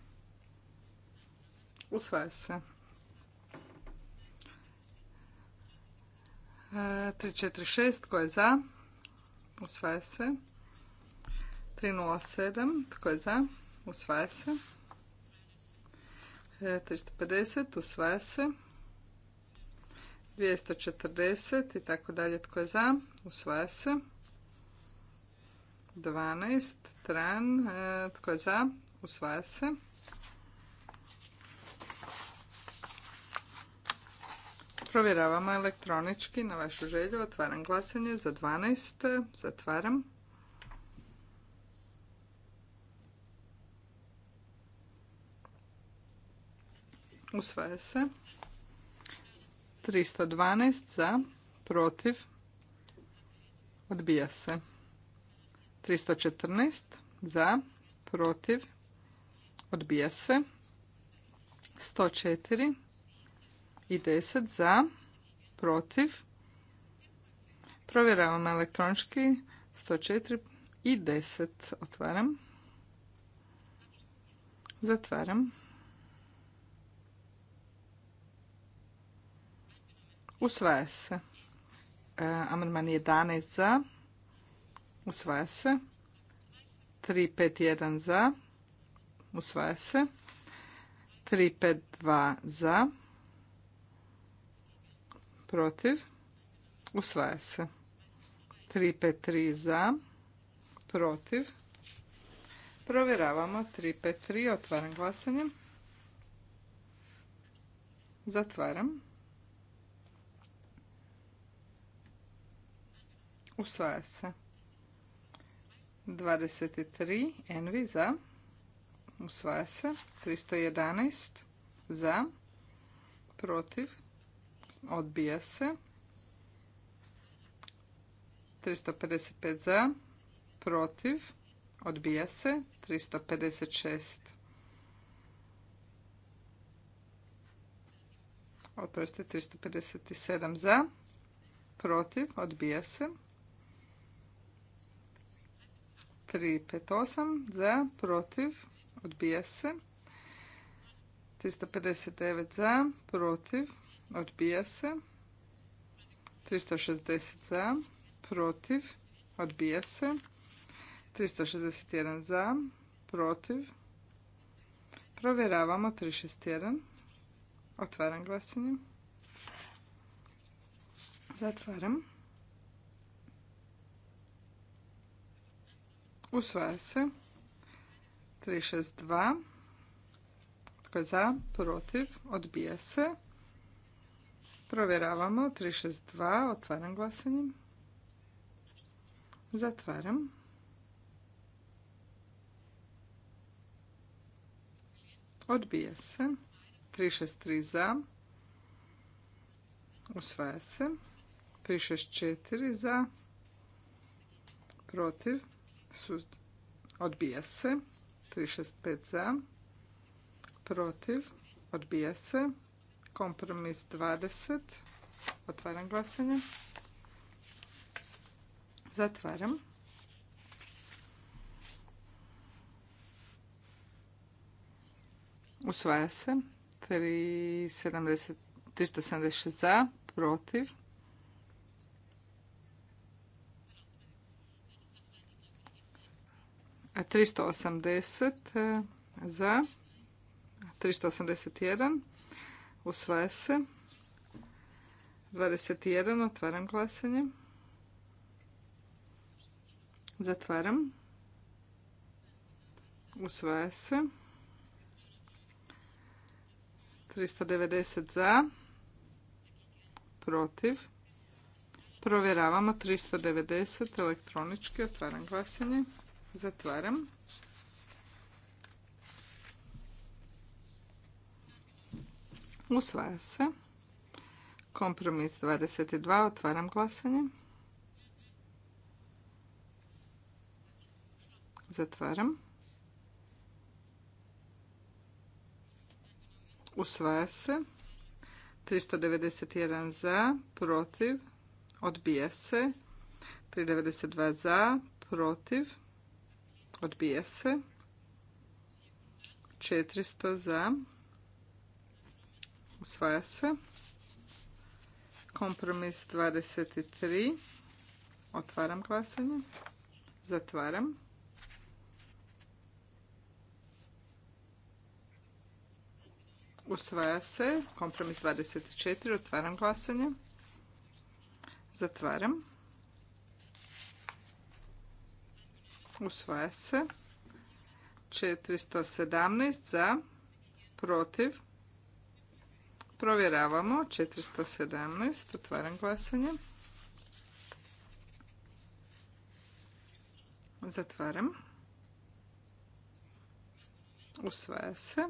Usvaja se. 346. Tko je za? Usvaja se. 307. Tko je za? Usvaja se. 350. Usvaja se. 240 i tako dalje. Tko je za? Usvaja se. 12, tran, e, tko je za, usvaja se. Provjeravamo elektronički na vašu želju. Otvaram glasanje za 12. Zatvaram. Usvaja se. 312 za, protiv, odbija se. 314 za, protiv, odbija se. 104 i 10 za, protiv. Provjeravamo elektronički 104 i 10 otvaram. Zatvaram. Usvaja se. Amrman e, amandman 11 za, Usvaja se. 351 za. Usvaja se. 352 za. Protiv. Usvaja se. 353 za. Protiv. Provjeravamo 353. Otvaram glasanje. Zatvaram. Usvaja se. 23 Envi za. Usvaja se. 311 za. Protiv. Odbija se. 355 za. Protiv. Odbija se. 356. Oprostite, 357 za. Protiv. Odbija se. 358 za, protiv, odbija se. 359 za, protiv, odbija se. 360 za, protiv, odbija se. 361 za, protiv. Provjeravamo 361. Otvaram glasanje. Zatvaram. Usvaja se. 362. Tko je za? Protiv? Odbija se. Provjeravamo. 362. Otvaram glasanje. Zatvaram. Odbija se. 363 za. Usvaja se. 364 za. Protiv odbija se. 365 za, protiv, odbija se. Kompromis 20, otvaram glasanje. Zatvaram. Usvaja se. 376 za, protiv, 380 eh, za, 381 usvaja se, 21 otvaram glasanje, zatvaram, usvaja se, 390 za, protiv, provjeravamo 390 elektronički, otvaram glasanje. Zatvaram. Usvaja se. Kompromis 22. Otvaram glasanje. Zatvaram. Usvaja se. 391 za, protiv, odbija se. 392 za, protiv, Odbija se. 400 za. Usvaja se. Kompromis 23. Otvaram glasanje. Zatvaram. Usvaja se. Kompromis 24. Otvaram glasanje. Zatvaram. usvaja se. 417 za, protiv. Provjeravamo 417, otvaram glasanje. Zatvaram. Usvaja se.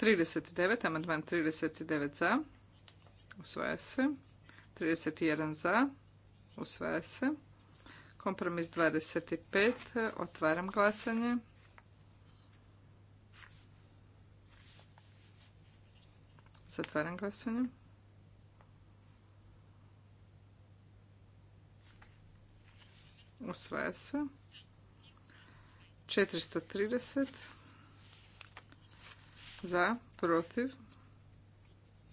39, amandman 39 za. Usvaja se. 31 za. Usvaja se. Kompromis 25. Otvaram glasanje. Zatvaram glasanje. Usvaja se. 430. Za, protiv.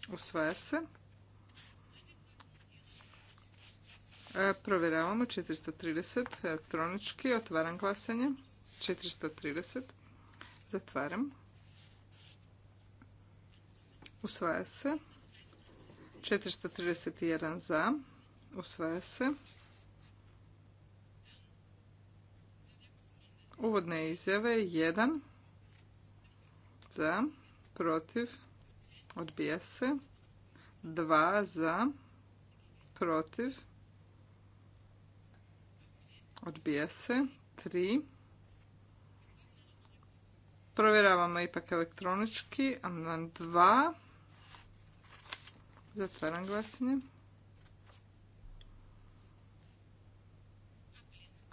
Usvaja se. E, provjeravamo 430 e, elektronički. Otvaram glasanje. 430. Zatvaram. Usvaja se. 431 za. Usvaja se. Uvodne izjave 1 za, protiv, odbija se. 2 za, protiv, Odbije se. 3. Provjeravamo ipak elektronički. Amandman 2. Zatvaram glasanje.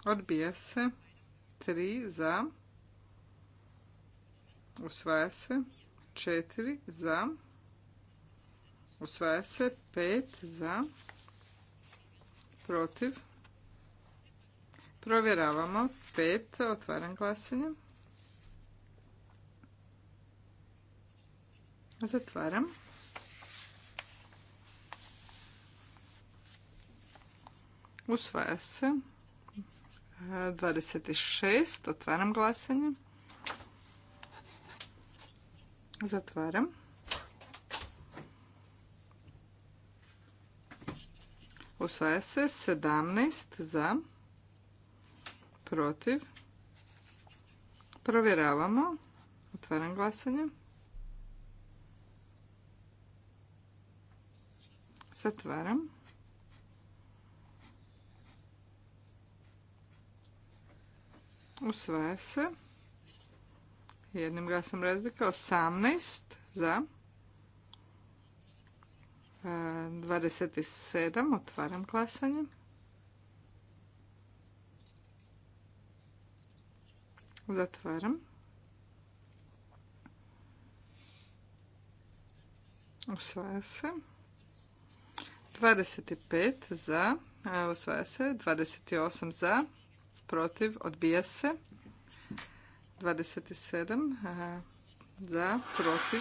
Odbije se. 3 za. Usvaja se. 4 za. Usvaja se. 5 za. Protiv. Provjeravamo. Pet. Otvaram glasanje. Zatvaram. Usvaja se. 26. Otvaram glasanje. Zatvaram. Usvaja se 17 za protiv. Provjeravamo. Otvaram glasanje. Zatvaram. Usvaja se. Jednim glasom razlika. 18 za. 27. Otvaram glasanje. Zatvaram. Osvaja se. 25 za. osvaja se. 28 za. Protiv. Odbija se. 27 za. Protiv.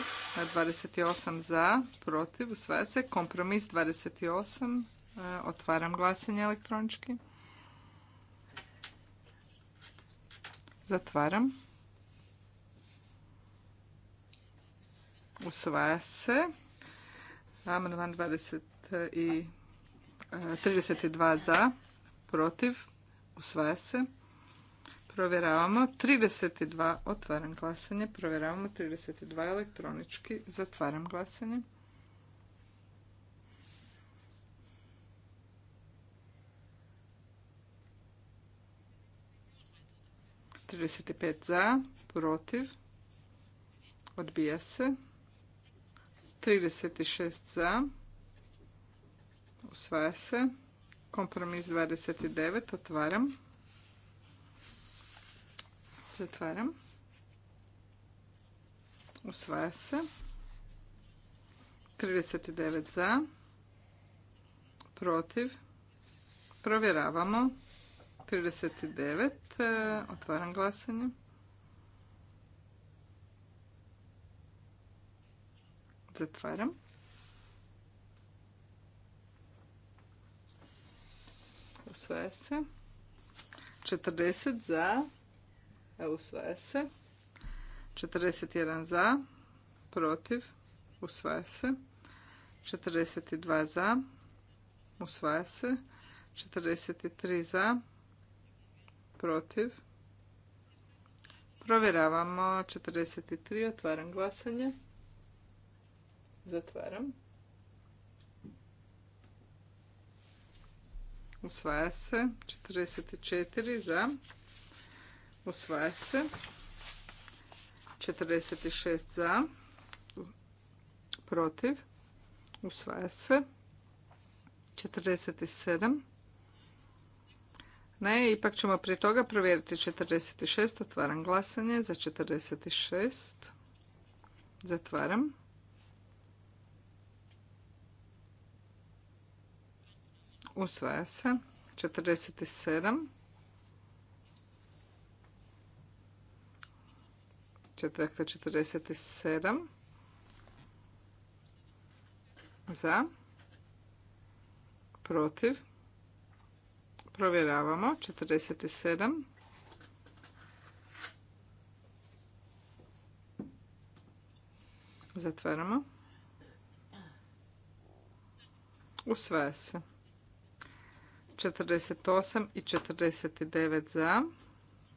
28 za. Protiv. Usvaja se. Kompromis 28. Otvaram glasanje elektronički. Zatvaram. Usvaja se. Amandman 20 i 32 e, za, protiv, usvaja se. Provjeravamo 32, otvaram glasanje, provjeravamo 32 elektronički, zatvaram glasanje. 35 za, protiv, odbija se. 36 za, usvaja se. Kompromis 29, otvaram. Zatvaram. Usvaja se. 39 za, protiv, provjeravamo. 39. E, otvaram glasanje. Zatvaram. Usvaja se. 40 za. E, usvaja se. 41 za. Protiv. Usvaja se. 42 za. Usvaja se. 43 za protiv. Provjeravamo 43, otvaram glasanje. Zatvaram. Usvaja se. 44 za. Usvaja se. 46 za. Protiv. Usvaja se. 47 ne, ipak ćemo prije toga provjeriti 46. Otvaram glasanje za 46. Zatvaram. Usvaja se. 47. Dakle, 47. Za. Protiv. Provjeravamo. 47. Zatvaramo. Usvaja se. 48 i 49 za.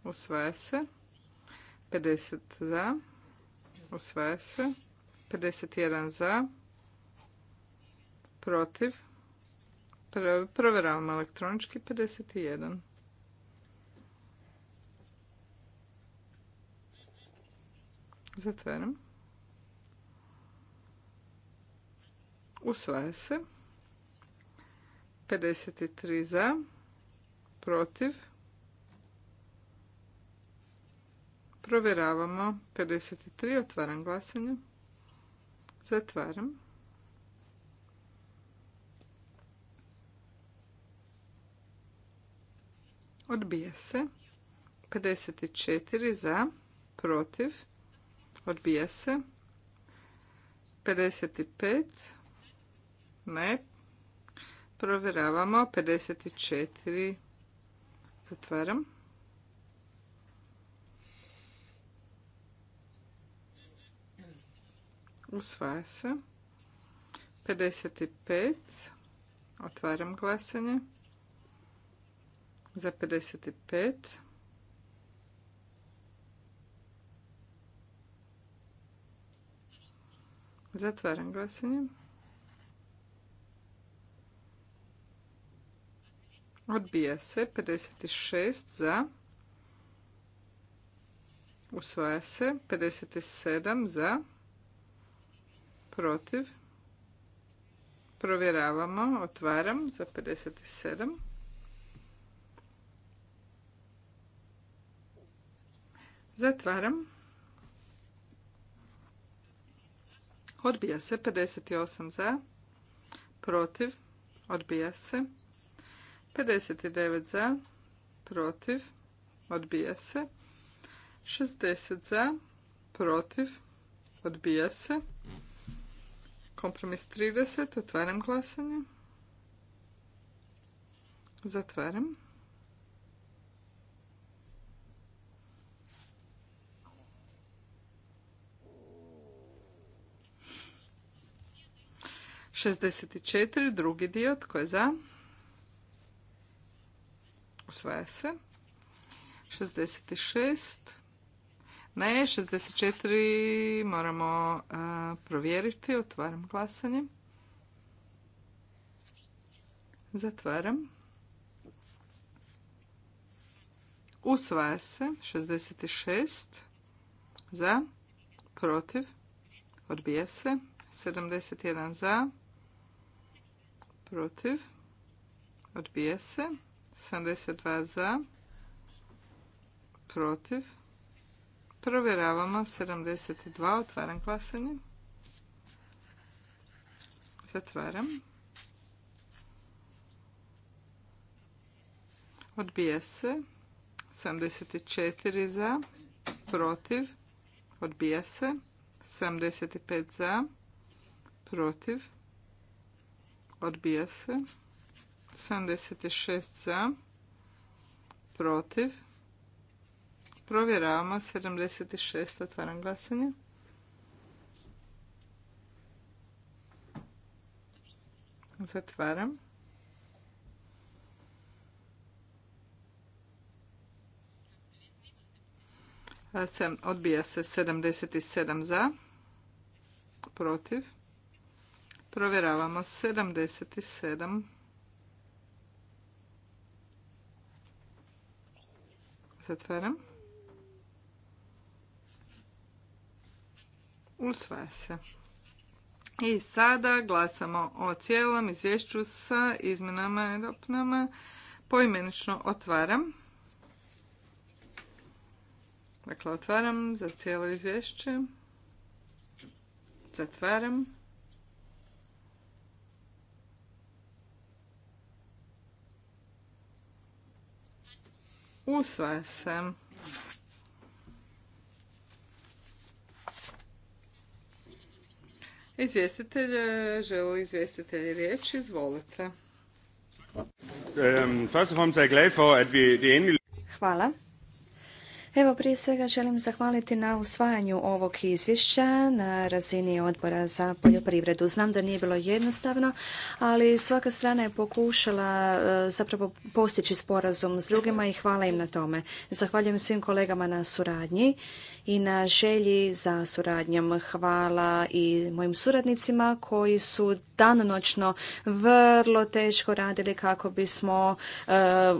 Usvaja se. 50 za. Usvaja se. 51 za. Protiv. Provjeravamo elektronički 51. Zatvaram. Usvaja se. 53 za. Protiv. Provjeravamo. 53. Otvaram glasanje. Zatvaram. Odbija se. 54 za, protiv, odbija se. 55, ne, provjeravamo. 54, zatvaram. Usvaja se. 55, otvaram glasanje za 55. Zatvaram glasanje. Odbija se 56 za. Usvaja se 57 za. Protiv. Provjeravamo, otvaram za 57. Zatvaram. Odbija se 58 za, protiv, odbija se. 59 za, protiv, odbija se. 60 za, protiv, odbija se. Kompromis 30, otvaram glasanje. Zatvaram. 64, drugi dio, tko je za? Usvaja se. 66. Ne, 64 moramo provjeriti. Otvaram glasanje. Zatvaram. Usvaja se. 66. Za. Protiv. Odbija se. 71 za protiv, Odbije se. 72 za, protiv. Provjeravamo 72, otvaram glasanje. Zatvaram. Odbije se. 74 za, protiv, odbija se. 75 za, protiv, Odbija se. 76 za. Protiv. Provjeravamo 76. Otvaram glasanje. Zatvaram. Odbija se 77 za. Protiv. Provjeravamo 77. Zatvaram. Usvaja se. I sada glasamo o cijelom izvješću sa izmjenama i dopunama. Poimenično otvaram. Dakle, otvaram za cijelo izvješće. Zatvaram. Usvaja se. Izvjestitelje, želi izvjestitelji riječ, izvolite. Ehm, Hvala. Evo prije svega želim zahvaliti na usvajanju ovog izvješća na razini odbora za poljoprivredu. Znam da nije bilo jednostavno, ali svaka strana je pokušala e, zapravo postići sporazum s drugima i hvala im na tome. Zahvaljujem svim kolegama na suradnji i na želji za suradnjom. Hvala i mojim suradnicima koji su danonoćno vrlo teško radili kako bismo eh,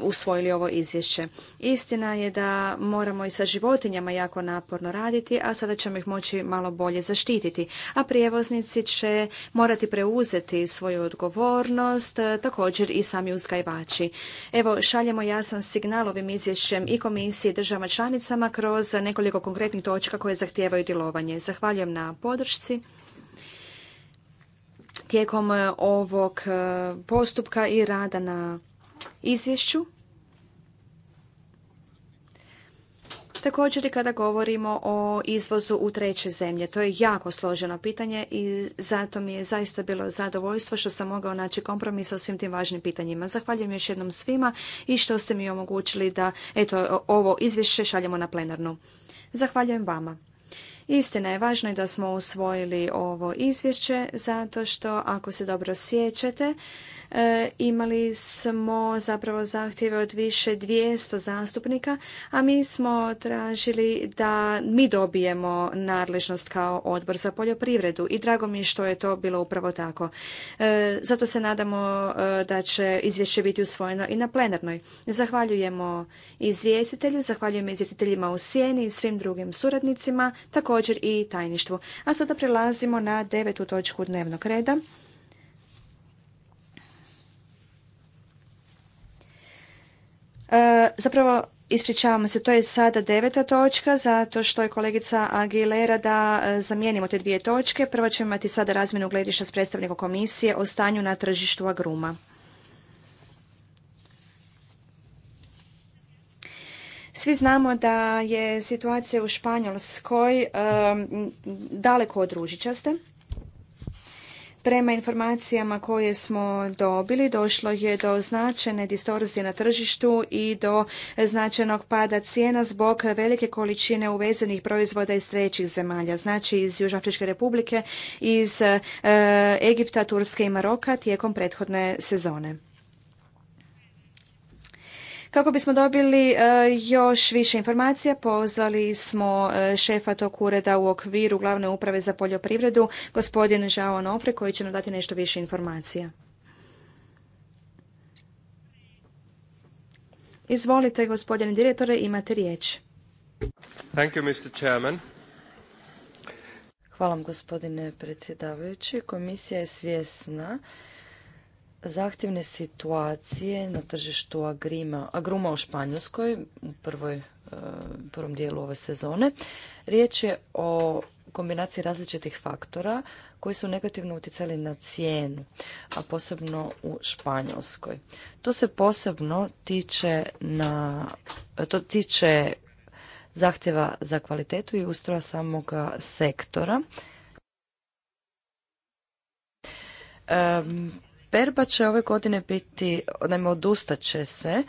usvojili ovo izvješće. Istina je da moramo i sa životinjama jako naporno raditi, a sada ćemo ih moći malo bolje zaštititi. A prijevoznici će morati preuzeti svoju odgovornost, eh, također i sami uzgajivači. Evo, šaljemo jasan signal ovim izvješćem i komisiji država članicama kroz nekoliko konkretnih točka koje zahtijevaju djelovanje. Zahvaljujem na podršci tijekom e, ovog e, postupka i rada na izvješću. Također i kada govorimo o izvozu u treće zemlje. To je jako složeno pitanje i zato mi je zaista bilo zadovoljstvo što sam mogao naći kompromis o svim tim važnim pitanjima. Zahvaljujem još jednom svima i što ste mi omogućili da eto, ovo izvješće šaljemo na plenarnu. Zahvaljujem vama. Istina je, važno je da smo usvojili ovo izvješće zato što, ako se dobro sjećate, E, imali smo zapravo zahtjeve od više 200 zastupnika, a mi smo tražili da mi dobijemo nadležnost kao odbor za poljoprivredu i drago mi je što je to bilo upravo tako. E, zato se nadamo e, da će izvješće biti usvojeno i na plenarnoj. Zahvaljujemo izvjestitelju, zahvaljujemo izvjestiteljima u Sjeni i svim drugim suradnicima, također i tajništvu. A sada prelazimo na devetu točku dnevnog reda. E, zapravo Ispričavam se, to je sada deveta točka, zato što je kolegica Aguilera da e, zamijenimo te dvije točke. Prvo ćemo imati sada razmjenu gledišta s predstavnikom komisije o stanju na tržištu agruma. Svi znamo da je situacija u Španjolskoj e, daleko od ružičaste. Prema informacijama koje smo dobili došlo je do značajne distorzije na tržištu i do značajnog pada cijena zbog velike količine uvezenih proizvoda iz trećih zemalja, znači iz Južnoafričke republike, iz e, Egipta, Turske i Maroka tijekom prethodne sezone. Kako bismo dobili e, još više informacija, pozvali smo e, šefa tog ureda u okviru glavne uprave za poljoprivredu, gospodin Žao Nofre, koji će nam dati nešto više informacija. Izvolite, gospodine direktore, imate riječ. Thank Hvala vam, gospodine predsjedavajući. Komisija je svjesna zahtjevne situacije na tržištu agrima, agruma u Španjolskoj u prvoj, e, prvom dijelu ove sezone. Riječ je o kombinaciji različitih faktora koji su negativno utjecali na cijenu, a posebno u Španjolskoj. To se posebno tiče na, to tiče zahtjeva za kvalitetu i ustroja samoga sektora berba će ove godine biti, naime odustat će se,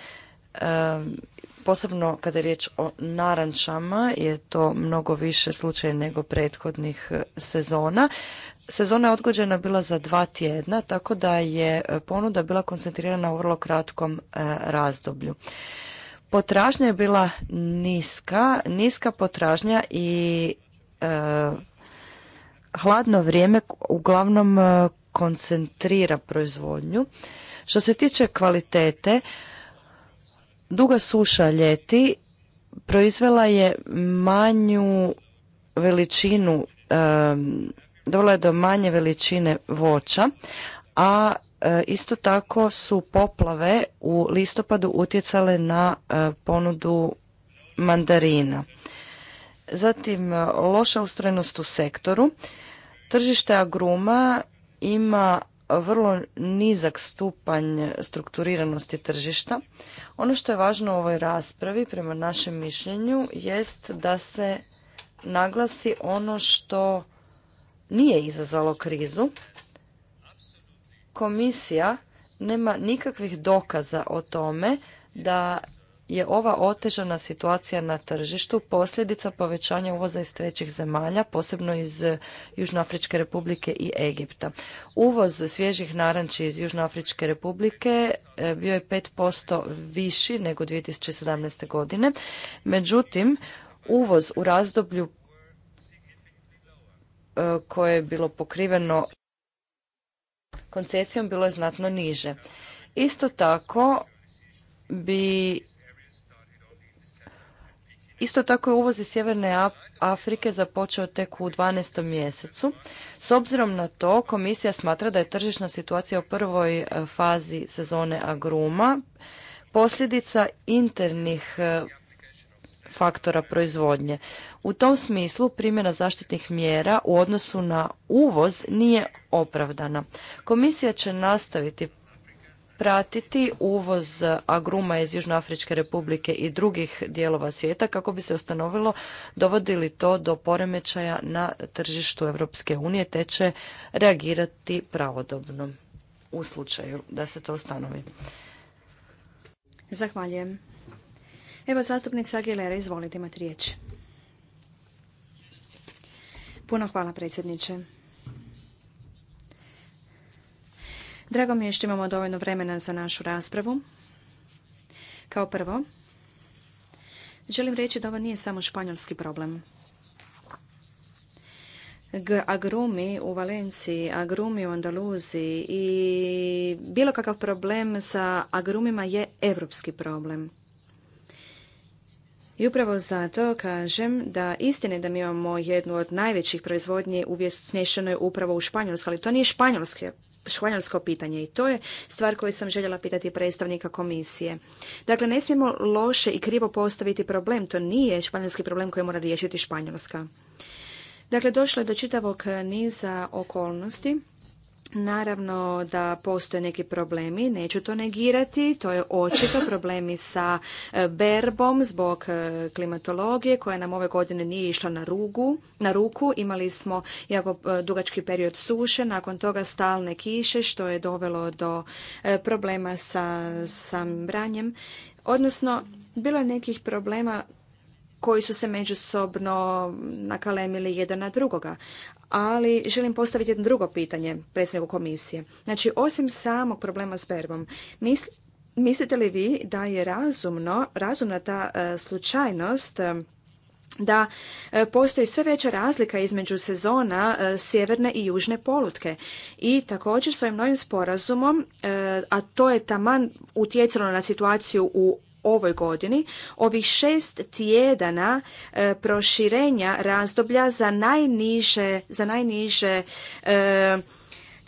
posebno kada je riječ o narančama, je to mnogo više slučaj nego prethodnih e, sezona. Sezona je odgođena bila za dva tjedna, tako da je e, ponuda bila koncentrirana u vrlo kratkom e, razdoblju. Potražnja je bila niska, niska potražnja i hladno vrijeme uglavnom koncentrira proizvodnju. Što se tiče kvalitete, duga suša ljeti proizvela je manju veličinu, dovela je do manje veličine voća, a e, isto tako su poplave u listopadu utjecale na e, ponudu mandarina. Zatim e, loša ustrojenost u sektoru. Tržište agruma ima vrlo nizak stupanj strukturiranosti tržišta. Ono što je važno u ovoj raspravi, prema našem mišljenju, jest da se naglasi ono što nije izazvalo krizu. Komisija nema nikakvih dokaza o tome da je ova otežana situacija na tržištu posljedica povećanja uvoza iz trećih zemalja, posebno iz Južnoafričke republike i Egipta. Uvoz svježih naranči iz Južnoafričke republike e, bio je 5% viši nego 2017. godine. Međutim, uvoz u razdoblju e, koje je bilo pokriveno koncesijom bilo je znatno niže. Isto tako bi Isto tako je uvoz iz Sjeverne Afrike započeo tek u 12. mjesecu. S obzirom na to, komisija smatra da je tržišna situacija u prvoj e, fazi sezone agruma posljedica internih e, faktora proizvodnje. U tom smislu primjena zaštitnih mjera u odnosu na uvoz nije opravdana. Komisija će nastaviti pratiti uvoz agruma iz Južnoafričke republike i drugih dijelova svijeta kako bi se ustanovilo dovodi li to do poremećaja na tržištu Europske unije te će reagirati pravodobno u slučaju da se to ustanovi. Zahvaljujem. Evo zastupnica Aguilera, izvolite imati riječ. Puno hvala predsjedniče. Drago mi je što imamo dovoljno vremena za našu raspravu. Kao prvo, želim reći da ovo nije samo španjolski problem. G agrumi u Valenciji, agrumi u Andaluziji i bilo kakav problem sa agrumima je evropski problem. I upravo zato kažem da istine da mi imamo jednu od najvećih proizvodnje uvijek upravo u Španjolskoj, ali to nije španjolski španjolsko pitanje i to je stvar koju sam željela pitati predstavnika komisije. Dakle, ne smijemo loše i krivo postaviti problem. To nije španjolski problem koji mora riješiti Španjolska. Dakle, došlo je do čitavog niza okolnosti Naravno da postoje neki problemi, neću to negirati, to je očito problemi sa e, berbom zbog e, klimatologije koja nam ove godine nije išla na, rugu, na ruku. Imali smo jako e, dugački period suše, nakon toga stalne kiše što je dovelo do problema sa sam branjem. Odnosno, bilo je nekih problema koji su se međusobno nakalemili jedan na drugoga ali želim postaviti jedno drugo pitanje predsjedniku komisije. Znači, osim samog problema s berbom, mislite li vi da je razumno, razumna ta e, slučajnost e, da e, postoji sve veća razlika između sezona sjeverne i južne polutke. I također s ovim novim sporazumom, a to je taman utjecalo na situaciju u ovoj godini, ovih šest tjedana e, proširenja razdoblja za najniže, za najniže e,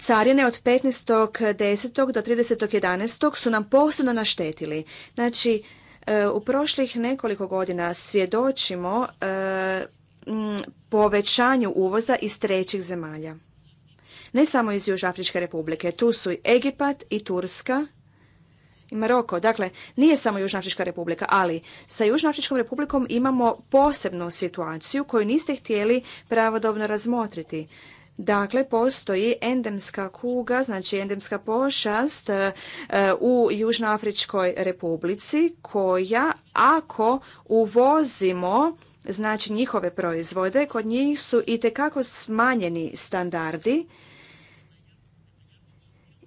Carine od 15.10. do 30.11. su nam posebno naštetili. Znači, e, u prošlih nekoliko godina svjedočimo povećanju uvoza iz trećih zemalja. Ne samo iz Južafričke republike, tu su i Egipat i Turska i Maroko. Dakle, nije samo Južnoafrička republika, ali sa Južnoafričkom republikom imamo posebnu situaciju koju niste htjeli pravodobno razmotriti. Dakle, postoji endemska kuga, znači endemska pošast e, u Južnoafričkoj republici koja ako uvozimo znači njihove proizvode, kod njih su i smanjeni standardi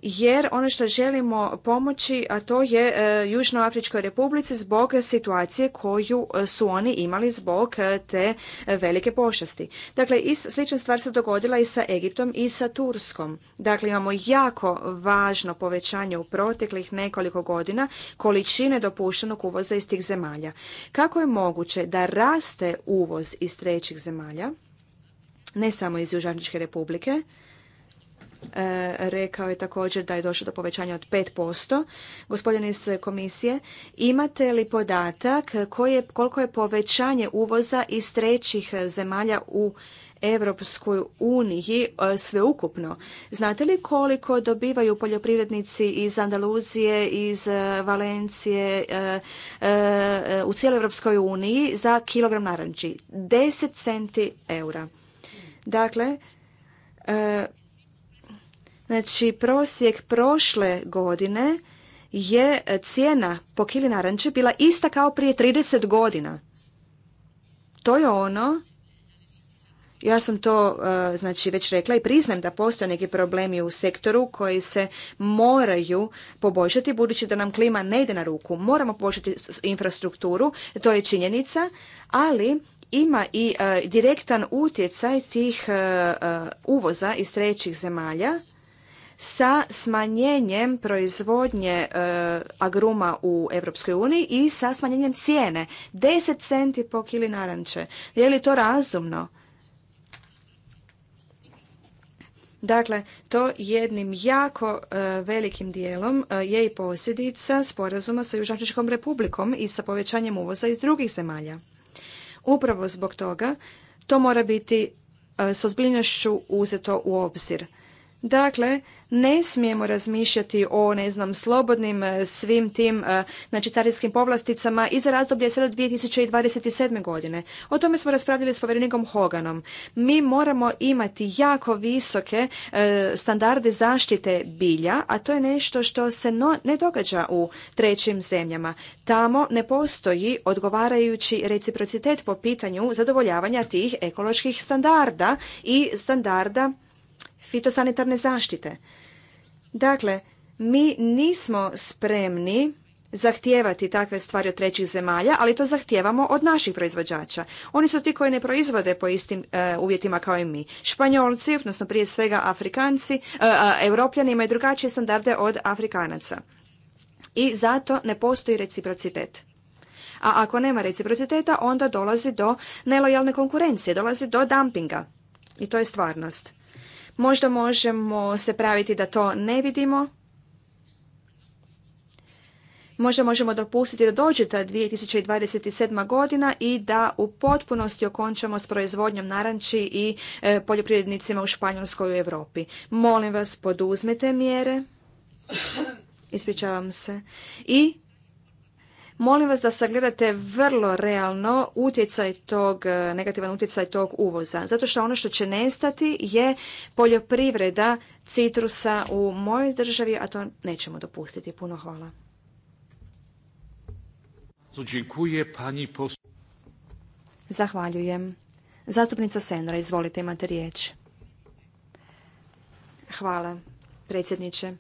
jer ono što želimo pomoći, a to je e, Južnoafričkoj republici zbog situacije koju e, su oni imali zbog e, te velike pošasti. Dakle, slična stvar se dogodila i sa Egiptom i sa Turskom. Dakle, imamo jako važno povećanje u proteklih nekoliko godina količine dopuštenog uvoza iz tih zemalja. Kako je moguće da raste uvoz iz trećih zemalja, ne samo iz Južnoafričke republike, E, rekao je također da je došlo do povećanja od 5%. Gospodin iz komisije, imate li podatak koliko je povećanje uvoza iz trećih zemalja u Europskoj uniji e, sveukupno. Znate li koliko dobivaju poljoprivrednici iz Andaluzije, iz e, Valencije u cijeloj Europskoj uniji za kilogram naranči? 10 centi eura. Dakle, Znači, prosjek prošle godine je e, cijena po kili naranče bila ista kao prije 30 godina. To je ono ja sam to e, znači već rekla i priznam da postoje neki problemi u sektoru koji se moraju poboljšati budući da nam klima ne ide na ruku. Moramo poboljšati infrastrukturu, to je činjenica, ali ima i e, direktan utjecaj tih uvoza iz trećih zemalja sa smanjenjem proizvodnje e, agruma u Europskoj uniji i sa smanjenjem cijene. 10 centi po kili naranče. Je li to razumno? Dakle, to jednim jako e, velikim dijelom e, je i posljedica sporazuma sa Južnoafričkom republikom i sa povećanjem uvoza iz drugih zemalja. Upravo zbog toga to mora biti s ozbiljnošću uzeto u obzir. Dakle, ne smijemo razmišljati o ne znam slobodnim e, svim tim e, znači carinskim povlasticama i za razdoblje sve do 2027. godine. O tome smo raspravljali s povjerenikom Hoganom. Mi moramo imati jako visoke e, standarde zaštite bilja, a to je nešto što se ne događa u trećim zemljama. Tamo ne postoji odgovarajući reciprocitet po pitanju zadovoljavanja tih ekoloških standarda i standarda fitosanitarne zaštite. Dakle, mi nismo spremni zahtijevati takve stvari od trećih zemalja, ali to zahtijevamo od naših proizvođača. Oni su ti koji ne proizvode po istim e, uvjetima kao i mi. Španjolci, odnosno prije svega Afrikanci, e, Europljani imaju drugačije standarde od Afrikanaca. I zato ne postoji reciprocitet. A ako nema reciprociteta, onda dolazi do nelojalne konkurencije, dolazi do dumpinga. I to je stvarnost. Možda možemo se praviti da to ne vidimo. Možda možemo dopustiti da dođe ta 2027. godina i da u potpunosti okončamo s proizvodnjom naranči i e, poljoprivrednicima u Španjolskoj i Europi. Molim vas, poduzmete mjere. Ispričavam se. I Molim vas da sagledate vrlo realno utjecaj tog, e, negativan utjecaj tog uvoza. Zato što ono što će nestati je poljoprivreda citrusa u mojoj državi, a to nećemo dopustiti. Puno hvala. Zahvaljujem. Zastupnica Senra, izvolite, imate riječ. Hvala, predsjedniče.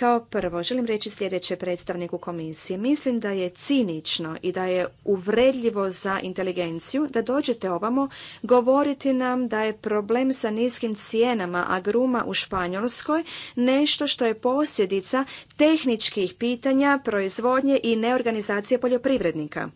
Kao prvo, želim reći sljedeće predstavniku komisije. Mislim da je cinično i da je uvredljivo za inteligenciju da dođete ovamo govoriti nam da je problem sa niskim cijenama agruma u Španjolskoj nešto što je posljedica tehničkih pitanja, proizvodnje i neorganizacije poljoprivrednika.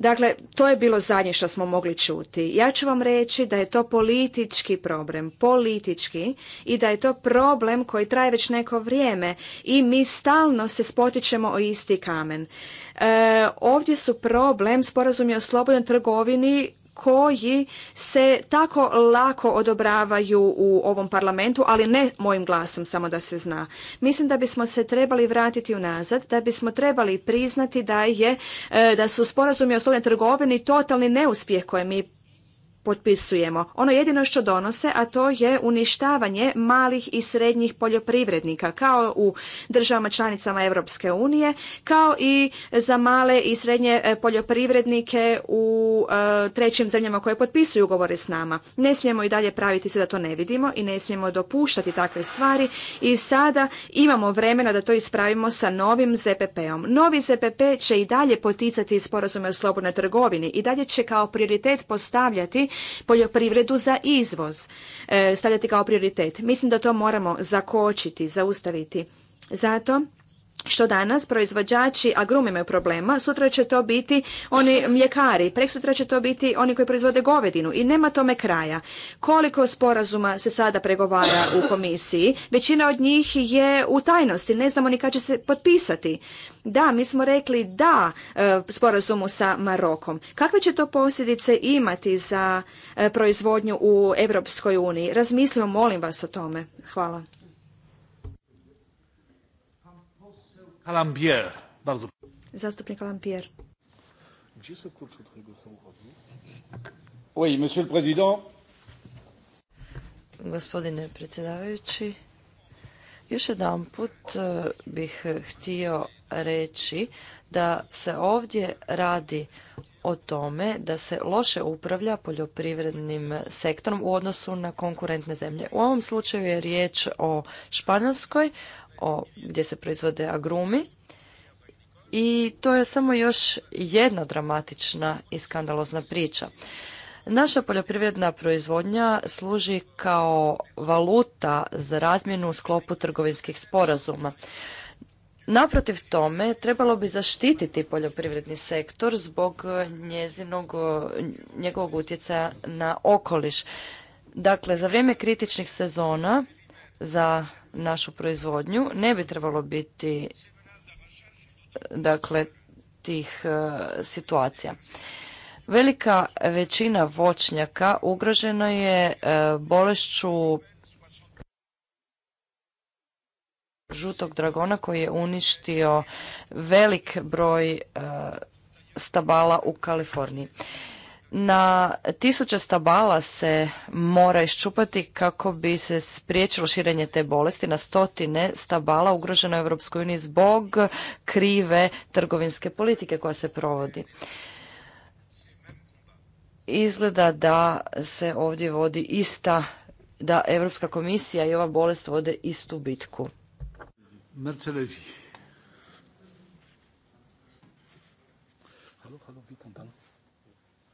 Dakle, to je bilo zadnje što smo mogli čuti. Ja ću vam reći da je to politički problem, politički i da je to problem koji traje već neko vrijeme i mi stalno se spotičemo o isti kamen. E, ovdje su problem je o slobodnoj trgovini koji se tako lako odobravaju u ovom parlamentu, ali ne mojim glasom, samo da se zna. Mislim da bismo se trebali vratiti unazad, da bismo trebali priznati da je e, da su sporazumi o slobodnoj trgovini totalni neuspjeh koje mi potpisujemo. Ono jedino što donose, a to je uništavanje malih i srednjih poljoprivrednika, kao u državama članicama Europske unije, kao i za male i srednje e, poljoprivrednike u e, trećim zemljama koje potpisuju ugovore s nama. Ne smijemo i dalje praviti se da to ne vidimo i ne smijemo dopuštati takve stvari i sada imamo vremena da to ispravimo sa novim ZPP-om. Novi ZPP će i dalje poticati sporazume o slobodnoj trgovini i dalje će kao prioritet postavljati poljoprivredu za izvoz e, stavljati kao prioritet. Mislim da to moramo zakočiti, zaustaviti. Zato što danas proizvođači agrum imaju problema, sutra će to biti oni mljekari, sutra će to biti oni koji proizvode govedinu i nema tome kraja. Koliko sporazuma se sada pregovara u komisiji, većina od njih je u tajnosti, ne znamo ni kad će se potpisati. Da, mi smo rekli da e, sporazumu sa Marokom. Kakve će to posljedice imati za e, proizvodnju u Europskoj uniji? Razmislimo, molim vas o tome. Hvala. Zastupnik Oui, monsieur le président. Gospodine predsjedavajući, još jedan put e, bih htio reći da se ovdje radi o tome da se loše upravlja poljoprivrednim sektorom u odnosu na konkurentne zemlje. U ovom slučaju je riječ o Španjolskoj, gdje se proizvode agrumi. I to je samo još jedna dramatična i skandalozna priča. Naša poljoprivredna proizvodnja služi kao valuta za razmjenu u sklopu trgovinskih sporazuma. Naprotiv tome, trebalo bi zaštititi poljoprivredni sektor zbog njezinog, njegovog utjecaja na okoliš. Dakle, za vrijeme kritičnih sezona za našu proizvodnju ne bi trebalo biti dakle tih e, situacija. Velika većina voćnjaka ugrožena je e, bolešću žutog dragona koji je uništio velik broj e, stabala u Kaliforniji. Na tisuće stabala se mora iščupati kako bi se spriječilo širenje te bolesti. Na stotine stabala ugroženo je Europskoj uniji zbog krive trgovinske politike koja se provodi. Izgleda da se ovdje vodi ista, da Europska komisija i ova bolest vode istu bitku.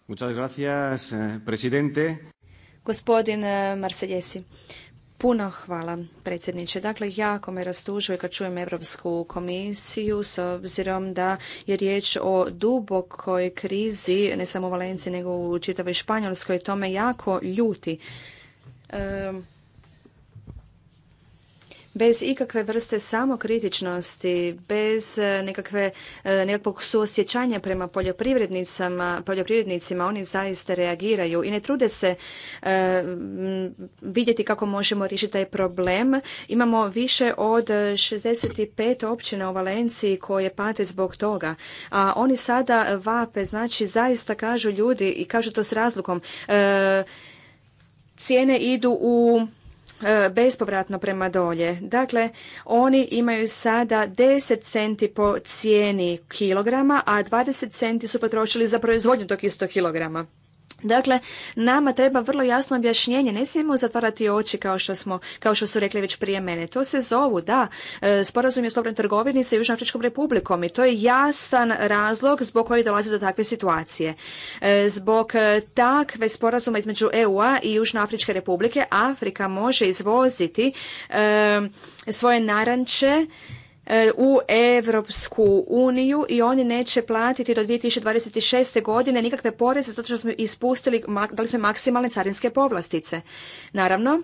Muchas gracias, eh, presidente. Gospodin eh, Marseljesi. Puno hvala, predsjedniče. Dakle, jako me rastužuje kad čujem Europsku komisiju s obzirom da je riječ o dubokoj krizi, ne samo u Valenciji nego u čitavoj Španjolskoj, to me jako ljuti bez ikakve vrste samokritičnosti, bez e, nekakve, e, nekakvog suosjećanja prema poljoprivrednicama, poljoprivrednicima, oni zaista reagiraju i ne trude se e, vidjeti kako možemo riješiti taj problem. Imamo više od 65 općina u Valenciji koje pate zbog toga. A oni sada vape, znači zaista kažu ljudi i kažu to s razlukom. cijene idu u E, bespovratno prema dolje. Dakle, oni imaju sada 10 centi po cijeni kilograma, a 20 centi su potrošili za proizvodnju tog istog kilograma. Dakle, nama treba vrlo jasno objašnjenje. Ne smijemo zatvarati oči kao što, smo, kao što su rekli već prije mene. To se zovu, da, e, sporazum je o slobodnoj trgovini sa Južnoafričkom republikom i to je jasan razlog zbog koji dolazi do takve situacije. E, zbog e, takve sporazuma između EU-a i Južnoafričke republike Afrika može izvoziti svoje naranče E, u Evropsku uniju i oni neće platiti do 2026. godine nikakve poreze zato što smo ispustili, dali smo maksimalne carinske povlastice. Naravno,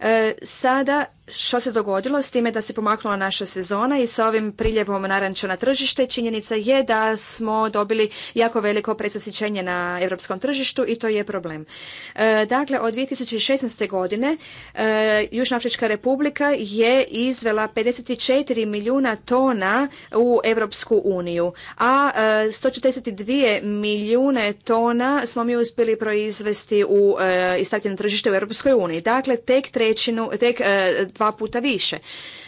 e, sada što se dogodilo s time da se pomaknula naša sezona i sa ovim priljevom naranča na tržište činjenica je da smo dobili jako veliko presasićenje na europskom tržištu i to je problem. E, dakle, od 2016. godine e, Južna Afrička republika je izvela 54 milijuna tona u Europsku uniju, a 142 e, milijune tona smo mi uspjeli proizvesti u e, i staviti tržište u Europskoj uniji. Dakle, tek trećinu, tek dva puta više.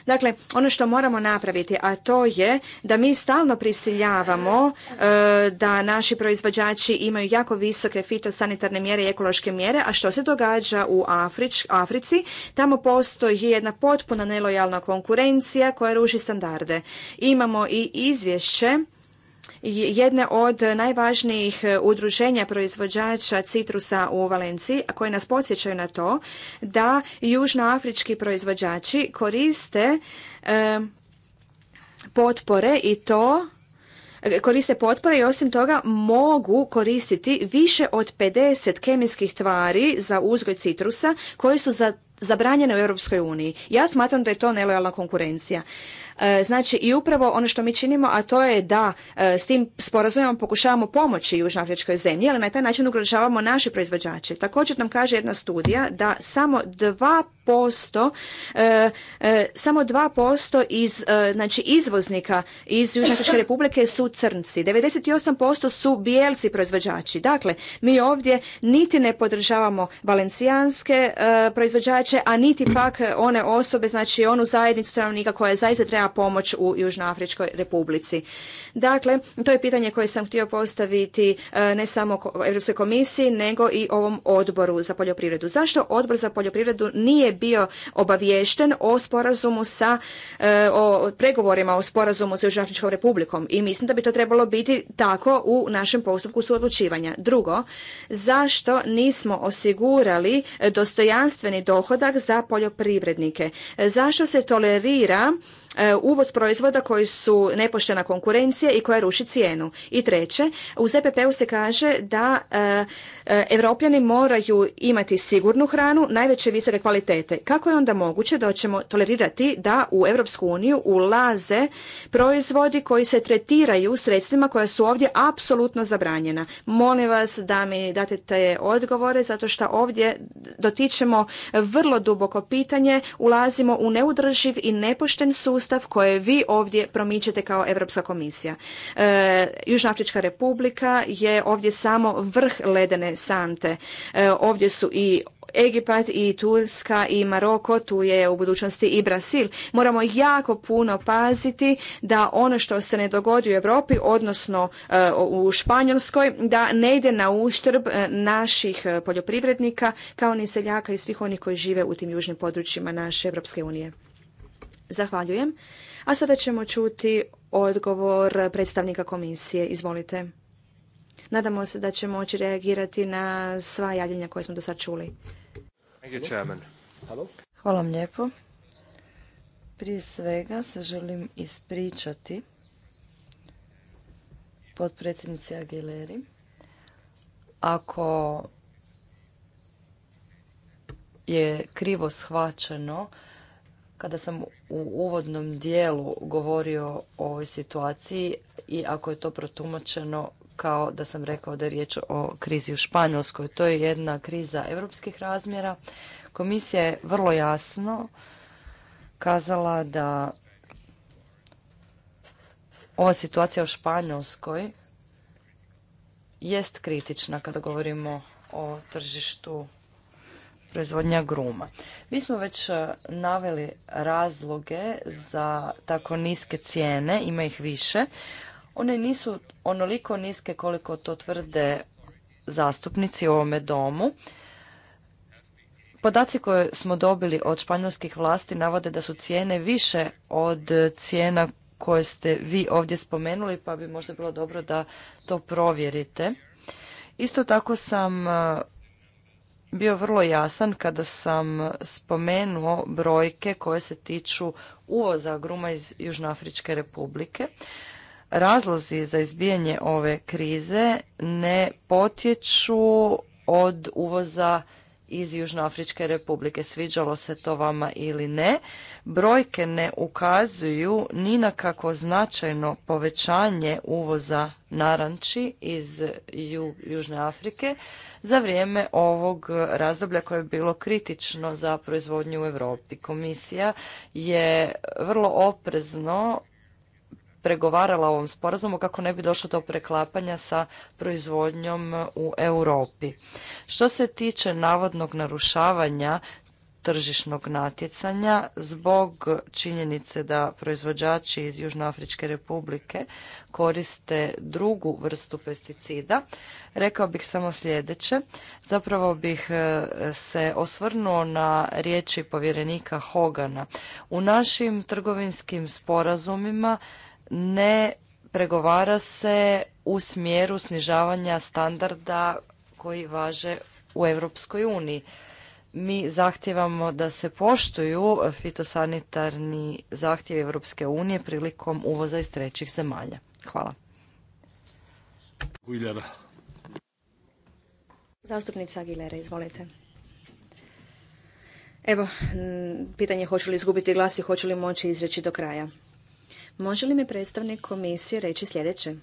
Dakle, ono što moramo napraviti, a to je da mi stalno prisiljavamo e, da naši proizvođači imaju jako visoke fitosanitarne mjere i ekološke mjere, a što se događa u Africi? Tamo postoji jedna potpuna nelojalna konkurencija koja ruži standarde. Imamo i izvješće jedne od najvažnijih e, udruženja proizvođača citrusa u Valenciji, koje nas podsjećaju na to da južnoafrički proizvođači koriste e, potpore i to e, koriste potpore i osim toga mogu koristiti više od 50 kemijskih tvari za uzgoj citrusa koje su zabranjene u Europskoj uniji. Ja smatram da je to nelojalna konkurencija. E, znači i upravo ono što mi činimo, a to je da e, s tim sporazumom pokušavamo pomoći južnoafričkoj zemlji, ali na taj način ugrožavamo naše proizvođače. Također nam kaže jedna studija da samo dva posto e, e, samo 2% iz e, znači izvoznika iz Južnoafričke republike su crnci 98% su bijelci proizvođači dakle mi ovdje niti ne podržavamo valencijanske proizvođače a niti pak one osobe znači onu zajednicu stanovnika koja zaista treba pomoć u Južnoafričkoj republici dakle to je pitanje koje sam htio postaviti ne samo Europskoj komisiji nego i ovom odboru za poljoprivredu zašto odbor za poljoprivredu nije bio obaviješten o sporazumu sa, e, o pregovorima o sporazumu sa Južnoafričkom republikom i mislim da bi to trebalo biti tako u našem postupku suodlučivanja. Drugo, zašto nismo osigurali dostojanstveni dohodak za poljoprivrednike? Zašto se tolerira E, uvoz proizvoda koji su nepoštena konkurencija i koja ruši cijenu. I treće, u ZPP-u se kaže da e, e, evropljani moraju imati sigurnu hranu najveće visoke kvalitete. Kako je onda moguće da ćemo tolerirati da u Europsku uniju ulaze proizvodi koji se tretiraju sredstvima koja su ovdje apsolutno zabranjena? Molim vas da mi date te odgovore zato što ovdje dotičemo vrlo duboko pitanje, ulazimo u neudrživ i nepošten sustav sustav koje vi ovdje promičete kao Europska komisija. E, Afrička republika je ovdje samo vrh ledene sante. E, ovdje su i Egipat i Turska i Maroko, tu je u budućnosti i Brasil. Moramo jako puno paziti da ono što se ne dogodi u Europi, odnosno e, u Španjolskoj, da ne ide na uštrb e, naših poljoprivrednika kao ni seljaka i svih onih koji žive u tim južnim područjima naše Europske unije. Zahvaljujem. A sada ćemo čuti odgovor predstavnika komisije. Izvolite. Nadamo se da će moći reagirati na sva javljenja koje smo do sad čuli. Hvala vam lijepo. Prije svega se želim ispričati potpredsjednici Agileri. Ako je krivo shvaćeno kada sam u uvodnom dijelu govorio o ovoj situaciji i ako je to protumačeno kao da sam rekao da je riječ o krizi u Španjolskoj. To je jedna kriza europskih razmjera. Komisija je vrlo jasno kazala da ova situacija u Španjolskoj jest kritična kada govorimo o tržištu proizvodnja gruma. Mi smo već e, naveli razloge za tako niske cijene, ima ih više. One nisu onoliko niske koliko to tvrde zastupnici u ovome domu. Podaci koje smo dobili od španjolskih vlasti navode da su cijene više od cijena koje ste vi ovdje spomenuli, pa bi možda bilo dobro da to provjerite. Isto tako sam e, bio vrlo jasan kada sam spomenuo brojke koje se tiču uvoza gruma iz Južnoafričke republike. Razlozi za izbijanje ove krize ne potječu od uvoza iz Južnoafričke republike, sviđalo se to vama ili ne. Brojke ne ukazuju ni na kako značajno povećanje uvoza naranči iz Južne Afrike za vrijeme ovog razdoblja koje je bilo kritično za proizvodnju u Europi. Komisija je vrlo oprezno pregovarala o ovom sporazumu kako ne bi došlo do preklapanja sa proizvodnjom u Europi. Što se tiče navodnog narušavanja tržišnog natjecanja zbog činjenice da proizvođači iz Južnoafričke republike koriste drugu vrstu pesticida. Rekao bih samo sljedeće. Zapravo bih e, se osvrnuo na riječi povjerenika Hogana. U našim trgovinskim sporazumima ne pregovara se u smjeru snižavanja standarda koji važe u Europskoj uniji. Mi zahtijevamo da se poštuju fitosanitarni zahtjevi Europske unije prilikom uvoza iz trećih zemalja. Hvala. Zastupnica izvolite. Evo, pitanje hoće li izgubiti glas i hoće li moći izreći do kraja. Može li mi predstavnik komisije reći sljedeće?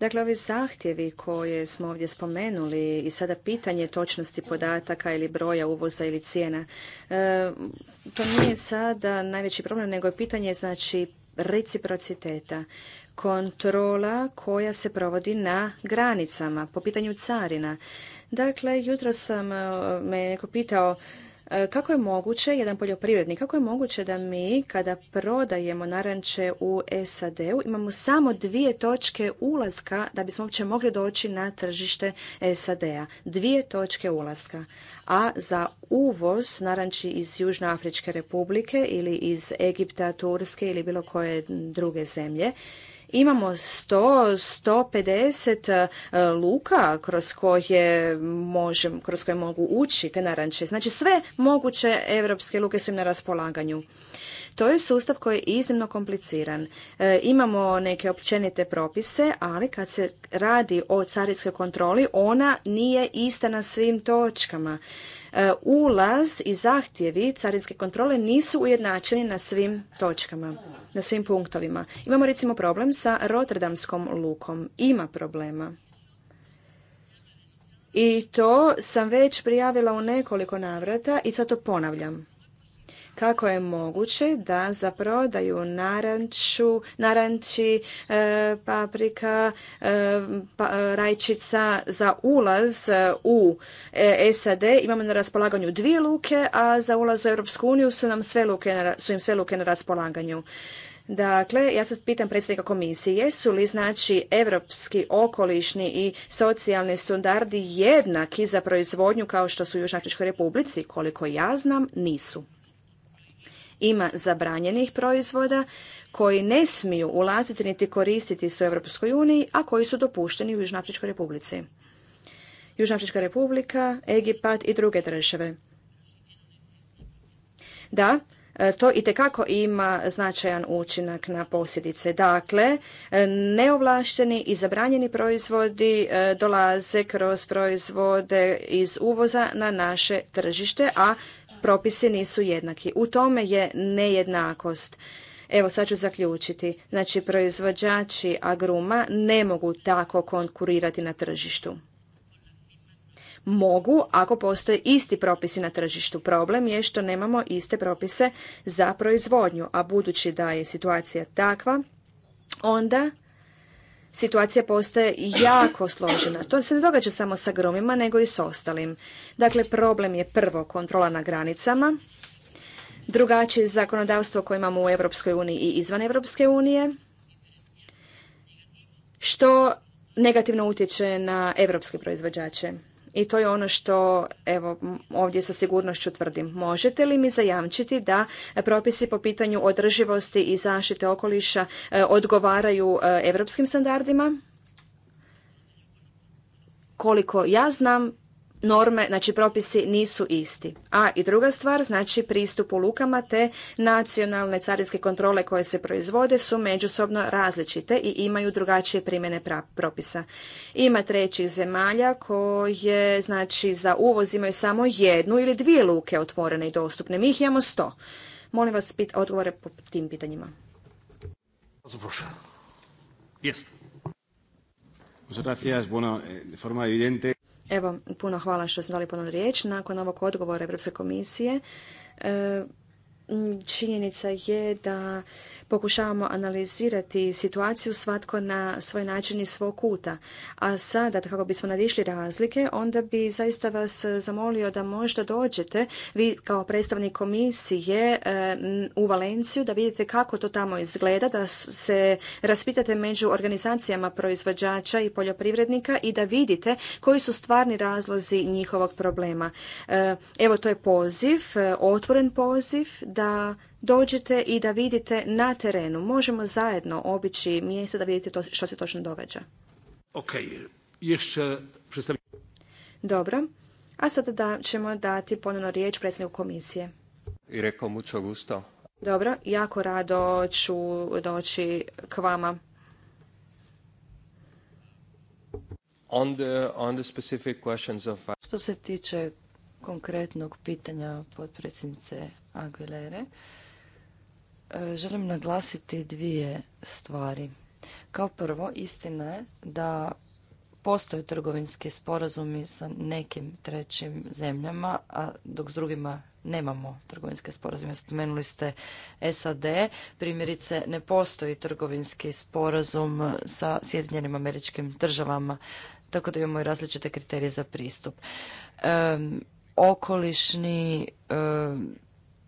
Dakle, ovi zahtjevi koje smo ovdje spomenuli i sada pitanje točnosti podataka ili broja uvoza ili cijena, e, to nije sada najveći problem, nego je pitanje znači reciprociteta kontrola koja se provodi na granicama po pitanju carina. Dakle, jutro sam e, me neko pitao E, kako je moguće, jedan poljoprivrednik, kako je moguće da mi kada prodajemo naranče u SAD-u imamo samo dvije točke ulaska da bismo uopće mogli doći na tržište SAD-a? Dvije točke ulaska. A za uvoz naranči iz Južnoafričke republike ili iz Egipta, Turske ili bilo koje druge zemlje Imamo 100, 150 e, luka kroz koje, možem, kroz koje mogu ući te naranče. Znači sve moguće evropske luke su im na raspolaganju. To je sustav koji je iznimno kompliciran. E, imamo neke općenite propise, ali kad se radi o carinskoj kontroli, ona nije ista na svim točkama. E, ulaz i zahtjevi carinske kontrole nisu ujednačeni na svim točkama, na svim punktovima. Imamo recimo problem sa Rotterdamskom lukom. Ima problema. I to sam već prijavila u nekoliko navrata i sad to ponavljam kako je moguće da zaprodaju prodaju naranču, naranči, e, paprika, e, pa, rajčica za ulaz u e, SAD imamo na raspolaganju dvije luke, a za ulaz u Europsku uniju su, nam sve luke, su im sve luke na raspolaganju. Dakle, ja sad pitam predsjednika komisije, jesu li znači evropski okolišni i socijalni standardi jednaki za proizvodnju kao što su u Južnoafričkoj republici? Koliko ja znam, nisu. Ima zabranjenih proizvoda koji ne smiju ulaziti niti koristiti se u Europskoj uniji, a koji su dopušteni u Južnoafričkoj republici. Južnoafrička republika, Egipat i druge države. Da, e, to i tekako ima značajan učinak na posljedice. Dakle, e, neovlašteni i zabranjeni proizvodi e, dolaze kroz proizvode iz uvoza na naše tržište, a propisi nisu jednaki. U tome je nejednakost. Evo sad ću zaključiti. Znači proizvođači agruma ne mogu tako konkurirati na tržištu. Mogu ako postoje isti propisi na tržištu. Problem je što nemamo iste propise za proizvodnju, a budući da je situacija takva, onda situacija postaje jako složena. To se ne događa samo sa gromima, nego i s ostalim. Dakle, problem je prvo kontrola na granicama, drugačije zakonodavstvo koje imamo u Europskoj uniji i izvan Europske unije, što negativno utječe na evropske proizvođače i to je ono što evo ovdje sa sigurnošću tvrdim. Možete li mi zajamčiti da propisi po pitanju održivosti i zaštite okoliša e, odgovaraju europskim standardima? Koliko ja znam, norme, znači propisi nisu isti. A i druga stvar, znači pristup u lukama te nacionalne carinske kontrole koje se proizvode su međusobno različite i imaju drugačije primjene propisa. Ima trećih zemalja koje znači za uvoz imaju samo jednu ili dvije luke otvorene i dostupne. Mi ih imamo sto. Molim vas pit, odgovore po tim pitanjima. Jeste. gracias. Eh, Evo, puno hvala što ste dali ponovno riječ. Nakon ovog odgovora Europske komisije, e, činjenica je da Pokušavamo analizirati situaciju svatko na svoj način i svog kuta. A sada, kako bismo nadišli razlike, onda bi zaista vas zamolio da možda dođete, vi kao predstavnik komisije e, u Valenciju, da vidite kako to tamo izgleda, da se raspitate među organizacijama proizvođača i poljoprivrednika i da vidite koji su stvarni razlozi njihovog problema. E, evo, to je poziv, e, otvoren poziv da dođete i da vidite na terenu. Možemo zajedno obići mjesto da vidite što se točno događa. ješće predstavljamo. Dobro. A sada da ćemo dati ponovno riječ predsjedniku komisije. I rekao gusto. Dobro, jako rado ću doći k vama. Što se tiče konkretnog pitanja potpredsjednice Aguilere, E, želim naglasiti dvije stvari. Kao prvo, istina je da postoje trgovinski sporazumi sa nekim trećim zemljama, a dok s drugima nemamo trgovinske sporazume. Spomenuli ste SAD, primjerice ne postoji trgovinski sporazum sa Sjedinjenim američkim državama, tako da imamo i različite kriterije za pristup. E, okolišni e,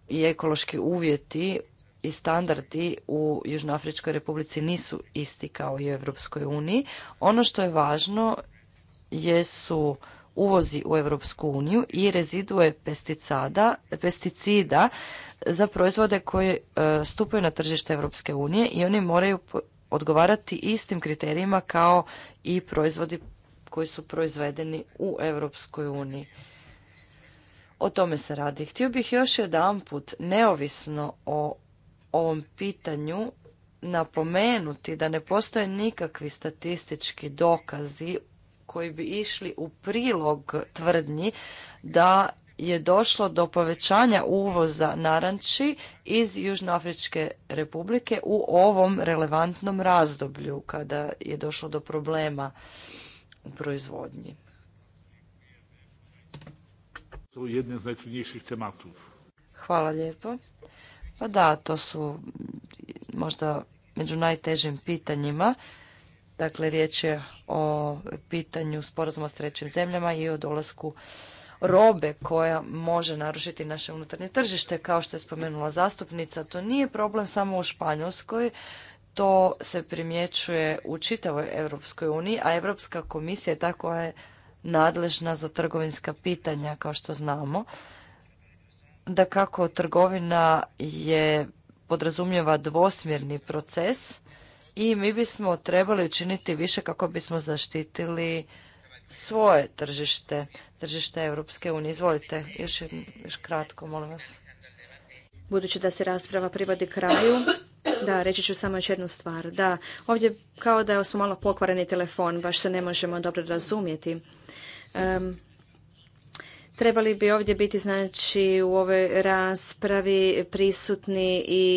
i ekološki uvjeti i standardi u Južnoafričkoj republici nisu isti kao i u Europskoj uniji. Ono što je važno jesu uvozi u Europsku uniju i rezidue pesticida, pesticida za proizvode koje e, stupaju na tržište Europske unije i oni moraju odgovarati istim kriterijima kao i proizvodi koji su proizvedeni u Europskoj uniji. O tome se radi. Htio bih još jedan put, neovisno o ovom pitanju napomenuti da ne postoje nikakvi statistički dokazi koji bi išli u prilog tvrdnji da je došlo do povećanja uvoza naranči iz Južnoafričke republike u ovom relevantnom razdoblju kada je došlo do problema u proizvodnji. To jedna od tematu. Hvala lijepo. Pa da, to su možda među najtežim pitanjima. Dakle, riječ je o pitanju sporazuma s trećim zemljama i o dolasku robe koja može narušiti naše unutarnje tržište. Kao što je spomenula zastupnica, to nije problem samo u Španjolskoj, to se primjećuje u čitavoj Europskoj uniji, a Europska komisija je ta je nadležna za trgovinska pitanja, kao što znamo da kako trgovina je podrazumijeva dvosmjerni proces i mi bismo trebali učiniti više kako bismo zaštitili svoje tržište, tržište Europske unije. Izvolite, još, još kratko, molim vas. Budući da se rasprava privodi kraju, da, reći ću samo još jednu stvar. Da, ovdje kao da smo malo pokvareni telefon, baš se ne možemo dobro razumjeti. Um, Trebali bi ovdje biti znači u ovoj raspravi prisutni i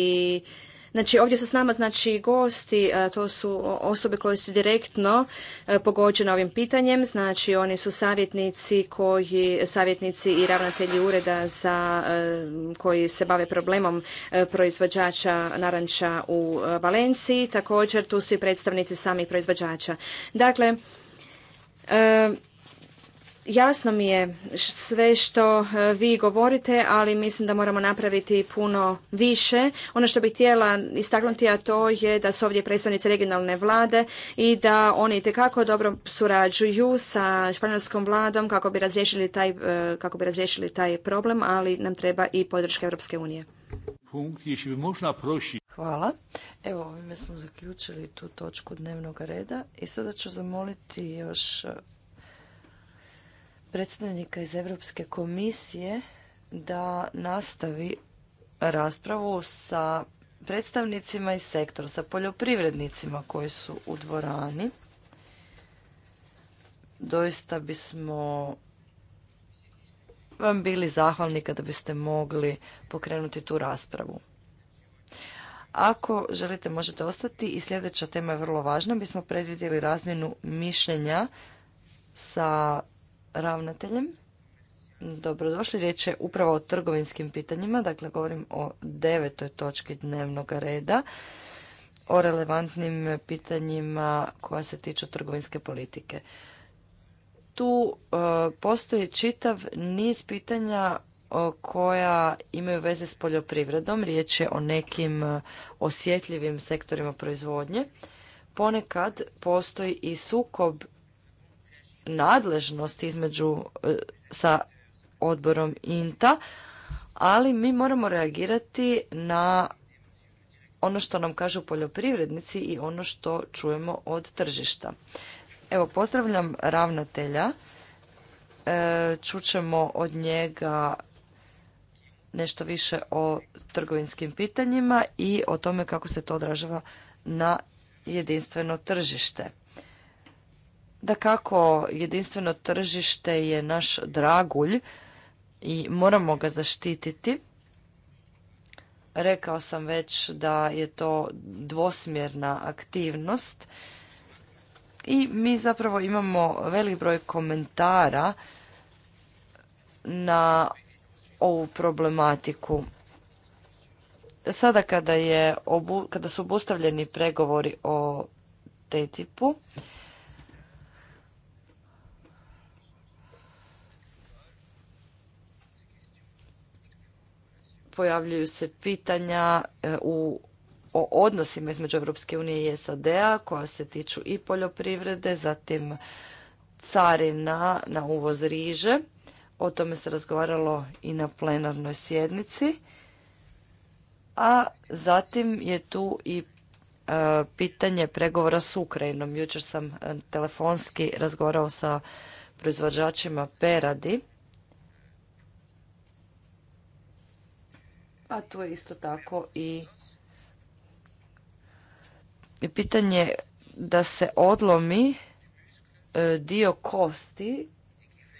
Znači ovdje su s nama znači gosti, to su osobe koje su direktno e, pogođene ovim pitanjem, znači oni su savjetnici koji, savjetnici i ravnatelji ureda za e, koji se bave problemom e, proizvođača naranča u Valenciji, također tu su i predstavnici samih proizvođača. Dakle, Jasno mi je sve što e, vi govorite, ali mislim da moramo napraviti puno više. Ono što bih htjela istaknuti, a to je da su ovdje predstavnici regionalne vlade i da oni itekako dobro surađuju sa španjolskom vladom kako bi razriješili taj, e, kako bi razriješili taj problem, ali nam treba i podrška Europske unije. Hvala. Evo, ovime smo zaključili tu točku dnevnog reda i sada ću zamoliti još predstavnika iz Europske komisije da nastavi raspravu sa predstavnicima iz sektora, sa poljoprivrednicima koji su u dvorani. Doista bismo vam bili zahvalni kada biste mogli pokrenuti tu raspravu. Ako želite možete ostati i sljedeća tema je vrlo važna. Bismo predvidjeli razmjenu mišljenja sa ravnateljem. Dobrodošli. Riječ je upravo o trgovinskim pitanjima, dakle govorim o devetoj točki dnevnog reda, o relevantnim pitanjima koja se tiču trgovinske politike. Tu e, postoji čitav niz pitanja e, koja imaju veze s poljoprivredom. Riječ je o nekim e, osjetljivim sektorima proizvodnje. Ponekad postoji i sukob nadležnost između e, sa odborom INTA, ali mi moramo reagirati na ono što nam kažu poljoprivrednici i ono što čujemo od tržišta. Evo, pozdravljam ravnatelja. E, čućemo od njega nešto više o trgovinskim pitanjima i o tome kako se to odražava na jedinstveno tržište. Da kako jedinstveno tržište je naš dragulj i moramo ga zaštititi. Rekao sam već da je to dvosmjerna aktivnost i mi zapravo imamo velik broj komentara na ovu problematiku. Sada kada, kada su obustavljeni pregovori o TTIP-u, pojavljuju se pitanja e, u o odnosima između Europske unije i SAD-a koja se tiču i poljoprivrede, zatim carina na uvoz riže. O tome se razgovaralo i na plenarnoj sjednici. A zatim je tu i e, pitanje pregovora s Ukrajinom. Jučer sam e, telefonski razgovarao sa proizvođačima peradi a tu je isto tako i pitanje da se odlomi e, dio kosti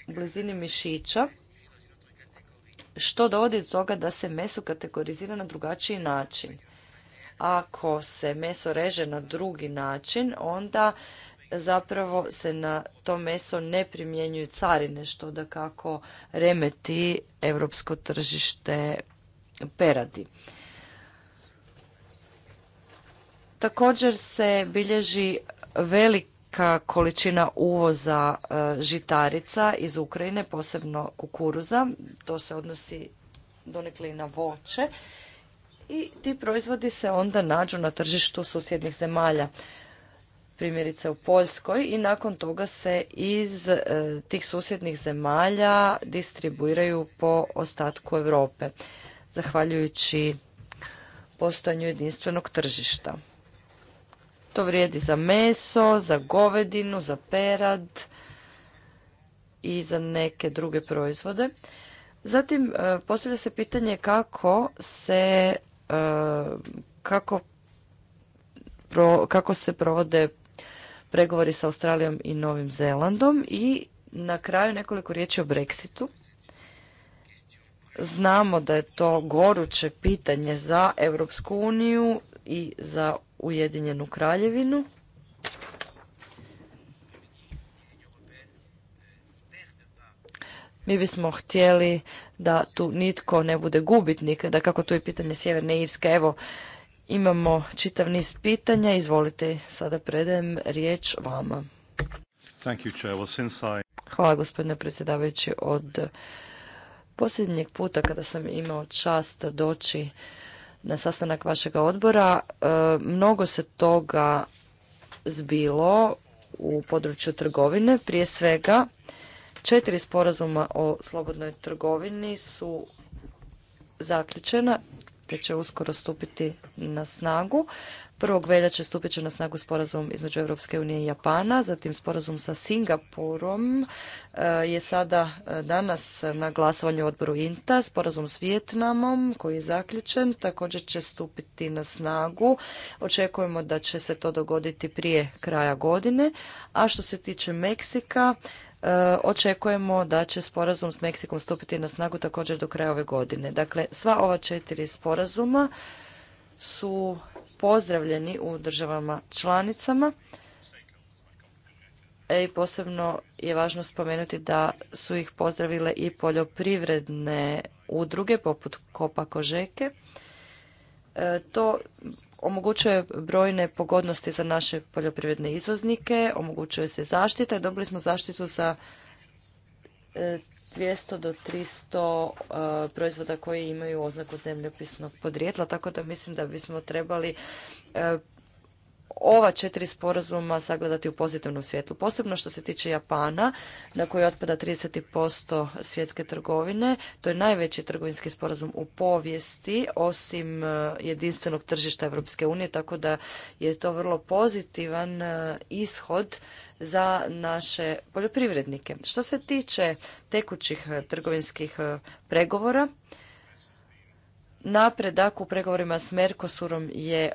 u blizini mišića, što dovodi do toga da se meso kategorizira na drugačiji način. Ako se meso reže na drugi način, onda zapravo se na to meso ne primjenjuju carine, što da kako remeti europsko tržište peradi. Također se bilježi velika količina uvoza e, žitarica iz Ukrajine, posebno kukuruza. To se odnosi donekle i na voće. I ti proizvodi se onda nađu na tržištu susjednih zemalja primjerice u Poljskoj i nakon toga se iz e, tih susjednih zemalja distribuiraju po ostatku Europe zahvaljujući postojanju jedinstvenog tržišta. To vrijedi za meso, za govedinu, za perad i za neke druge proizvode. Zatim e, postavlja se pitanje kako se e, kako, kako se provode pregovori sa Australijom i Novim Zelandom i na kraju nekoliko riječi o Brexitu. Znamo da je to goruće pitanje za Europsku uniju i za Ujedinjenu kraljevinu. Mi bismo htjeli da tu nitko ne bude gubitnik, da kako tu je pitanje Sjeverne Irske. Evo, imamo čitav niz pitanja. Izvolite, sada predajem riječ vama. Hvala gospodine predsjedavajući od Posljednjeg puta kada sam imao čast doći na sastanak vašega odbora, e, mnogo se toga zbilo u području trgovine. Prije svega, četiri sporazuma o slobodnoj trgovini su zaključena, te će uskoro stupiti na snagu. Prvog veljače stupit će na snagu sporazum između Europske unije i Japana, zatim sporazum sa Singapurom e, je sada e, danas na glasovanju odboru INTA, sporazum s Vjetnamom koji je zaključen također će stupiti na snagu. Očekujemo da će se to dogoditi prije kraja godine. A što se tiče Meksika, e, očekujemo da će sporazum s Meksikom stupiti na snagu također do kraja ove godine. Dakle, sva ova četiri sporazuma su pozdravljeni u državama članicama. E, I posebno je važno spomenuti da su ih pozdravile i poljoprivredne udruge poput Kopa Kožeke. E, to omogućuje brojne pogodnosti za naše poljoprivredne izvoznike, omogućuje se zaštita i dobili smo zaštitu za e, 200 do 300 e, proizvoda koji imaju oznaku zemljopisnog podrijetla, tako da mislim da bismo trebali e, ova četiri sporazuma sagledati u pozitivnom svjetlu. Posebno što se tiče Japana, na koji otpada 30% svjetske trgovine. To je najveći trgovinski sporazum u povijesti, osim e, jedinstvenog tržišta Europske unije, tako da je to vrlo pozitivan e, ishod za naše poljoprivrednike. Što se tiče tekućih e, trgovinskih pregovora, napredak u pregovorima s Mercosurom je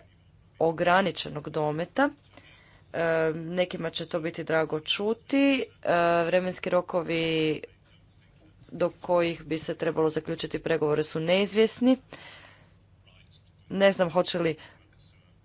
ograničenog dometa. E, nekima će to biti drago čuti. E, vremenski rokovi do kojih bi se trebalo zaključiti pregovore su neizvjesni. Ne znam hoće li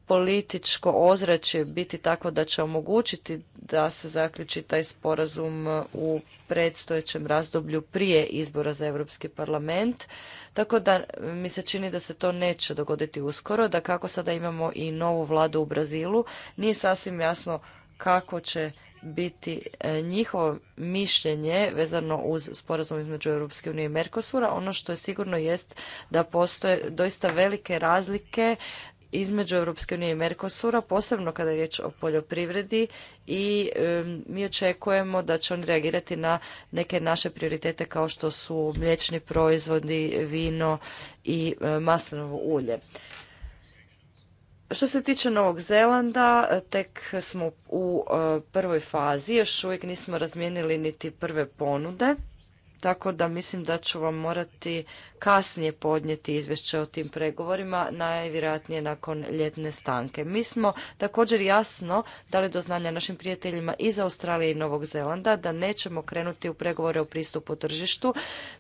političko ozračje biti takvo da će omogućiti da se zaključi taj sporazum u predstojećem razdoblju prije izbora za Europski parlament. Tako da mi se čini da se to neće dogoditi uskoro, da kako sada imamo i novu vladu u Brazilu, nije sasvim jasno kako će biti e, njihovo mišljenje vezano uz sporazum između Europske unije i Mercosura. Ono što je sigurno jest da postoje doista velike razlike između Europske unije i Mercosura, posebno kada je riječ o poljoprivredi i mi očekujemo da će on reagirati na neke naše prioritete kao što su mliječni proizvodi, vino i e, maslinovo ulje. Što se tiče Novog Zelanda, tek smo u e, prvoj fazi, još uvijek nismo razmijenili niti prve ponude tako da mislim da ću vam morati kasnije podnijeti izvješće o tim pregovorima, najvjerojatnije nakon ljetne stanke. Mi smo također jasno dali do znanja našim prijateljima iz Australije i Novog Zelanda da nećemo krenuti u pregovore o pristupu tržištu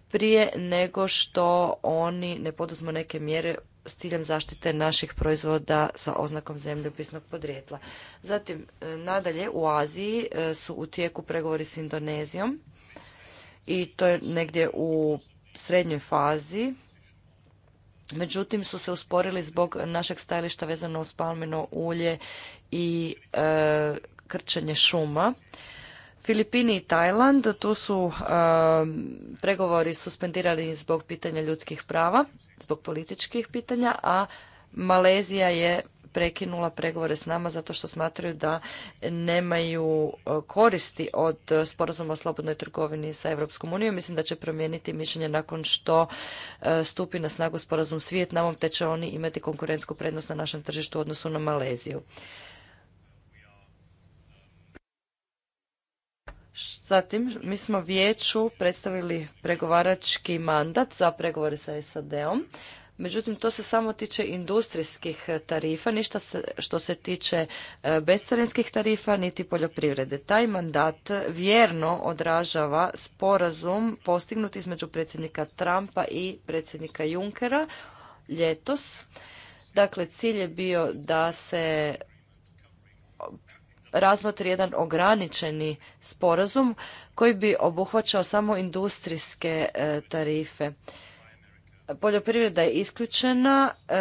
prije nego što oni ne poduzmu neke mjere s ciljem zaštite naših proizvoda sa oznakom zemljopisnog podrijetla. Zatim, e, nadalje, u Aziji e, su u tijeku pregovori s Indonezijom i to je negdje u srednjoj fazi. Međutim, su se usporili zbog našeg stajališta vezano uz palmino ulje i e, krčenje šuma. Filipini i Tajland, tu su e, pregovori suspendirali zbog pitanja ljudskih prava, zbog političkih pitanja, a Malezija je prekinula pregovore s nama zato što smatraju da nemaju e, koristi od sporazuma o slobodnoj trgovini sa Europskom unijom. Mislim da će promijeniti mišljenje nakon što e, stupi na snagu sporazum s Vijetnamom, te će oni imati konkurentsku prednost na našem tržištu u odnosu na Maleziju. Zatim, mi smo vijeću predstavili pregovarački mandat za pregovore sa SAD-om. Međutim, to se samo tiče industrijskih tarifa, ništa što se tiče e, bescarinskih tarifa, niti poljoprivrede. Taj mandat vjerno odražava sporazum postignut između predsjednika Trumpa i predsjednika Junckera ljetos. Dakle, cilj je bio da se razmotri jedan ograničeni sporazum koji bi obuhvaćao samo industrijske e, tarife poljoprivreda je isključena e,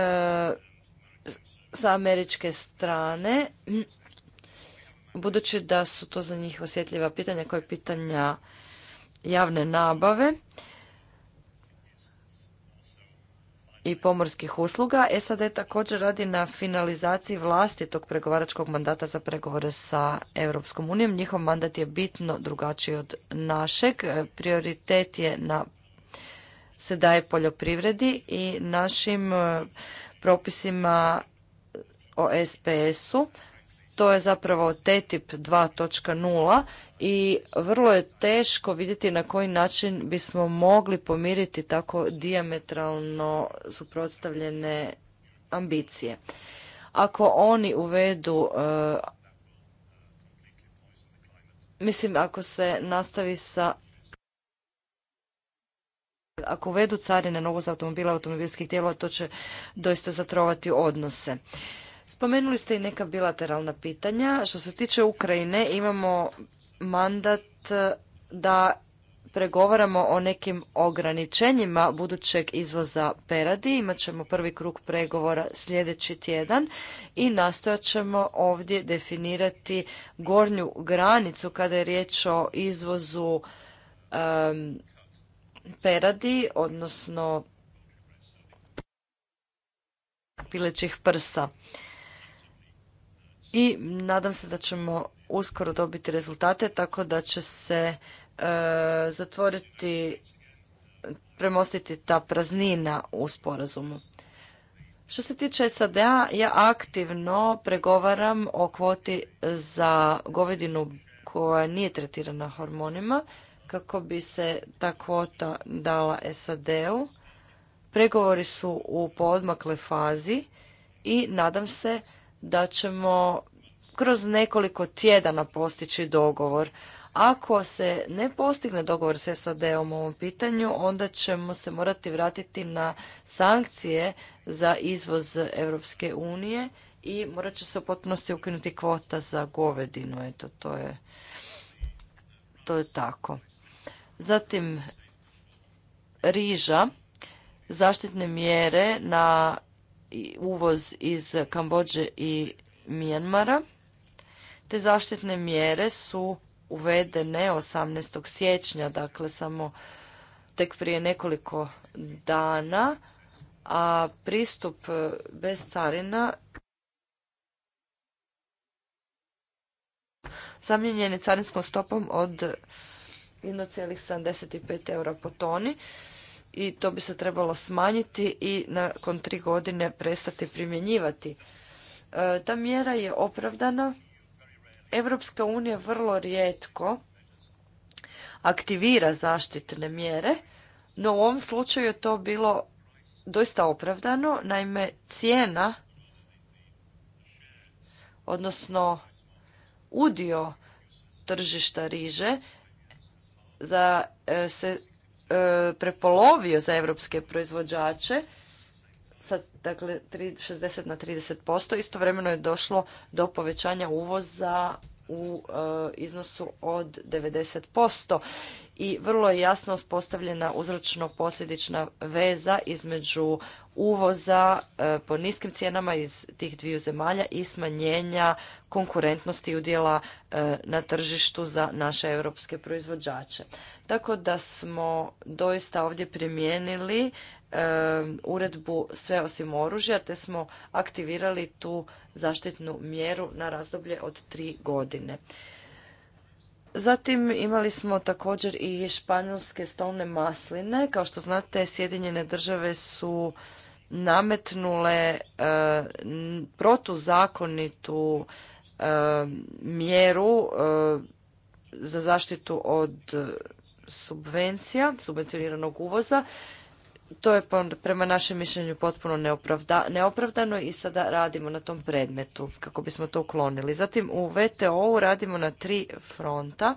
sa američke strane, budući da su to za njih osjetljiva pitanja koje je pitanja javne nabave i pomorskih usluga. sad je također radi na finalizaciji vlastitog pregovaračkog mandata za pregovore sa Europskom unijom. Njihov mandat je bitno drugačiji od našeg. Prioritet je na se daje poljoprivredi i našim e, propisima o SPS-u. To je zapravo TTIP 2.0 i vrlo je teško vidjeti na koji način bismo mogli pomiriti tako diametralno suprotstavljene ambicije. Ako oni uvedu e, Mislim, ako se nastavi sa ako uvedu carine novo za automobila automobilskih dijelova, to će doista zatrovati odnose. Spomenuli ste i neka bilateralna pitanja. Što se tiče Ukrajine, imamo mandat eh, da pregovaramo o nekim ograničenjima budućeg izvoza peradi. Imat ćemo prvi krug pregovora sljedeći tjedan i nastojat ćemo ovdje definirati gornju granicu kada je riječ o izvozu peradi, odnosno pilećih prsa. I nadam se da ćemo uskoro dobiti rezultate tako da će se e, zatvoriti, premostiti ta praznina u sporazumu. Što se tiče SAD-a, ja aktivno pregovaram o kvoti za govedinu koja nije tretirana hormonima kako bi se ta kvota dala SAD-u. Pregovori su u podmakle fazi i nadam se da ćemo kroz nekoliko tjedana postići dogovor. Ako se ne postigne dogovor s SAD-om u ovom pitanju, onda ćemo se morati vratiti na sankcije za izvoz Europske unije i morat će se u potpunosti ukinuti kvota za govedinu. Eto, to je, to je tako. Zatim riža, zaštitne mjere na uvoz iz Kambođe i Mijenmara. Te zaštitne mjere su uvedene 18. siječnja, dakle samo tek prije nekoliko dana, a pristup e, bez carina zamijenjen je carinskom stopom od 1,75 eura po toni i to bi se trebalo smanjiti i nakon tri godine prestati primjenjivati. E, ta mjera je opravdana. Europska unija vrlo rijetko aktivira zaštitne mjere, no u ovom slučaju je to bilo doista opravdano. Naime, cijena, odnosno udio tržišta riže za e, se e, prepolovio za europske proizvođače sa dakle 60 na 30%. Istovremeno je došlo do povećanja uvoza u e, iznosu od 90% i vrlo je jasno uspostavljena uzročno posljedična veza između uvoza e, po niskim cijenama iz tih dviju zemalja i smanjenja konkurentnosti udjela e, na tržištu za naše europske proizvođače. Tako da smo doista ovdje primijenili e, uredbu sve osim oružja te smo aktivirali tu zaštitnu mjeru na razdoblje od tri godine. Zatim imali smo također i španjolske stolne masline. Kao što znate, Sjedinjene države su nametnule e, protuzakonitu e, mjeru e, za zaštitu od subvencija, subvencioniranog uvoza to je pa prema našem mišljenju potpuno neopravdano i sada radimo na tom predmetu kako bismo to uklonili. Zatim u VTO-u radimo na tri fronta.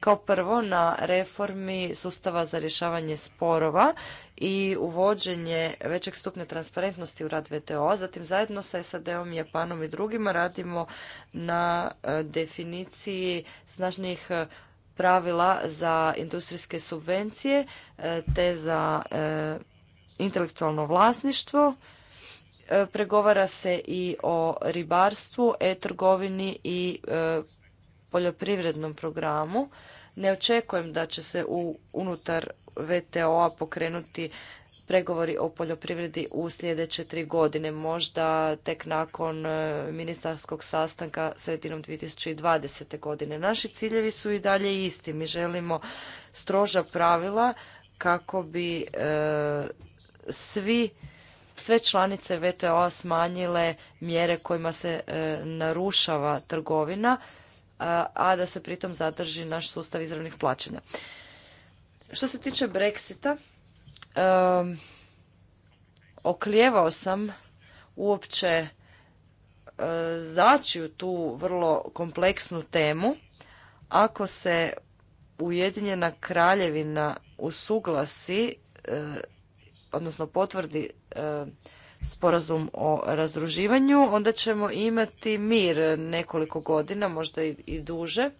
Kao prvo na reformi sustava za rješavanje sporova i uvođenje većeg stupnja transparentnosti u rad VTO. Zatim zajedno sa SAD-om, Japanom i drugima radimo na e, definiciji snažnih pravila za industrijske subvencije e, te za e, intelektualno vlasništvo. E, pregovara se i o ribarstvu, e-trgovini i poljoprivrednom programu. Ne očekujem da će se unutar VTO-a pokrenuti pregovori o poljoprivredi u sljedeće tri godine, možda tek nakon e, ministarskog sastanka sredinom 2020. godine. Naši ciljevi su i dalje isti. Mi želimo stroža pravila kako bi e, svi sve članice VTO smanjile mjere kojima se e, narušava trgovina, a, a da se pritom zadrži naš sustav izravnih plaćanja. Što se tiče Brexita, oklijevao sam uopće e, zaći u tu vrlo kompleksnu temu ako se Ujedinjena kraljevina usuglasi, e, odnosno potvrdi e, sporazum o razruživanju, onda ćemo imati mir nekoliko godina, možda i duže.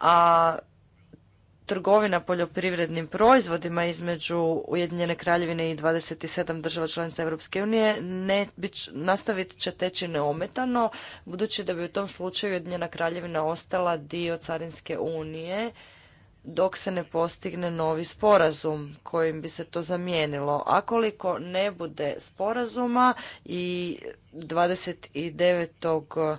A trgovina poljoprivrednim proizvodima između Ujedinjene kraljevine i 27 država članica Europske unije ne, bić, nastavit će teći neometano, budući da bi u tom slučaju Ujedinjena kraljevina ostala dio Carinske unije dok se ne postigne novi sporazum kojim bi se to zamijenilo. A ne bude sporazuma i 29.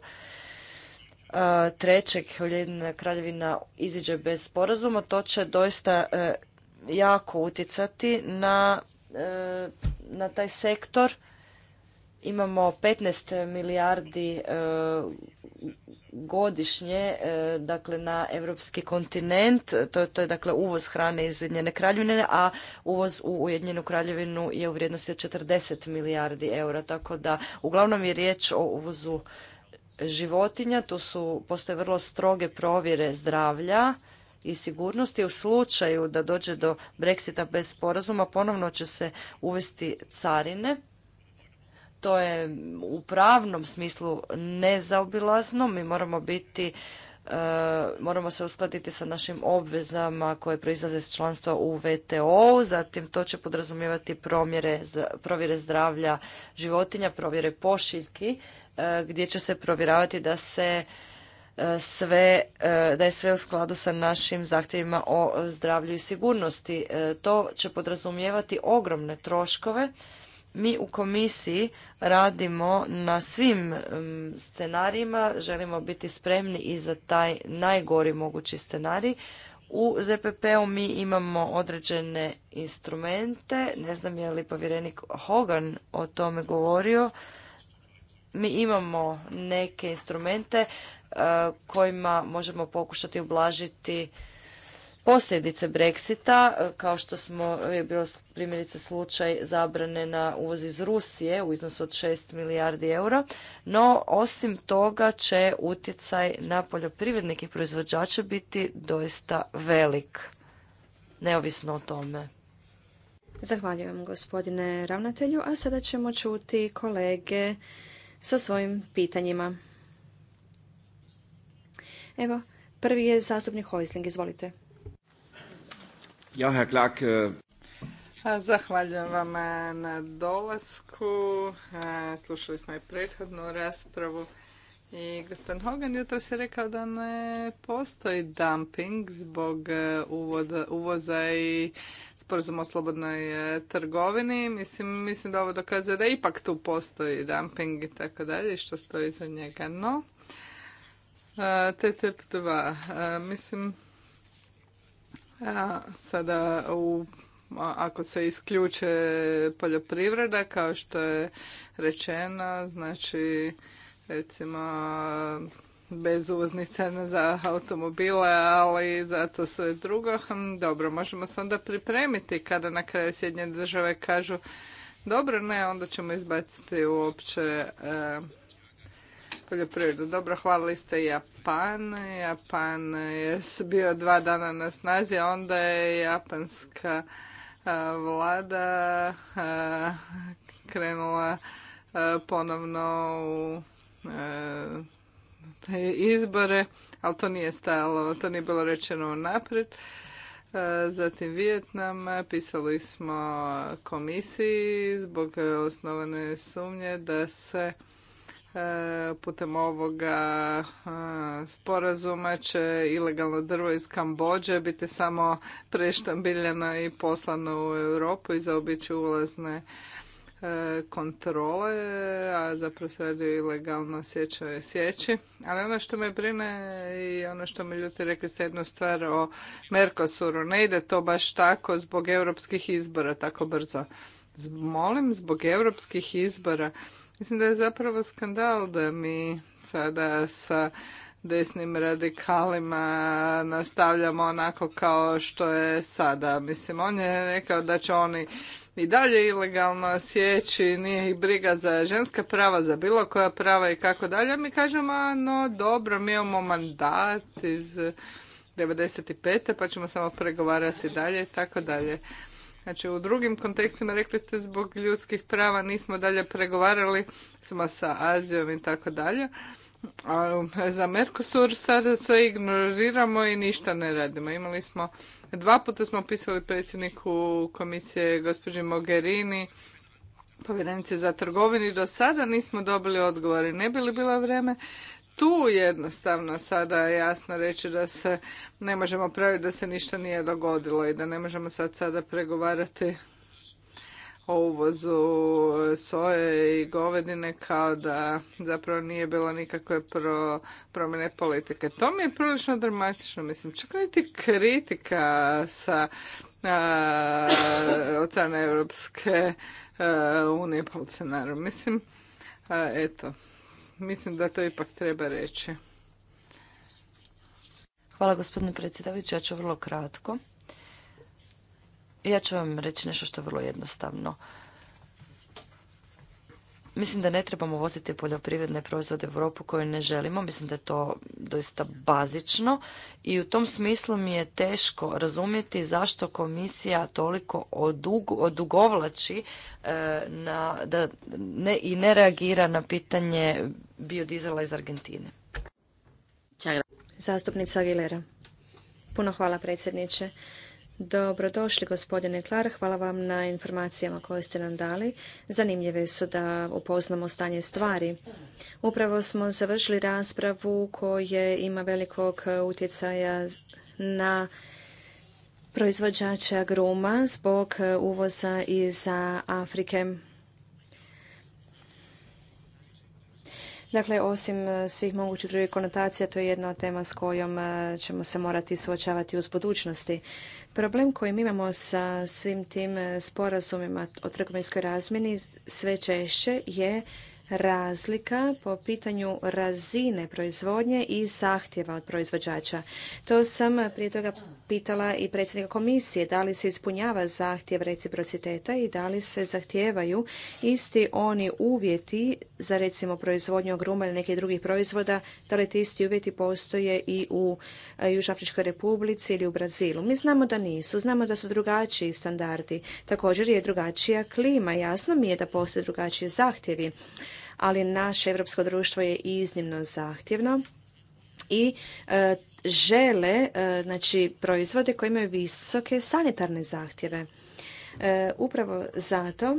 E, trećeg Ujedinjena kraljevina iziđe bez sporazuma, to će doista e, jako utjecati na, e, na taj sektor. Imamo 15 milijardi godišnje dakle na europski kontinent, to je, to je dakle uvoz hrane iz Ujedinjene kraljevine, a uvoz u Ujedinjenu kraljevinu je u vrijednosti od 40 milijardi eura, tako da uglavnom je riječ o uvozu životinja, tu su, postoje vrlo stroge provjere zdravlja i sigurnosti. U slučaju da dođe do Brexita bez sporazuma ponovno će se uvesti carine. To je u pravnom smislu nezaobilazno. Mi moramo biti e, moramo se uskladiti sa našim obvezama koje proizlaze iz članstva u VTO, zatim to će podrazumijevati promjere, provjere zdravlja životinja, provjere pošiljki E, gdje će se provjeravati da se e, sve, e, da je sve u skladu sa našim zahtjevima o zdravlju i sigurnosti. To će podrazumijevati ogromne troškove. Mi u komisiji radimo na svim scenarijima, želimo biti spremni i za taj najgori mogući scenarij. U ZPP-u mi imamo određene instrumente, ne znam je li povjerenik Hogan o tome govorio, mi imamo neke instrumente e, kojima možemo pokušati ublažiti posljedice Brexita, e, kao što smo, je bio primjerice slučaj zabrane na uvoz iz Rusije u iznosu od 6 milijardi eura, no osim toga će utjecaj na poljoprivrednike i proizvođače biti doista velik, neovisno o tome. Zahvaljujem gospodine ravnatelju, a sada ćemo čuti kolege sa svojim pitanjima. Evo, prvi je zastupnik Hojsling, izvolite. Ja, Herr eh, Zahvaljujem vam eh, na dolasku. Eh, slušali smo i prethodnu raspravu. I gospodin Hogan jutros je rekao da ne postoji dumping zbog e, uvoza i sporazuma o slobodnoj e, trgovini. Mislim, mislim da ovo dokazuje da ipak tu postoji dumping i tako dalje što stoji za njega. No, e, TTIP2, mislim, a, sada u ako se isključe poljoprivreda, kao što je rečeno, znači recimo bez uvoznica za automobile, ali zato sve drugo. Hm, dobro, možemo se onda pripremiti kada na kraju Sjedinje države kažu dobro, ne, onda ćemo izbaciti uopće e, poljoprivredu. Dobro, hvalili ste Japan. Japan je bio dva dana na snazi, a onda je japanska e, vlada e, krenula ponovno u E, izbore, ali to nije stajalo, to nije bilo rečeno napred. E, zatim Vijetnam, pisali smo komisiji zbog osnovane sumnje da se e, putem ovoga sporazuma će ilegalno drvo iz Kambođe biti samo preštambiljeno i poslano u Europu i zaobići ulazne kontrole, a zapravo se radi o ilegalno sjećaju sjeći. Ali ono što me brine i ono što mi ljudi rekli ste jednu stvar o Merkosuru, Ne ide to baš tako zbog europskih izbora tako brzo. Molim, zbog europskih izbora. Mislim da je zapravo skandal da mi sada sa desnim radikalima nastavljamo onako kao što je sada. Mislim, on je rekao da će oni i dalje ilegalno sjeći, nije ih briga za ženska prava, za bilo koja prava i kako dalje. Mi kažemo, no dobro, mi imamo mandat iz 95. pa ćemo samo pregovarati dalje i tako dalje. Znači u drugim kontekstima rekli ste zbog ljudskih prava nismo dalje pregovarali, smo sa Azijom i tako dalje. A za Mercosur sada sve ignoriramo i ništa ne radimo. Imali smo, dva puta smo pisali predsjedniku komisije gospođi Mogherini, povjerenice za trgovini, do sada nismo dobili odgovore. Ne bi li bilo vreme tu jednostavno sada jasno reći da se ne možemo praviti da se ništa nije dogodilo i da ne možemo sad sada pregovarati uvozu e, soje i govedine kao da zapravo nije bilo nikakve pro, promjene politike. To mi je prilično dramatično. Mislim, čak niti kritika sa a, Europske e, unije po Mislim, a, eto, mislim da to ipak treba reći. Hvala gospodine predsjedavajući, ja ću vrlo kratko. Ja ću vam reći nešto što je vrlo jednostavno. Mislim da ne trebamo voziti poljoprivredne proizvode u Europu koje ne želimo. Mislim da je to doista bazično i u tom smislu mi je teško razumjeti zašto komisija toliko odugovlači e, na, da ne, i ne reagira na pitanje biodizela iz Argentine. Zastupnica Aguilera. Puno hvala predsjedniče. Dobrodošli gospodine Klar, hvala vam na informacijama koje ste nam dali. Zanimljive su da upoznamo stanje stvari. Upravo smo završili raspravu koja ima velikog utjecaja na proizvođača gruma zbog uvoza iz Afrike. Dakle, osim svih mogućih drugih konotacija, to je jedna od tema s kojom ćemo se morati suočavati uz budućnosti. Problem koji mi imamo sa svim tim sporazumima o trgovinskoj razmjeni sve češće je razlika po pitanju razine proizvodnje i zahtjeva od proizvođača. To sam prije toga pitala i predsjednika komisije da li se ispunjava zahtjev reciprociteta i da li se zahtijevaju isti oni uvjeti za recimo proizvodnju gruma ili nekih drugih proizvoda, da li ti isti uvjeti postoje i u e, Južafričkoj republici ili u Brazilu. Mi znamo da nisu, znamo da su drugačiji standardi. Također je drugačija klima. Jasno mi je da postoje drugačiji zahtjevi, ali naše europsko društvo je iznimno zahtjevno i e, žele e, znači, proizvode koji imaju visoke sanitarne zahtjeve. E, upravo zato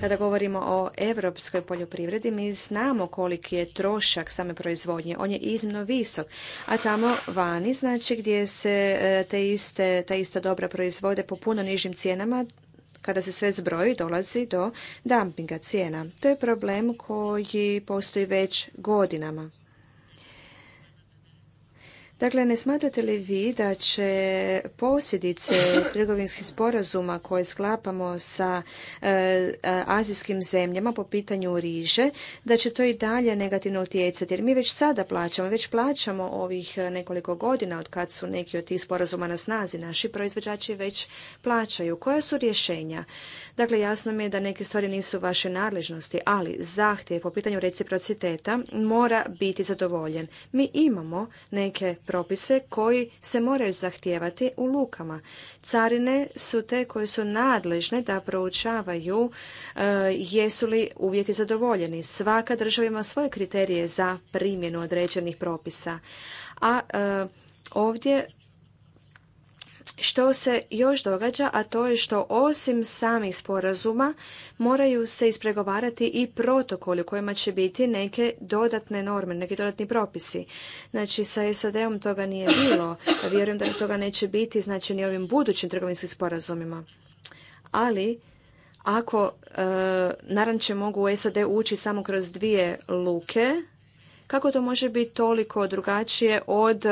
kada govorimo o europskoj poljoprivredi, mi znamo koliki je trošak same proizvodnje. On je iznimno visok. A tamo vani, znači gdje se e, te iste, ta ista dobra proizvode po puno nižim cijenama, kada se sve zbroji, dolazi do dumpinga cijena. To je problem koji postoji već godinama. Dakle, ne smatrate li vi da će posljedice trgovinskih sporazuma koje sklapamo sa e, e, azijskim zemljama po pitanju riže, da će to i dalje negativno utjecati? Jer mi već sada plaćamo, već plaćamo ovih nekoliko godina od kad su neki od tih sporazuma na snazi. Naši proizvođači već plaćaju. Koja su rješenja? Dakle, jasno mi je da neke stvari nisu vaše nadležnosti, ali zahtjev po pitanju reciprociteta mora biti zadovoljen. Mi imamo neke propise koji se moraju zahtijevati u lukama. Carine su te koje su nadležne da proučavaju e, jesu li uvjeti zadovoljeni. Svaka država ima svoje kriterije za primjenu određenih propisa. A e, ovdje što se još događa, a to je što osim samih sporazuma moraju se ispregovarati i protokoli kojima će biti neke dodatne norme, neki dodatni propisi. Znači sa SAD-om toga nije bilo, vjerujem da toga neće biti znači ni ovim budućim trgovinskim sporazumima. Ali ako e, naranče mogu u SAD ući samo kroz dvije luke, kako to može biti toliko drugačije od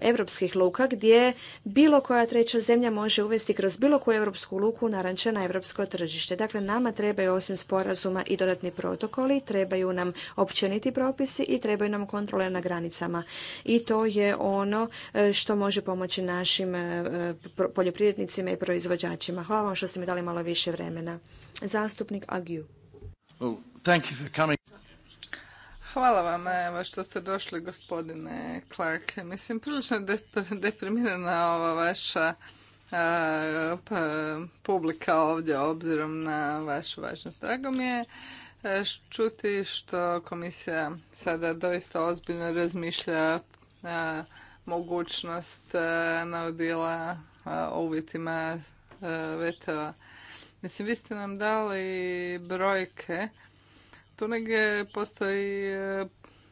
europskih e, luka gdje bilo koja treća zemlja može uvesti kroz bilo koju europsku luku naranče na europsko tržište. Dakle, nama trebaju osim sporazuma i dodatni protokoli, trebaju nam općeniti propisi i trebaju nam kontrole na granicama. I to je ono e, što može pomoći našim e, poljoprivrednicima i proizvođačima. Hvala vam što ste mi dali malo više vremena. Zastupnik Agiju. Hvala vam što ste došli gospodine Clark. Mislim, prilično je deprimirana ova vaša publika ovdje obzirom na vašu važnost. Drago mi je e, čuti što komisija sada doista ozbiljno razmišlja mogućnost e, naudila o uvjetima e, VTO-a. Mislim, vi ste nam dali brojke tu negdje postoji e,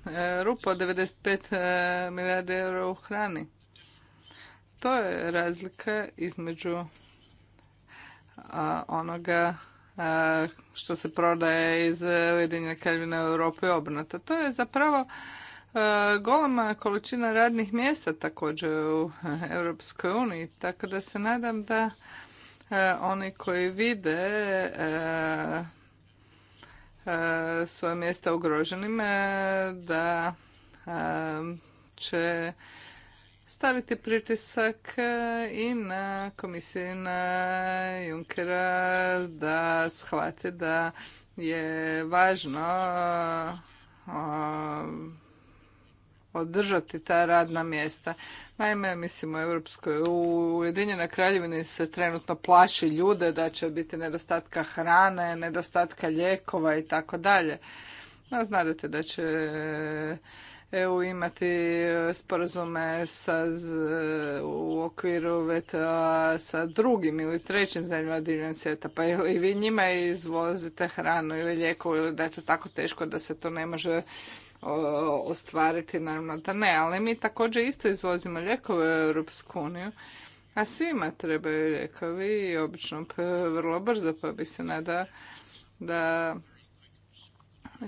e, rupa od 95 e, milijardi eura u hrani. To je razlika između onoga što se prodaje iz Ujedinjene kraljevine u Europi obrnuto. To je zapravo golema količina radnih mjesta također u Europskoj uniji, tako da se nadam da oni koji vide E, svoje mjesta ugroženim e, da e, će staviti pritisak i na komisiju na Junkera da shvate da je važno održati ta radna mjesta. Naime, mislim u Europskoj u Ujedinjenoj Kraljevini se trenutno plaši ljude da će biti nedostatka hrane, nedostatka lijekova i tako dalje. No, znate da će EU imati sporazume sa, u okviru VTA sa drugim ili trećim zemljama diljem svijeta, pa i vi njima izvozite hranu ili lijekovu ili da je to tako teško da se to ne može ostvariti, naravno da ne, ali mi također isto izvozimo ljekove u Europsku uniju, a svima trebaju lijekovi i obično vrlo brzo, pa bi se nada da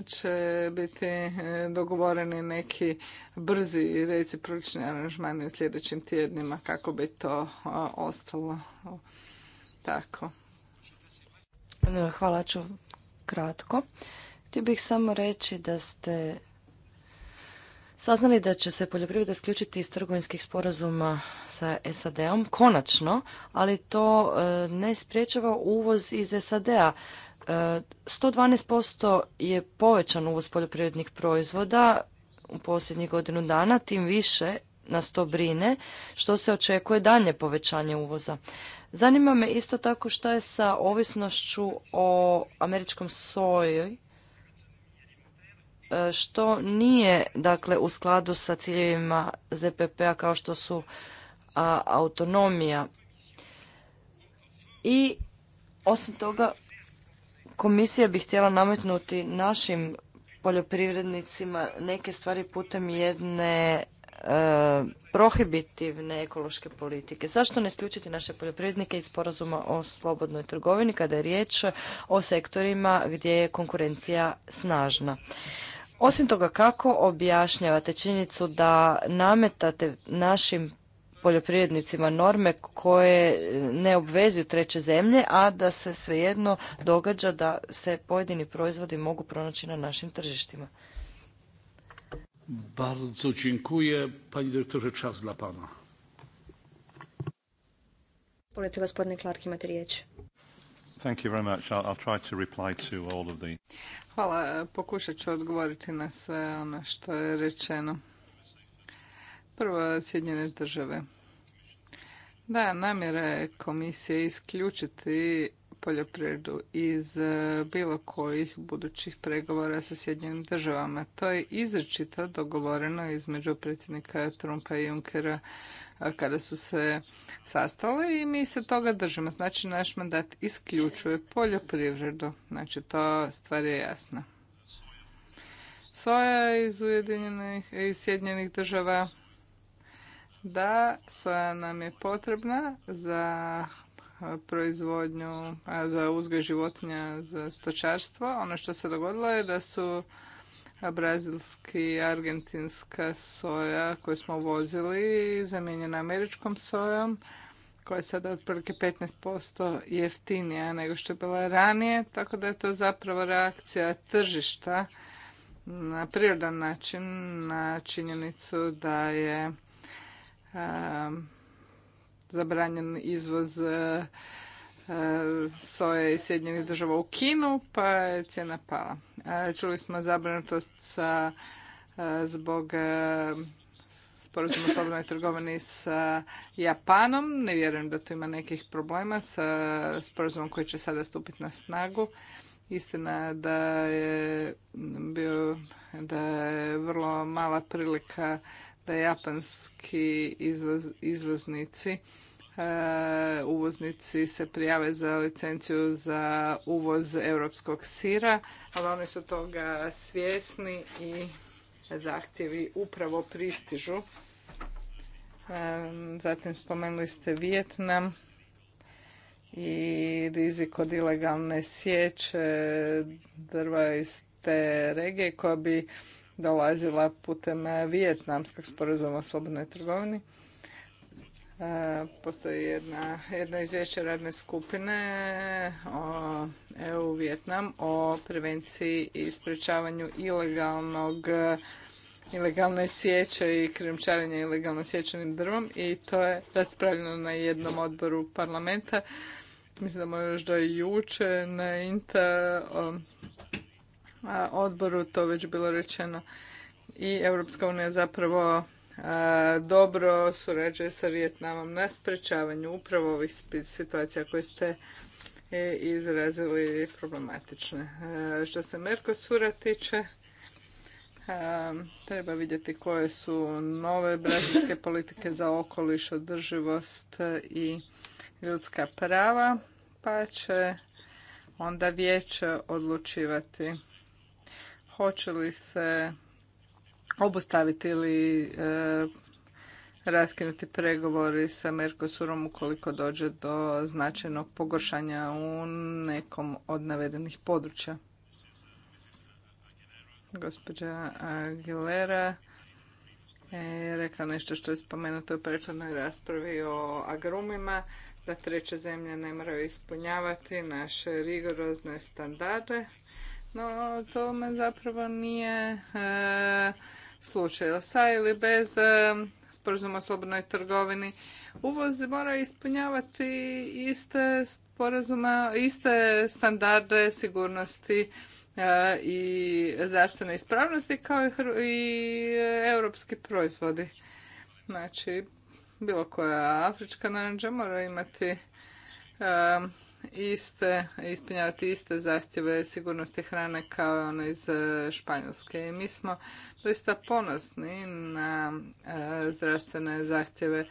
će biti e, dogovoreni neki brzi i recipročni aranžmani u sljedećim tjednima kako bi to ostalo tako. Hvala ću kratko. Htio bih samo reći da ste saznali da će se poljoprivreda isključiti iz trgovinskih sporazuma sa SAD-om, konačno, ali to e, ne spriječava uvoz iz SAD-a. 112% e, je povećan uvoz poljoprivrednih proizvoda u posljednjih godinu dana, tim više nas to brine, što se očekuje dalje povećanje uvoza. Zanima me isto tako što je sa ovisnošću o američkom soji E, što nije dakle u skladu sa ciljevima ZPP-a kao što su autonomija. I osim toga komisija bi htjela nametnuti našim poljoprivrednicima neke stvari putem jedne e, prohibitivne ekološke politike. Zašto ne isključiti naše poljoprivrednike iz sporazuma o slobodnoj trgovini kada je riječ o sektorima gdje je konkurencija snažna? Osim toga, kako objašnjavate činjenicu da nametate našim poljoprivrednicima norme koje ne obvezuju treće zemlje, a da se svejedno događa da se pojedini proizvodi mogu pronaći na našim tržištima? Bardzo dziękuję. Panie dyrektorze, čas dla pana. gospodine Clark, imate riječi. Thank you very much. I'll, I'll try to reply to all of the... Hvala, pokušat ću odgovoriti na sve ono što je rečeno. Prvo, Sjedinjene države. Da, namjera je komisije isključiti poljoprivredu iz e, bilo kojih budućih pregovora sa Sjedinjenim državama. To je izrečito dogovoreno između predsjednika Trumpa i Junckera kada su se sastale i mi se toga držimo. Znači naš mandat isključuje poljoprivredu. Znači to stvar je jasna. Soja iz Ujedinjenih i Sjedinjenih država. Da, soja nam je potrebna za proizvodnju, za uzgoj životinja, za stočarstvo. Ono što se dogodilo je da su brazilski i argentinska soja koju smo uvozili zamijenjena američkom sojom koja je sada otprilike 15% jeftinija nego što je bila ranije, tako da je to zapravo reakcija tržišta na prirodan način na činjenicu da je zabranjen izvoz soje iz Sjedinjenih država u Kinu, pa je cijena pala. E, čuli smo zabrinutost sa, e, zbog e, sporazuma slobodnoj trgovini sa Japanom. Ne vjerujem da tu ima nekih problema sa sporazumom koji će sada stupiti na snagu. Istina da je bio da je vrlo mala prilika da japanski izvoznici E, uvoznici se prijave za licenciju za uvoz europskog sira, ali oni su toga svjesni i zahtjevi upravo pristižu. E, zatim spomenuli ste Vijetnam i rizik od ilegalne sječe drva iz te regije koja bi dolazila putem Vijetnamskog sporazuma o slobodnoj trgovini. E, postoji jedna, jedno izvješće radne skupine o EU Vjetnam o prevenciji i sprečavanju ilegalnog ilegalne sjeće i krijumčarenja ilegalno sjećenim drvom i to je raspravljeno na jednom odboru parlamenta. Mislim da još do juče na INTA odboru to već bilo rečeno i Europska unija zapravo dobro surađuje sa Vijetnamom na sprečavanju upravo ovih situacija koje ste e, izrazili problematične. Što se Merkosura tiče, treba vidjeti koje su nove brazilske politike za okoliš, održivost i ljudska prava, pa će onda vijeće odlučivati hoće li se obustaviti ili e, raskinuti pregovori sa Mercosurom ukoliko dođe do značajnog pogoršanja u nekom od navedenih područja. Gospođa Aguilera e, je rekla nešto što je spomenuto u prethodnoj raspravi o agrumima, da treće zemlje ne moraju ispunjavati naše rigorozne standarde, no to me zapravo nije e, slučaju sa ili bez e, sporazuma o slobodnoj trgovini. Uvoz mora ispunjavati iste sporazuma, iste standarde sigurnosti e, i zdravstvene ispravnosti kao i europski proizvodi. Znači, bilo koja afrička naranđa mora imati e, iste, ispunjavati iste zahtjeve sigurnosti hrane kao one iz e, Španjolske. I mi smo doista ponosni na e, zdravstvene zahtjeve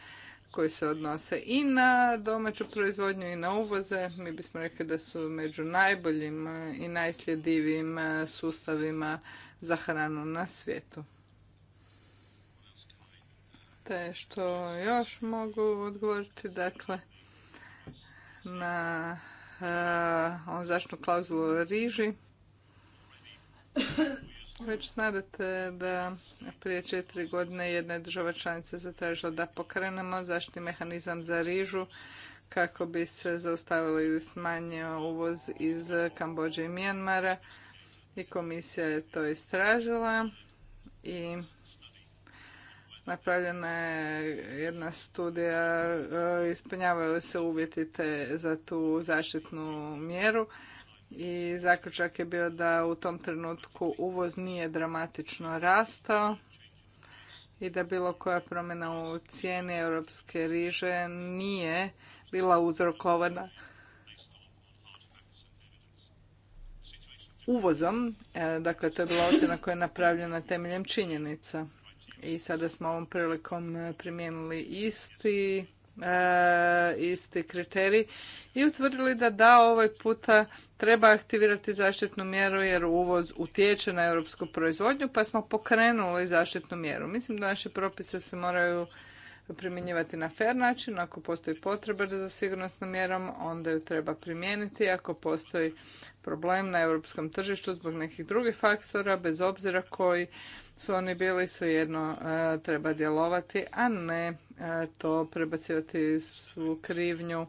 koji se odnose i na domaću proizvodnju i na uvoze. Mi bismo rekli da su među najboljim i najsljedivijim e, sustavima za hranu na svijetu. Te što još mogu odgovoriti, dakle, na eh, on zaštnu klauzulu riži. Već snadate da prije četiri godine jedna je država članica zatražila da pokrenemo zaštitni mehanizam za rižu kako bi se zaustavili ili smanjio uvoz iz Kambođe i Mijanmara i komisija je to istražila i napravljena je jedna studija e, ispunjavaju li se uvjeti te za tu zaštitnu mjeru i zaključak je bio da u tom trenutku uvoz nije dramatično rastao i da bilo koja promjena u cijeni europske riže nije bila uzrokovana uvozom, e, dakle to je bila ocjena koja je napravljena temeljem činjenica i sada smo ovom prilikom e, primijenili isti e, isti kriterij i utvrdili da da ovaj puta treba aktivirati zaštitnu mjeru jer uvoz utječe na europsku proizvodnju pa smo pokrenuli zaštitnu mjeru. Mislim da naše propise se moraju primjenjivati na fer način. Ako postoji potreba za sigurnosnom mjerom, onda ju treba primijeniti. Ako postoji problem na europskom tržištu zbog nekih drugih faktora, bez obzira koji su oni bili, svejedno e, treba djelovati, a ne e, to prebacivati svu krivnju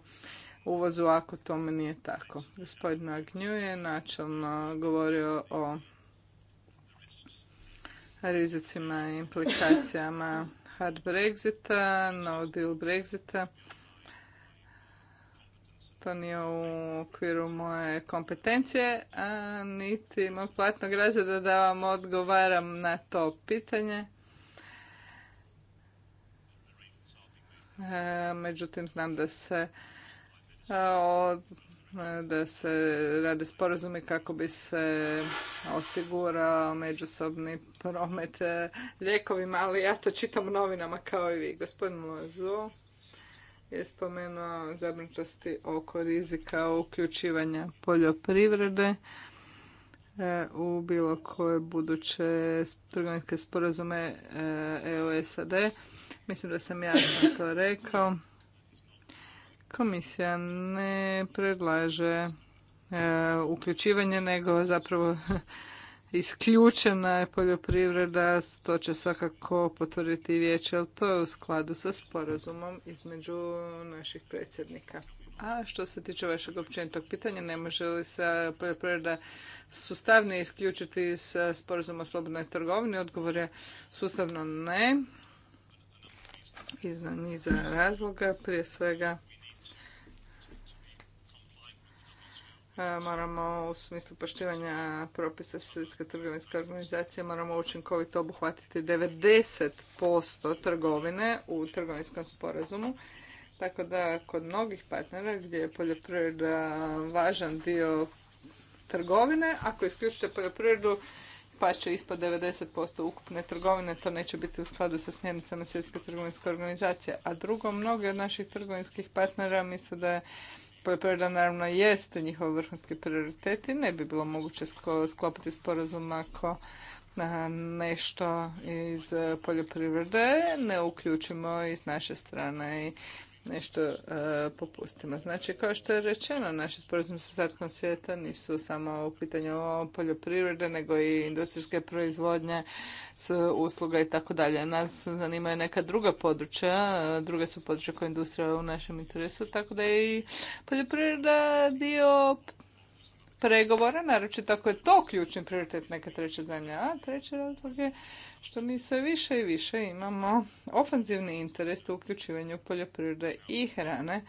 uvozu ako tome nije tako. Gospodin Agnju je načelno govorio o rizicima i implikacijama hard Brexita, no deal Brexita. To nije u okviru moje kompetencije, a niti mog platnog razreda da vam odgovaram na to pitanje. E, međutim, znam da se od da se rade sporazumi kako bi se osigurao međusobni promet e, lijekovima, ali ja to čitam u novinama kao i vi. Gospodin Lozu je spomenuo zabrinutosti oko rizika uključivanja poljoprivrede e, u bilo koje buduće trgovinske sporazume EOSAD. E Mislim da sam ja to rekao. Komisija ne predlaže e, uključivanje, nego zapravo isključena je poljoprivreda, to će svakako potvrditi vijeće, ali to je u skladu sa sporazumom između naših predsjednika. A što se tiče vašeg općenitog pitanja, ne može li se poljoprivreda sustavnije isključiti sa sporazuma o slobodnoj trgovini? Odgovor je sustavno ne. Iz niza razloga, prije svega E, moramo u smislu poštivanja propisa Svjetske trgovinske organizacije moramo učinkovito obuhvatiti 90% trgovine u trgovinskom sporazumu. Tako da kod mnogih partnera gdje je poljoprivreda važan dio trgovine, ako isključite poljoprivredu pa će ispod 90% ukupne trgovine, to neće biti u skladu sa smjernicama Svjetske trgovinske organizacije. A drugo, mnoge od naših trgovinskih partnera misle da je poljoprivreda naravno jest njihov vrhunski prioritet i ne bi bilo moguće sklopiti sporazum ako nešto iz poljoprivrede ne uključimo iz naše strane i nešto e, popustimo. Znači, kao što je rečeno, naši sporazumi s ostatkom svijeta nisu samo u pitanju poljoprivrede, nego i industrijske proizvodnje, s usluga i tako dalje. Nas zanimaju neka druga područja, e, druga su područja koja industrija u našem interesu, tako da je i poljoprivreda dio pregovora, naročito tako je to ključni prioritet neke treće zemlje. A treći razlog je što mi sve više i više imamo ofenzivni interes u uključivanju poljoprivrede i hrane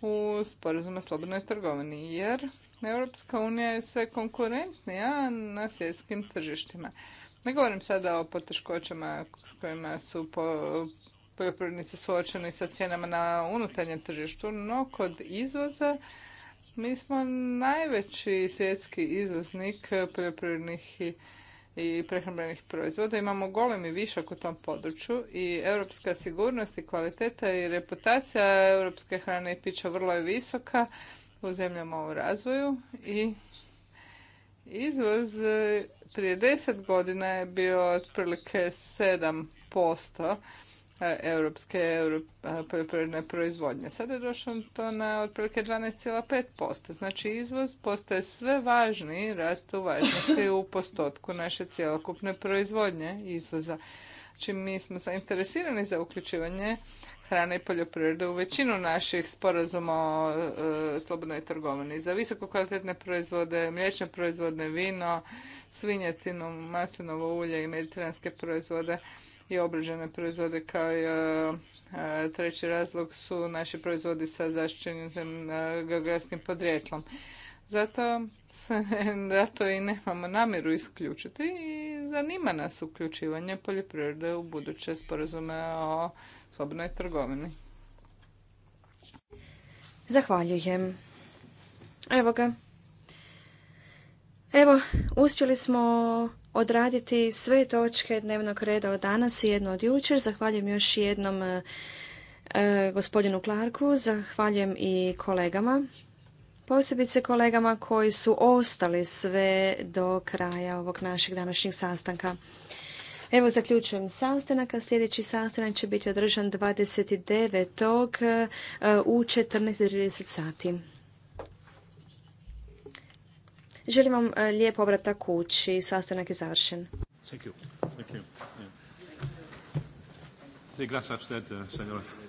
u sporazume slobodnoj trgovini, jer Europska unija je sve konkurentnija na svjetskim tržištima. Ne govorim sada o poteškoćama s kojima su poljoprivrednici suočeni sa cijenama na unutarnjem tržištu, no kod izvoza mi smo najveći svjetski izvoznik poljoprivrednih i prehrambenih proizvoda. Imamo golemi višak u tom području i europska sigurnost i kvaliteta i reputacija europske hrane i pića vrlo je visoka u zemljama u razvoju i izvoz e, prije deset godina je bio otprilike 7%, E, europske poljoprivredne proizvodnje. Sada je došlo to na otprilike 12,5%. Znači izvoz postaje sve važniji, raste u važnosti u postotku naše cjelokupne proizvodnje izvoza. Znači mi smo zainteresirani za uključivanje hrane i poljoprivrede u većinu naših sporazuma o e, slobodnoj trgovini. Za visoko kvalitetne proizvode, mliječne proizvode, vino, svinjetinu, maslinovo ulje i mediteranske proizvode i obrađene proizvode kao i e, e, treći razlog su naši proizvodi sa zaštićenim e, geografskim podrijetlom. Zato se, zato i nemamo namjeru isključiti i zanima nas uključivanje poljoprivrede u buduće sporazume o slobodnoj trgovini. Zahvaljujem. Evo ga. Evo, uspjeli smo odraditi sve točke dnevnog reda od danas i jedno od jučer. Zahvaljujem još jednom e, e, gospodinu Clarku, zahvaljujem i kolegama, posebice kolegama koji su ostali sve do kraja ovog našeg današnjeg sastanka. Evo zaključujem sastanak, a sljedeći sastanak će biti održan 29. E, u 14.30 sati. Želim vam e, lijep povratak kući. Sastanak je završen. Thank you. Thank you. Yeah. Sí, gracias a eh, usted, señora.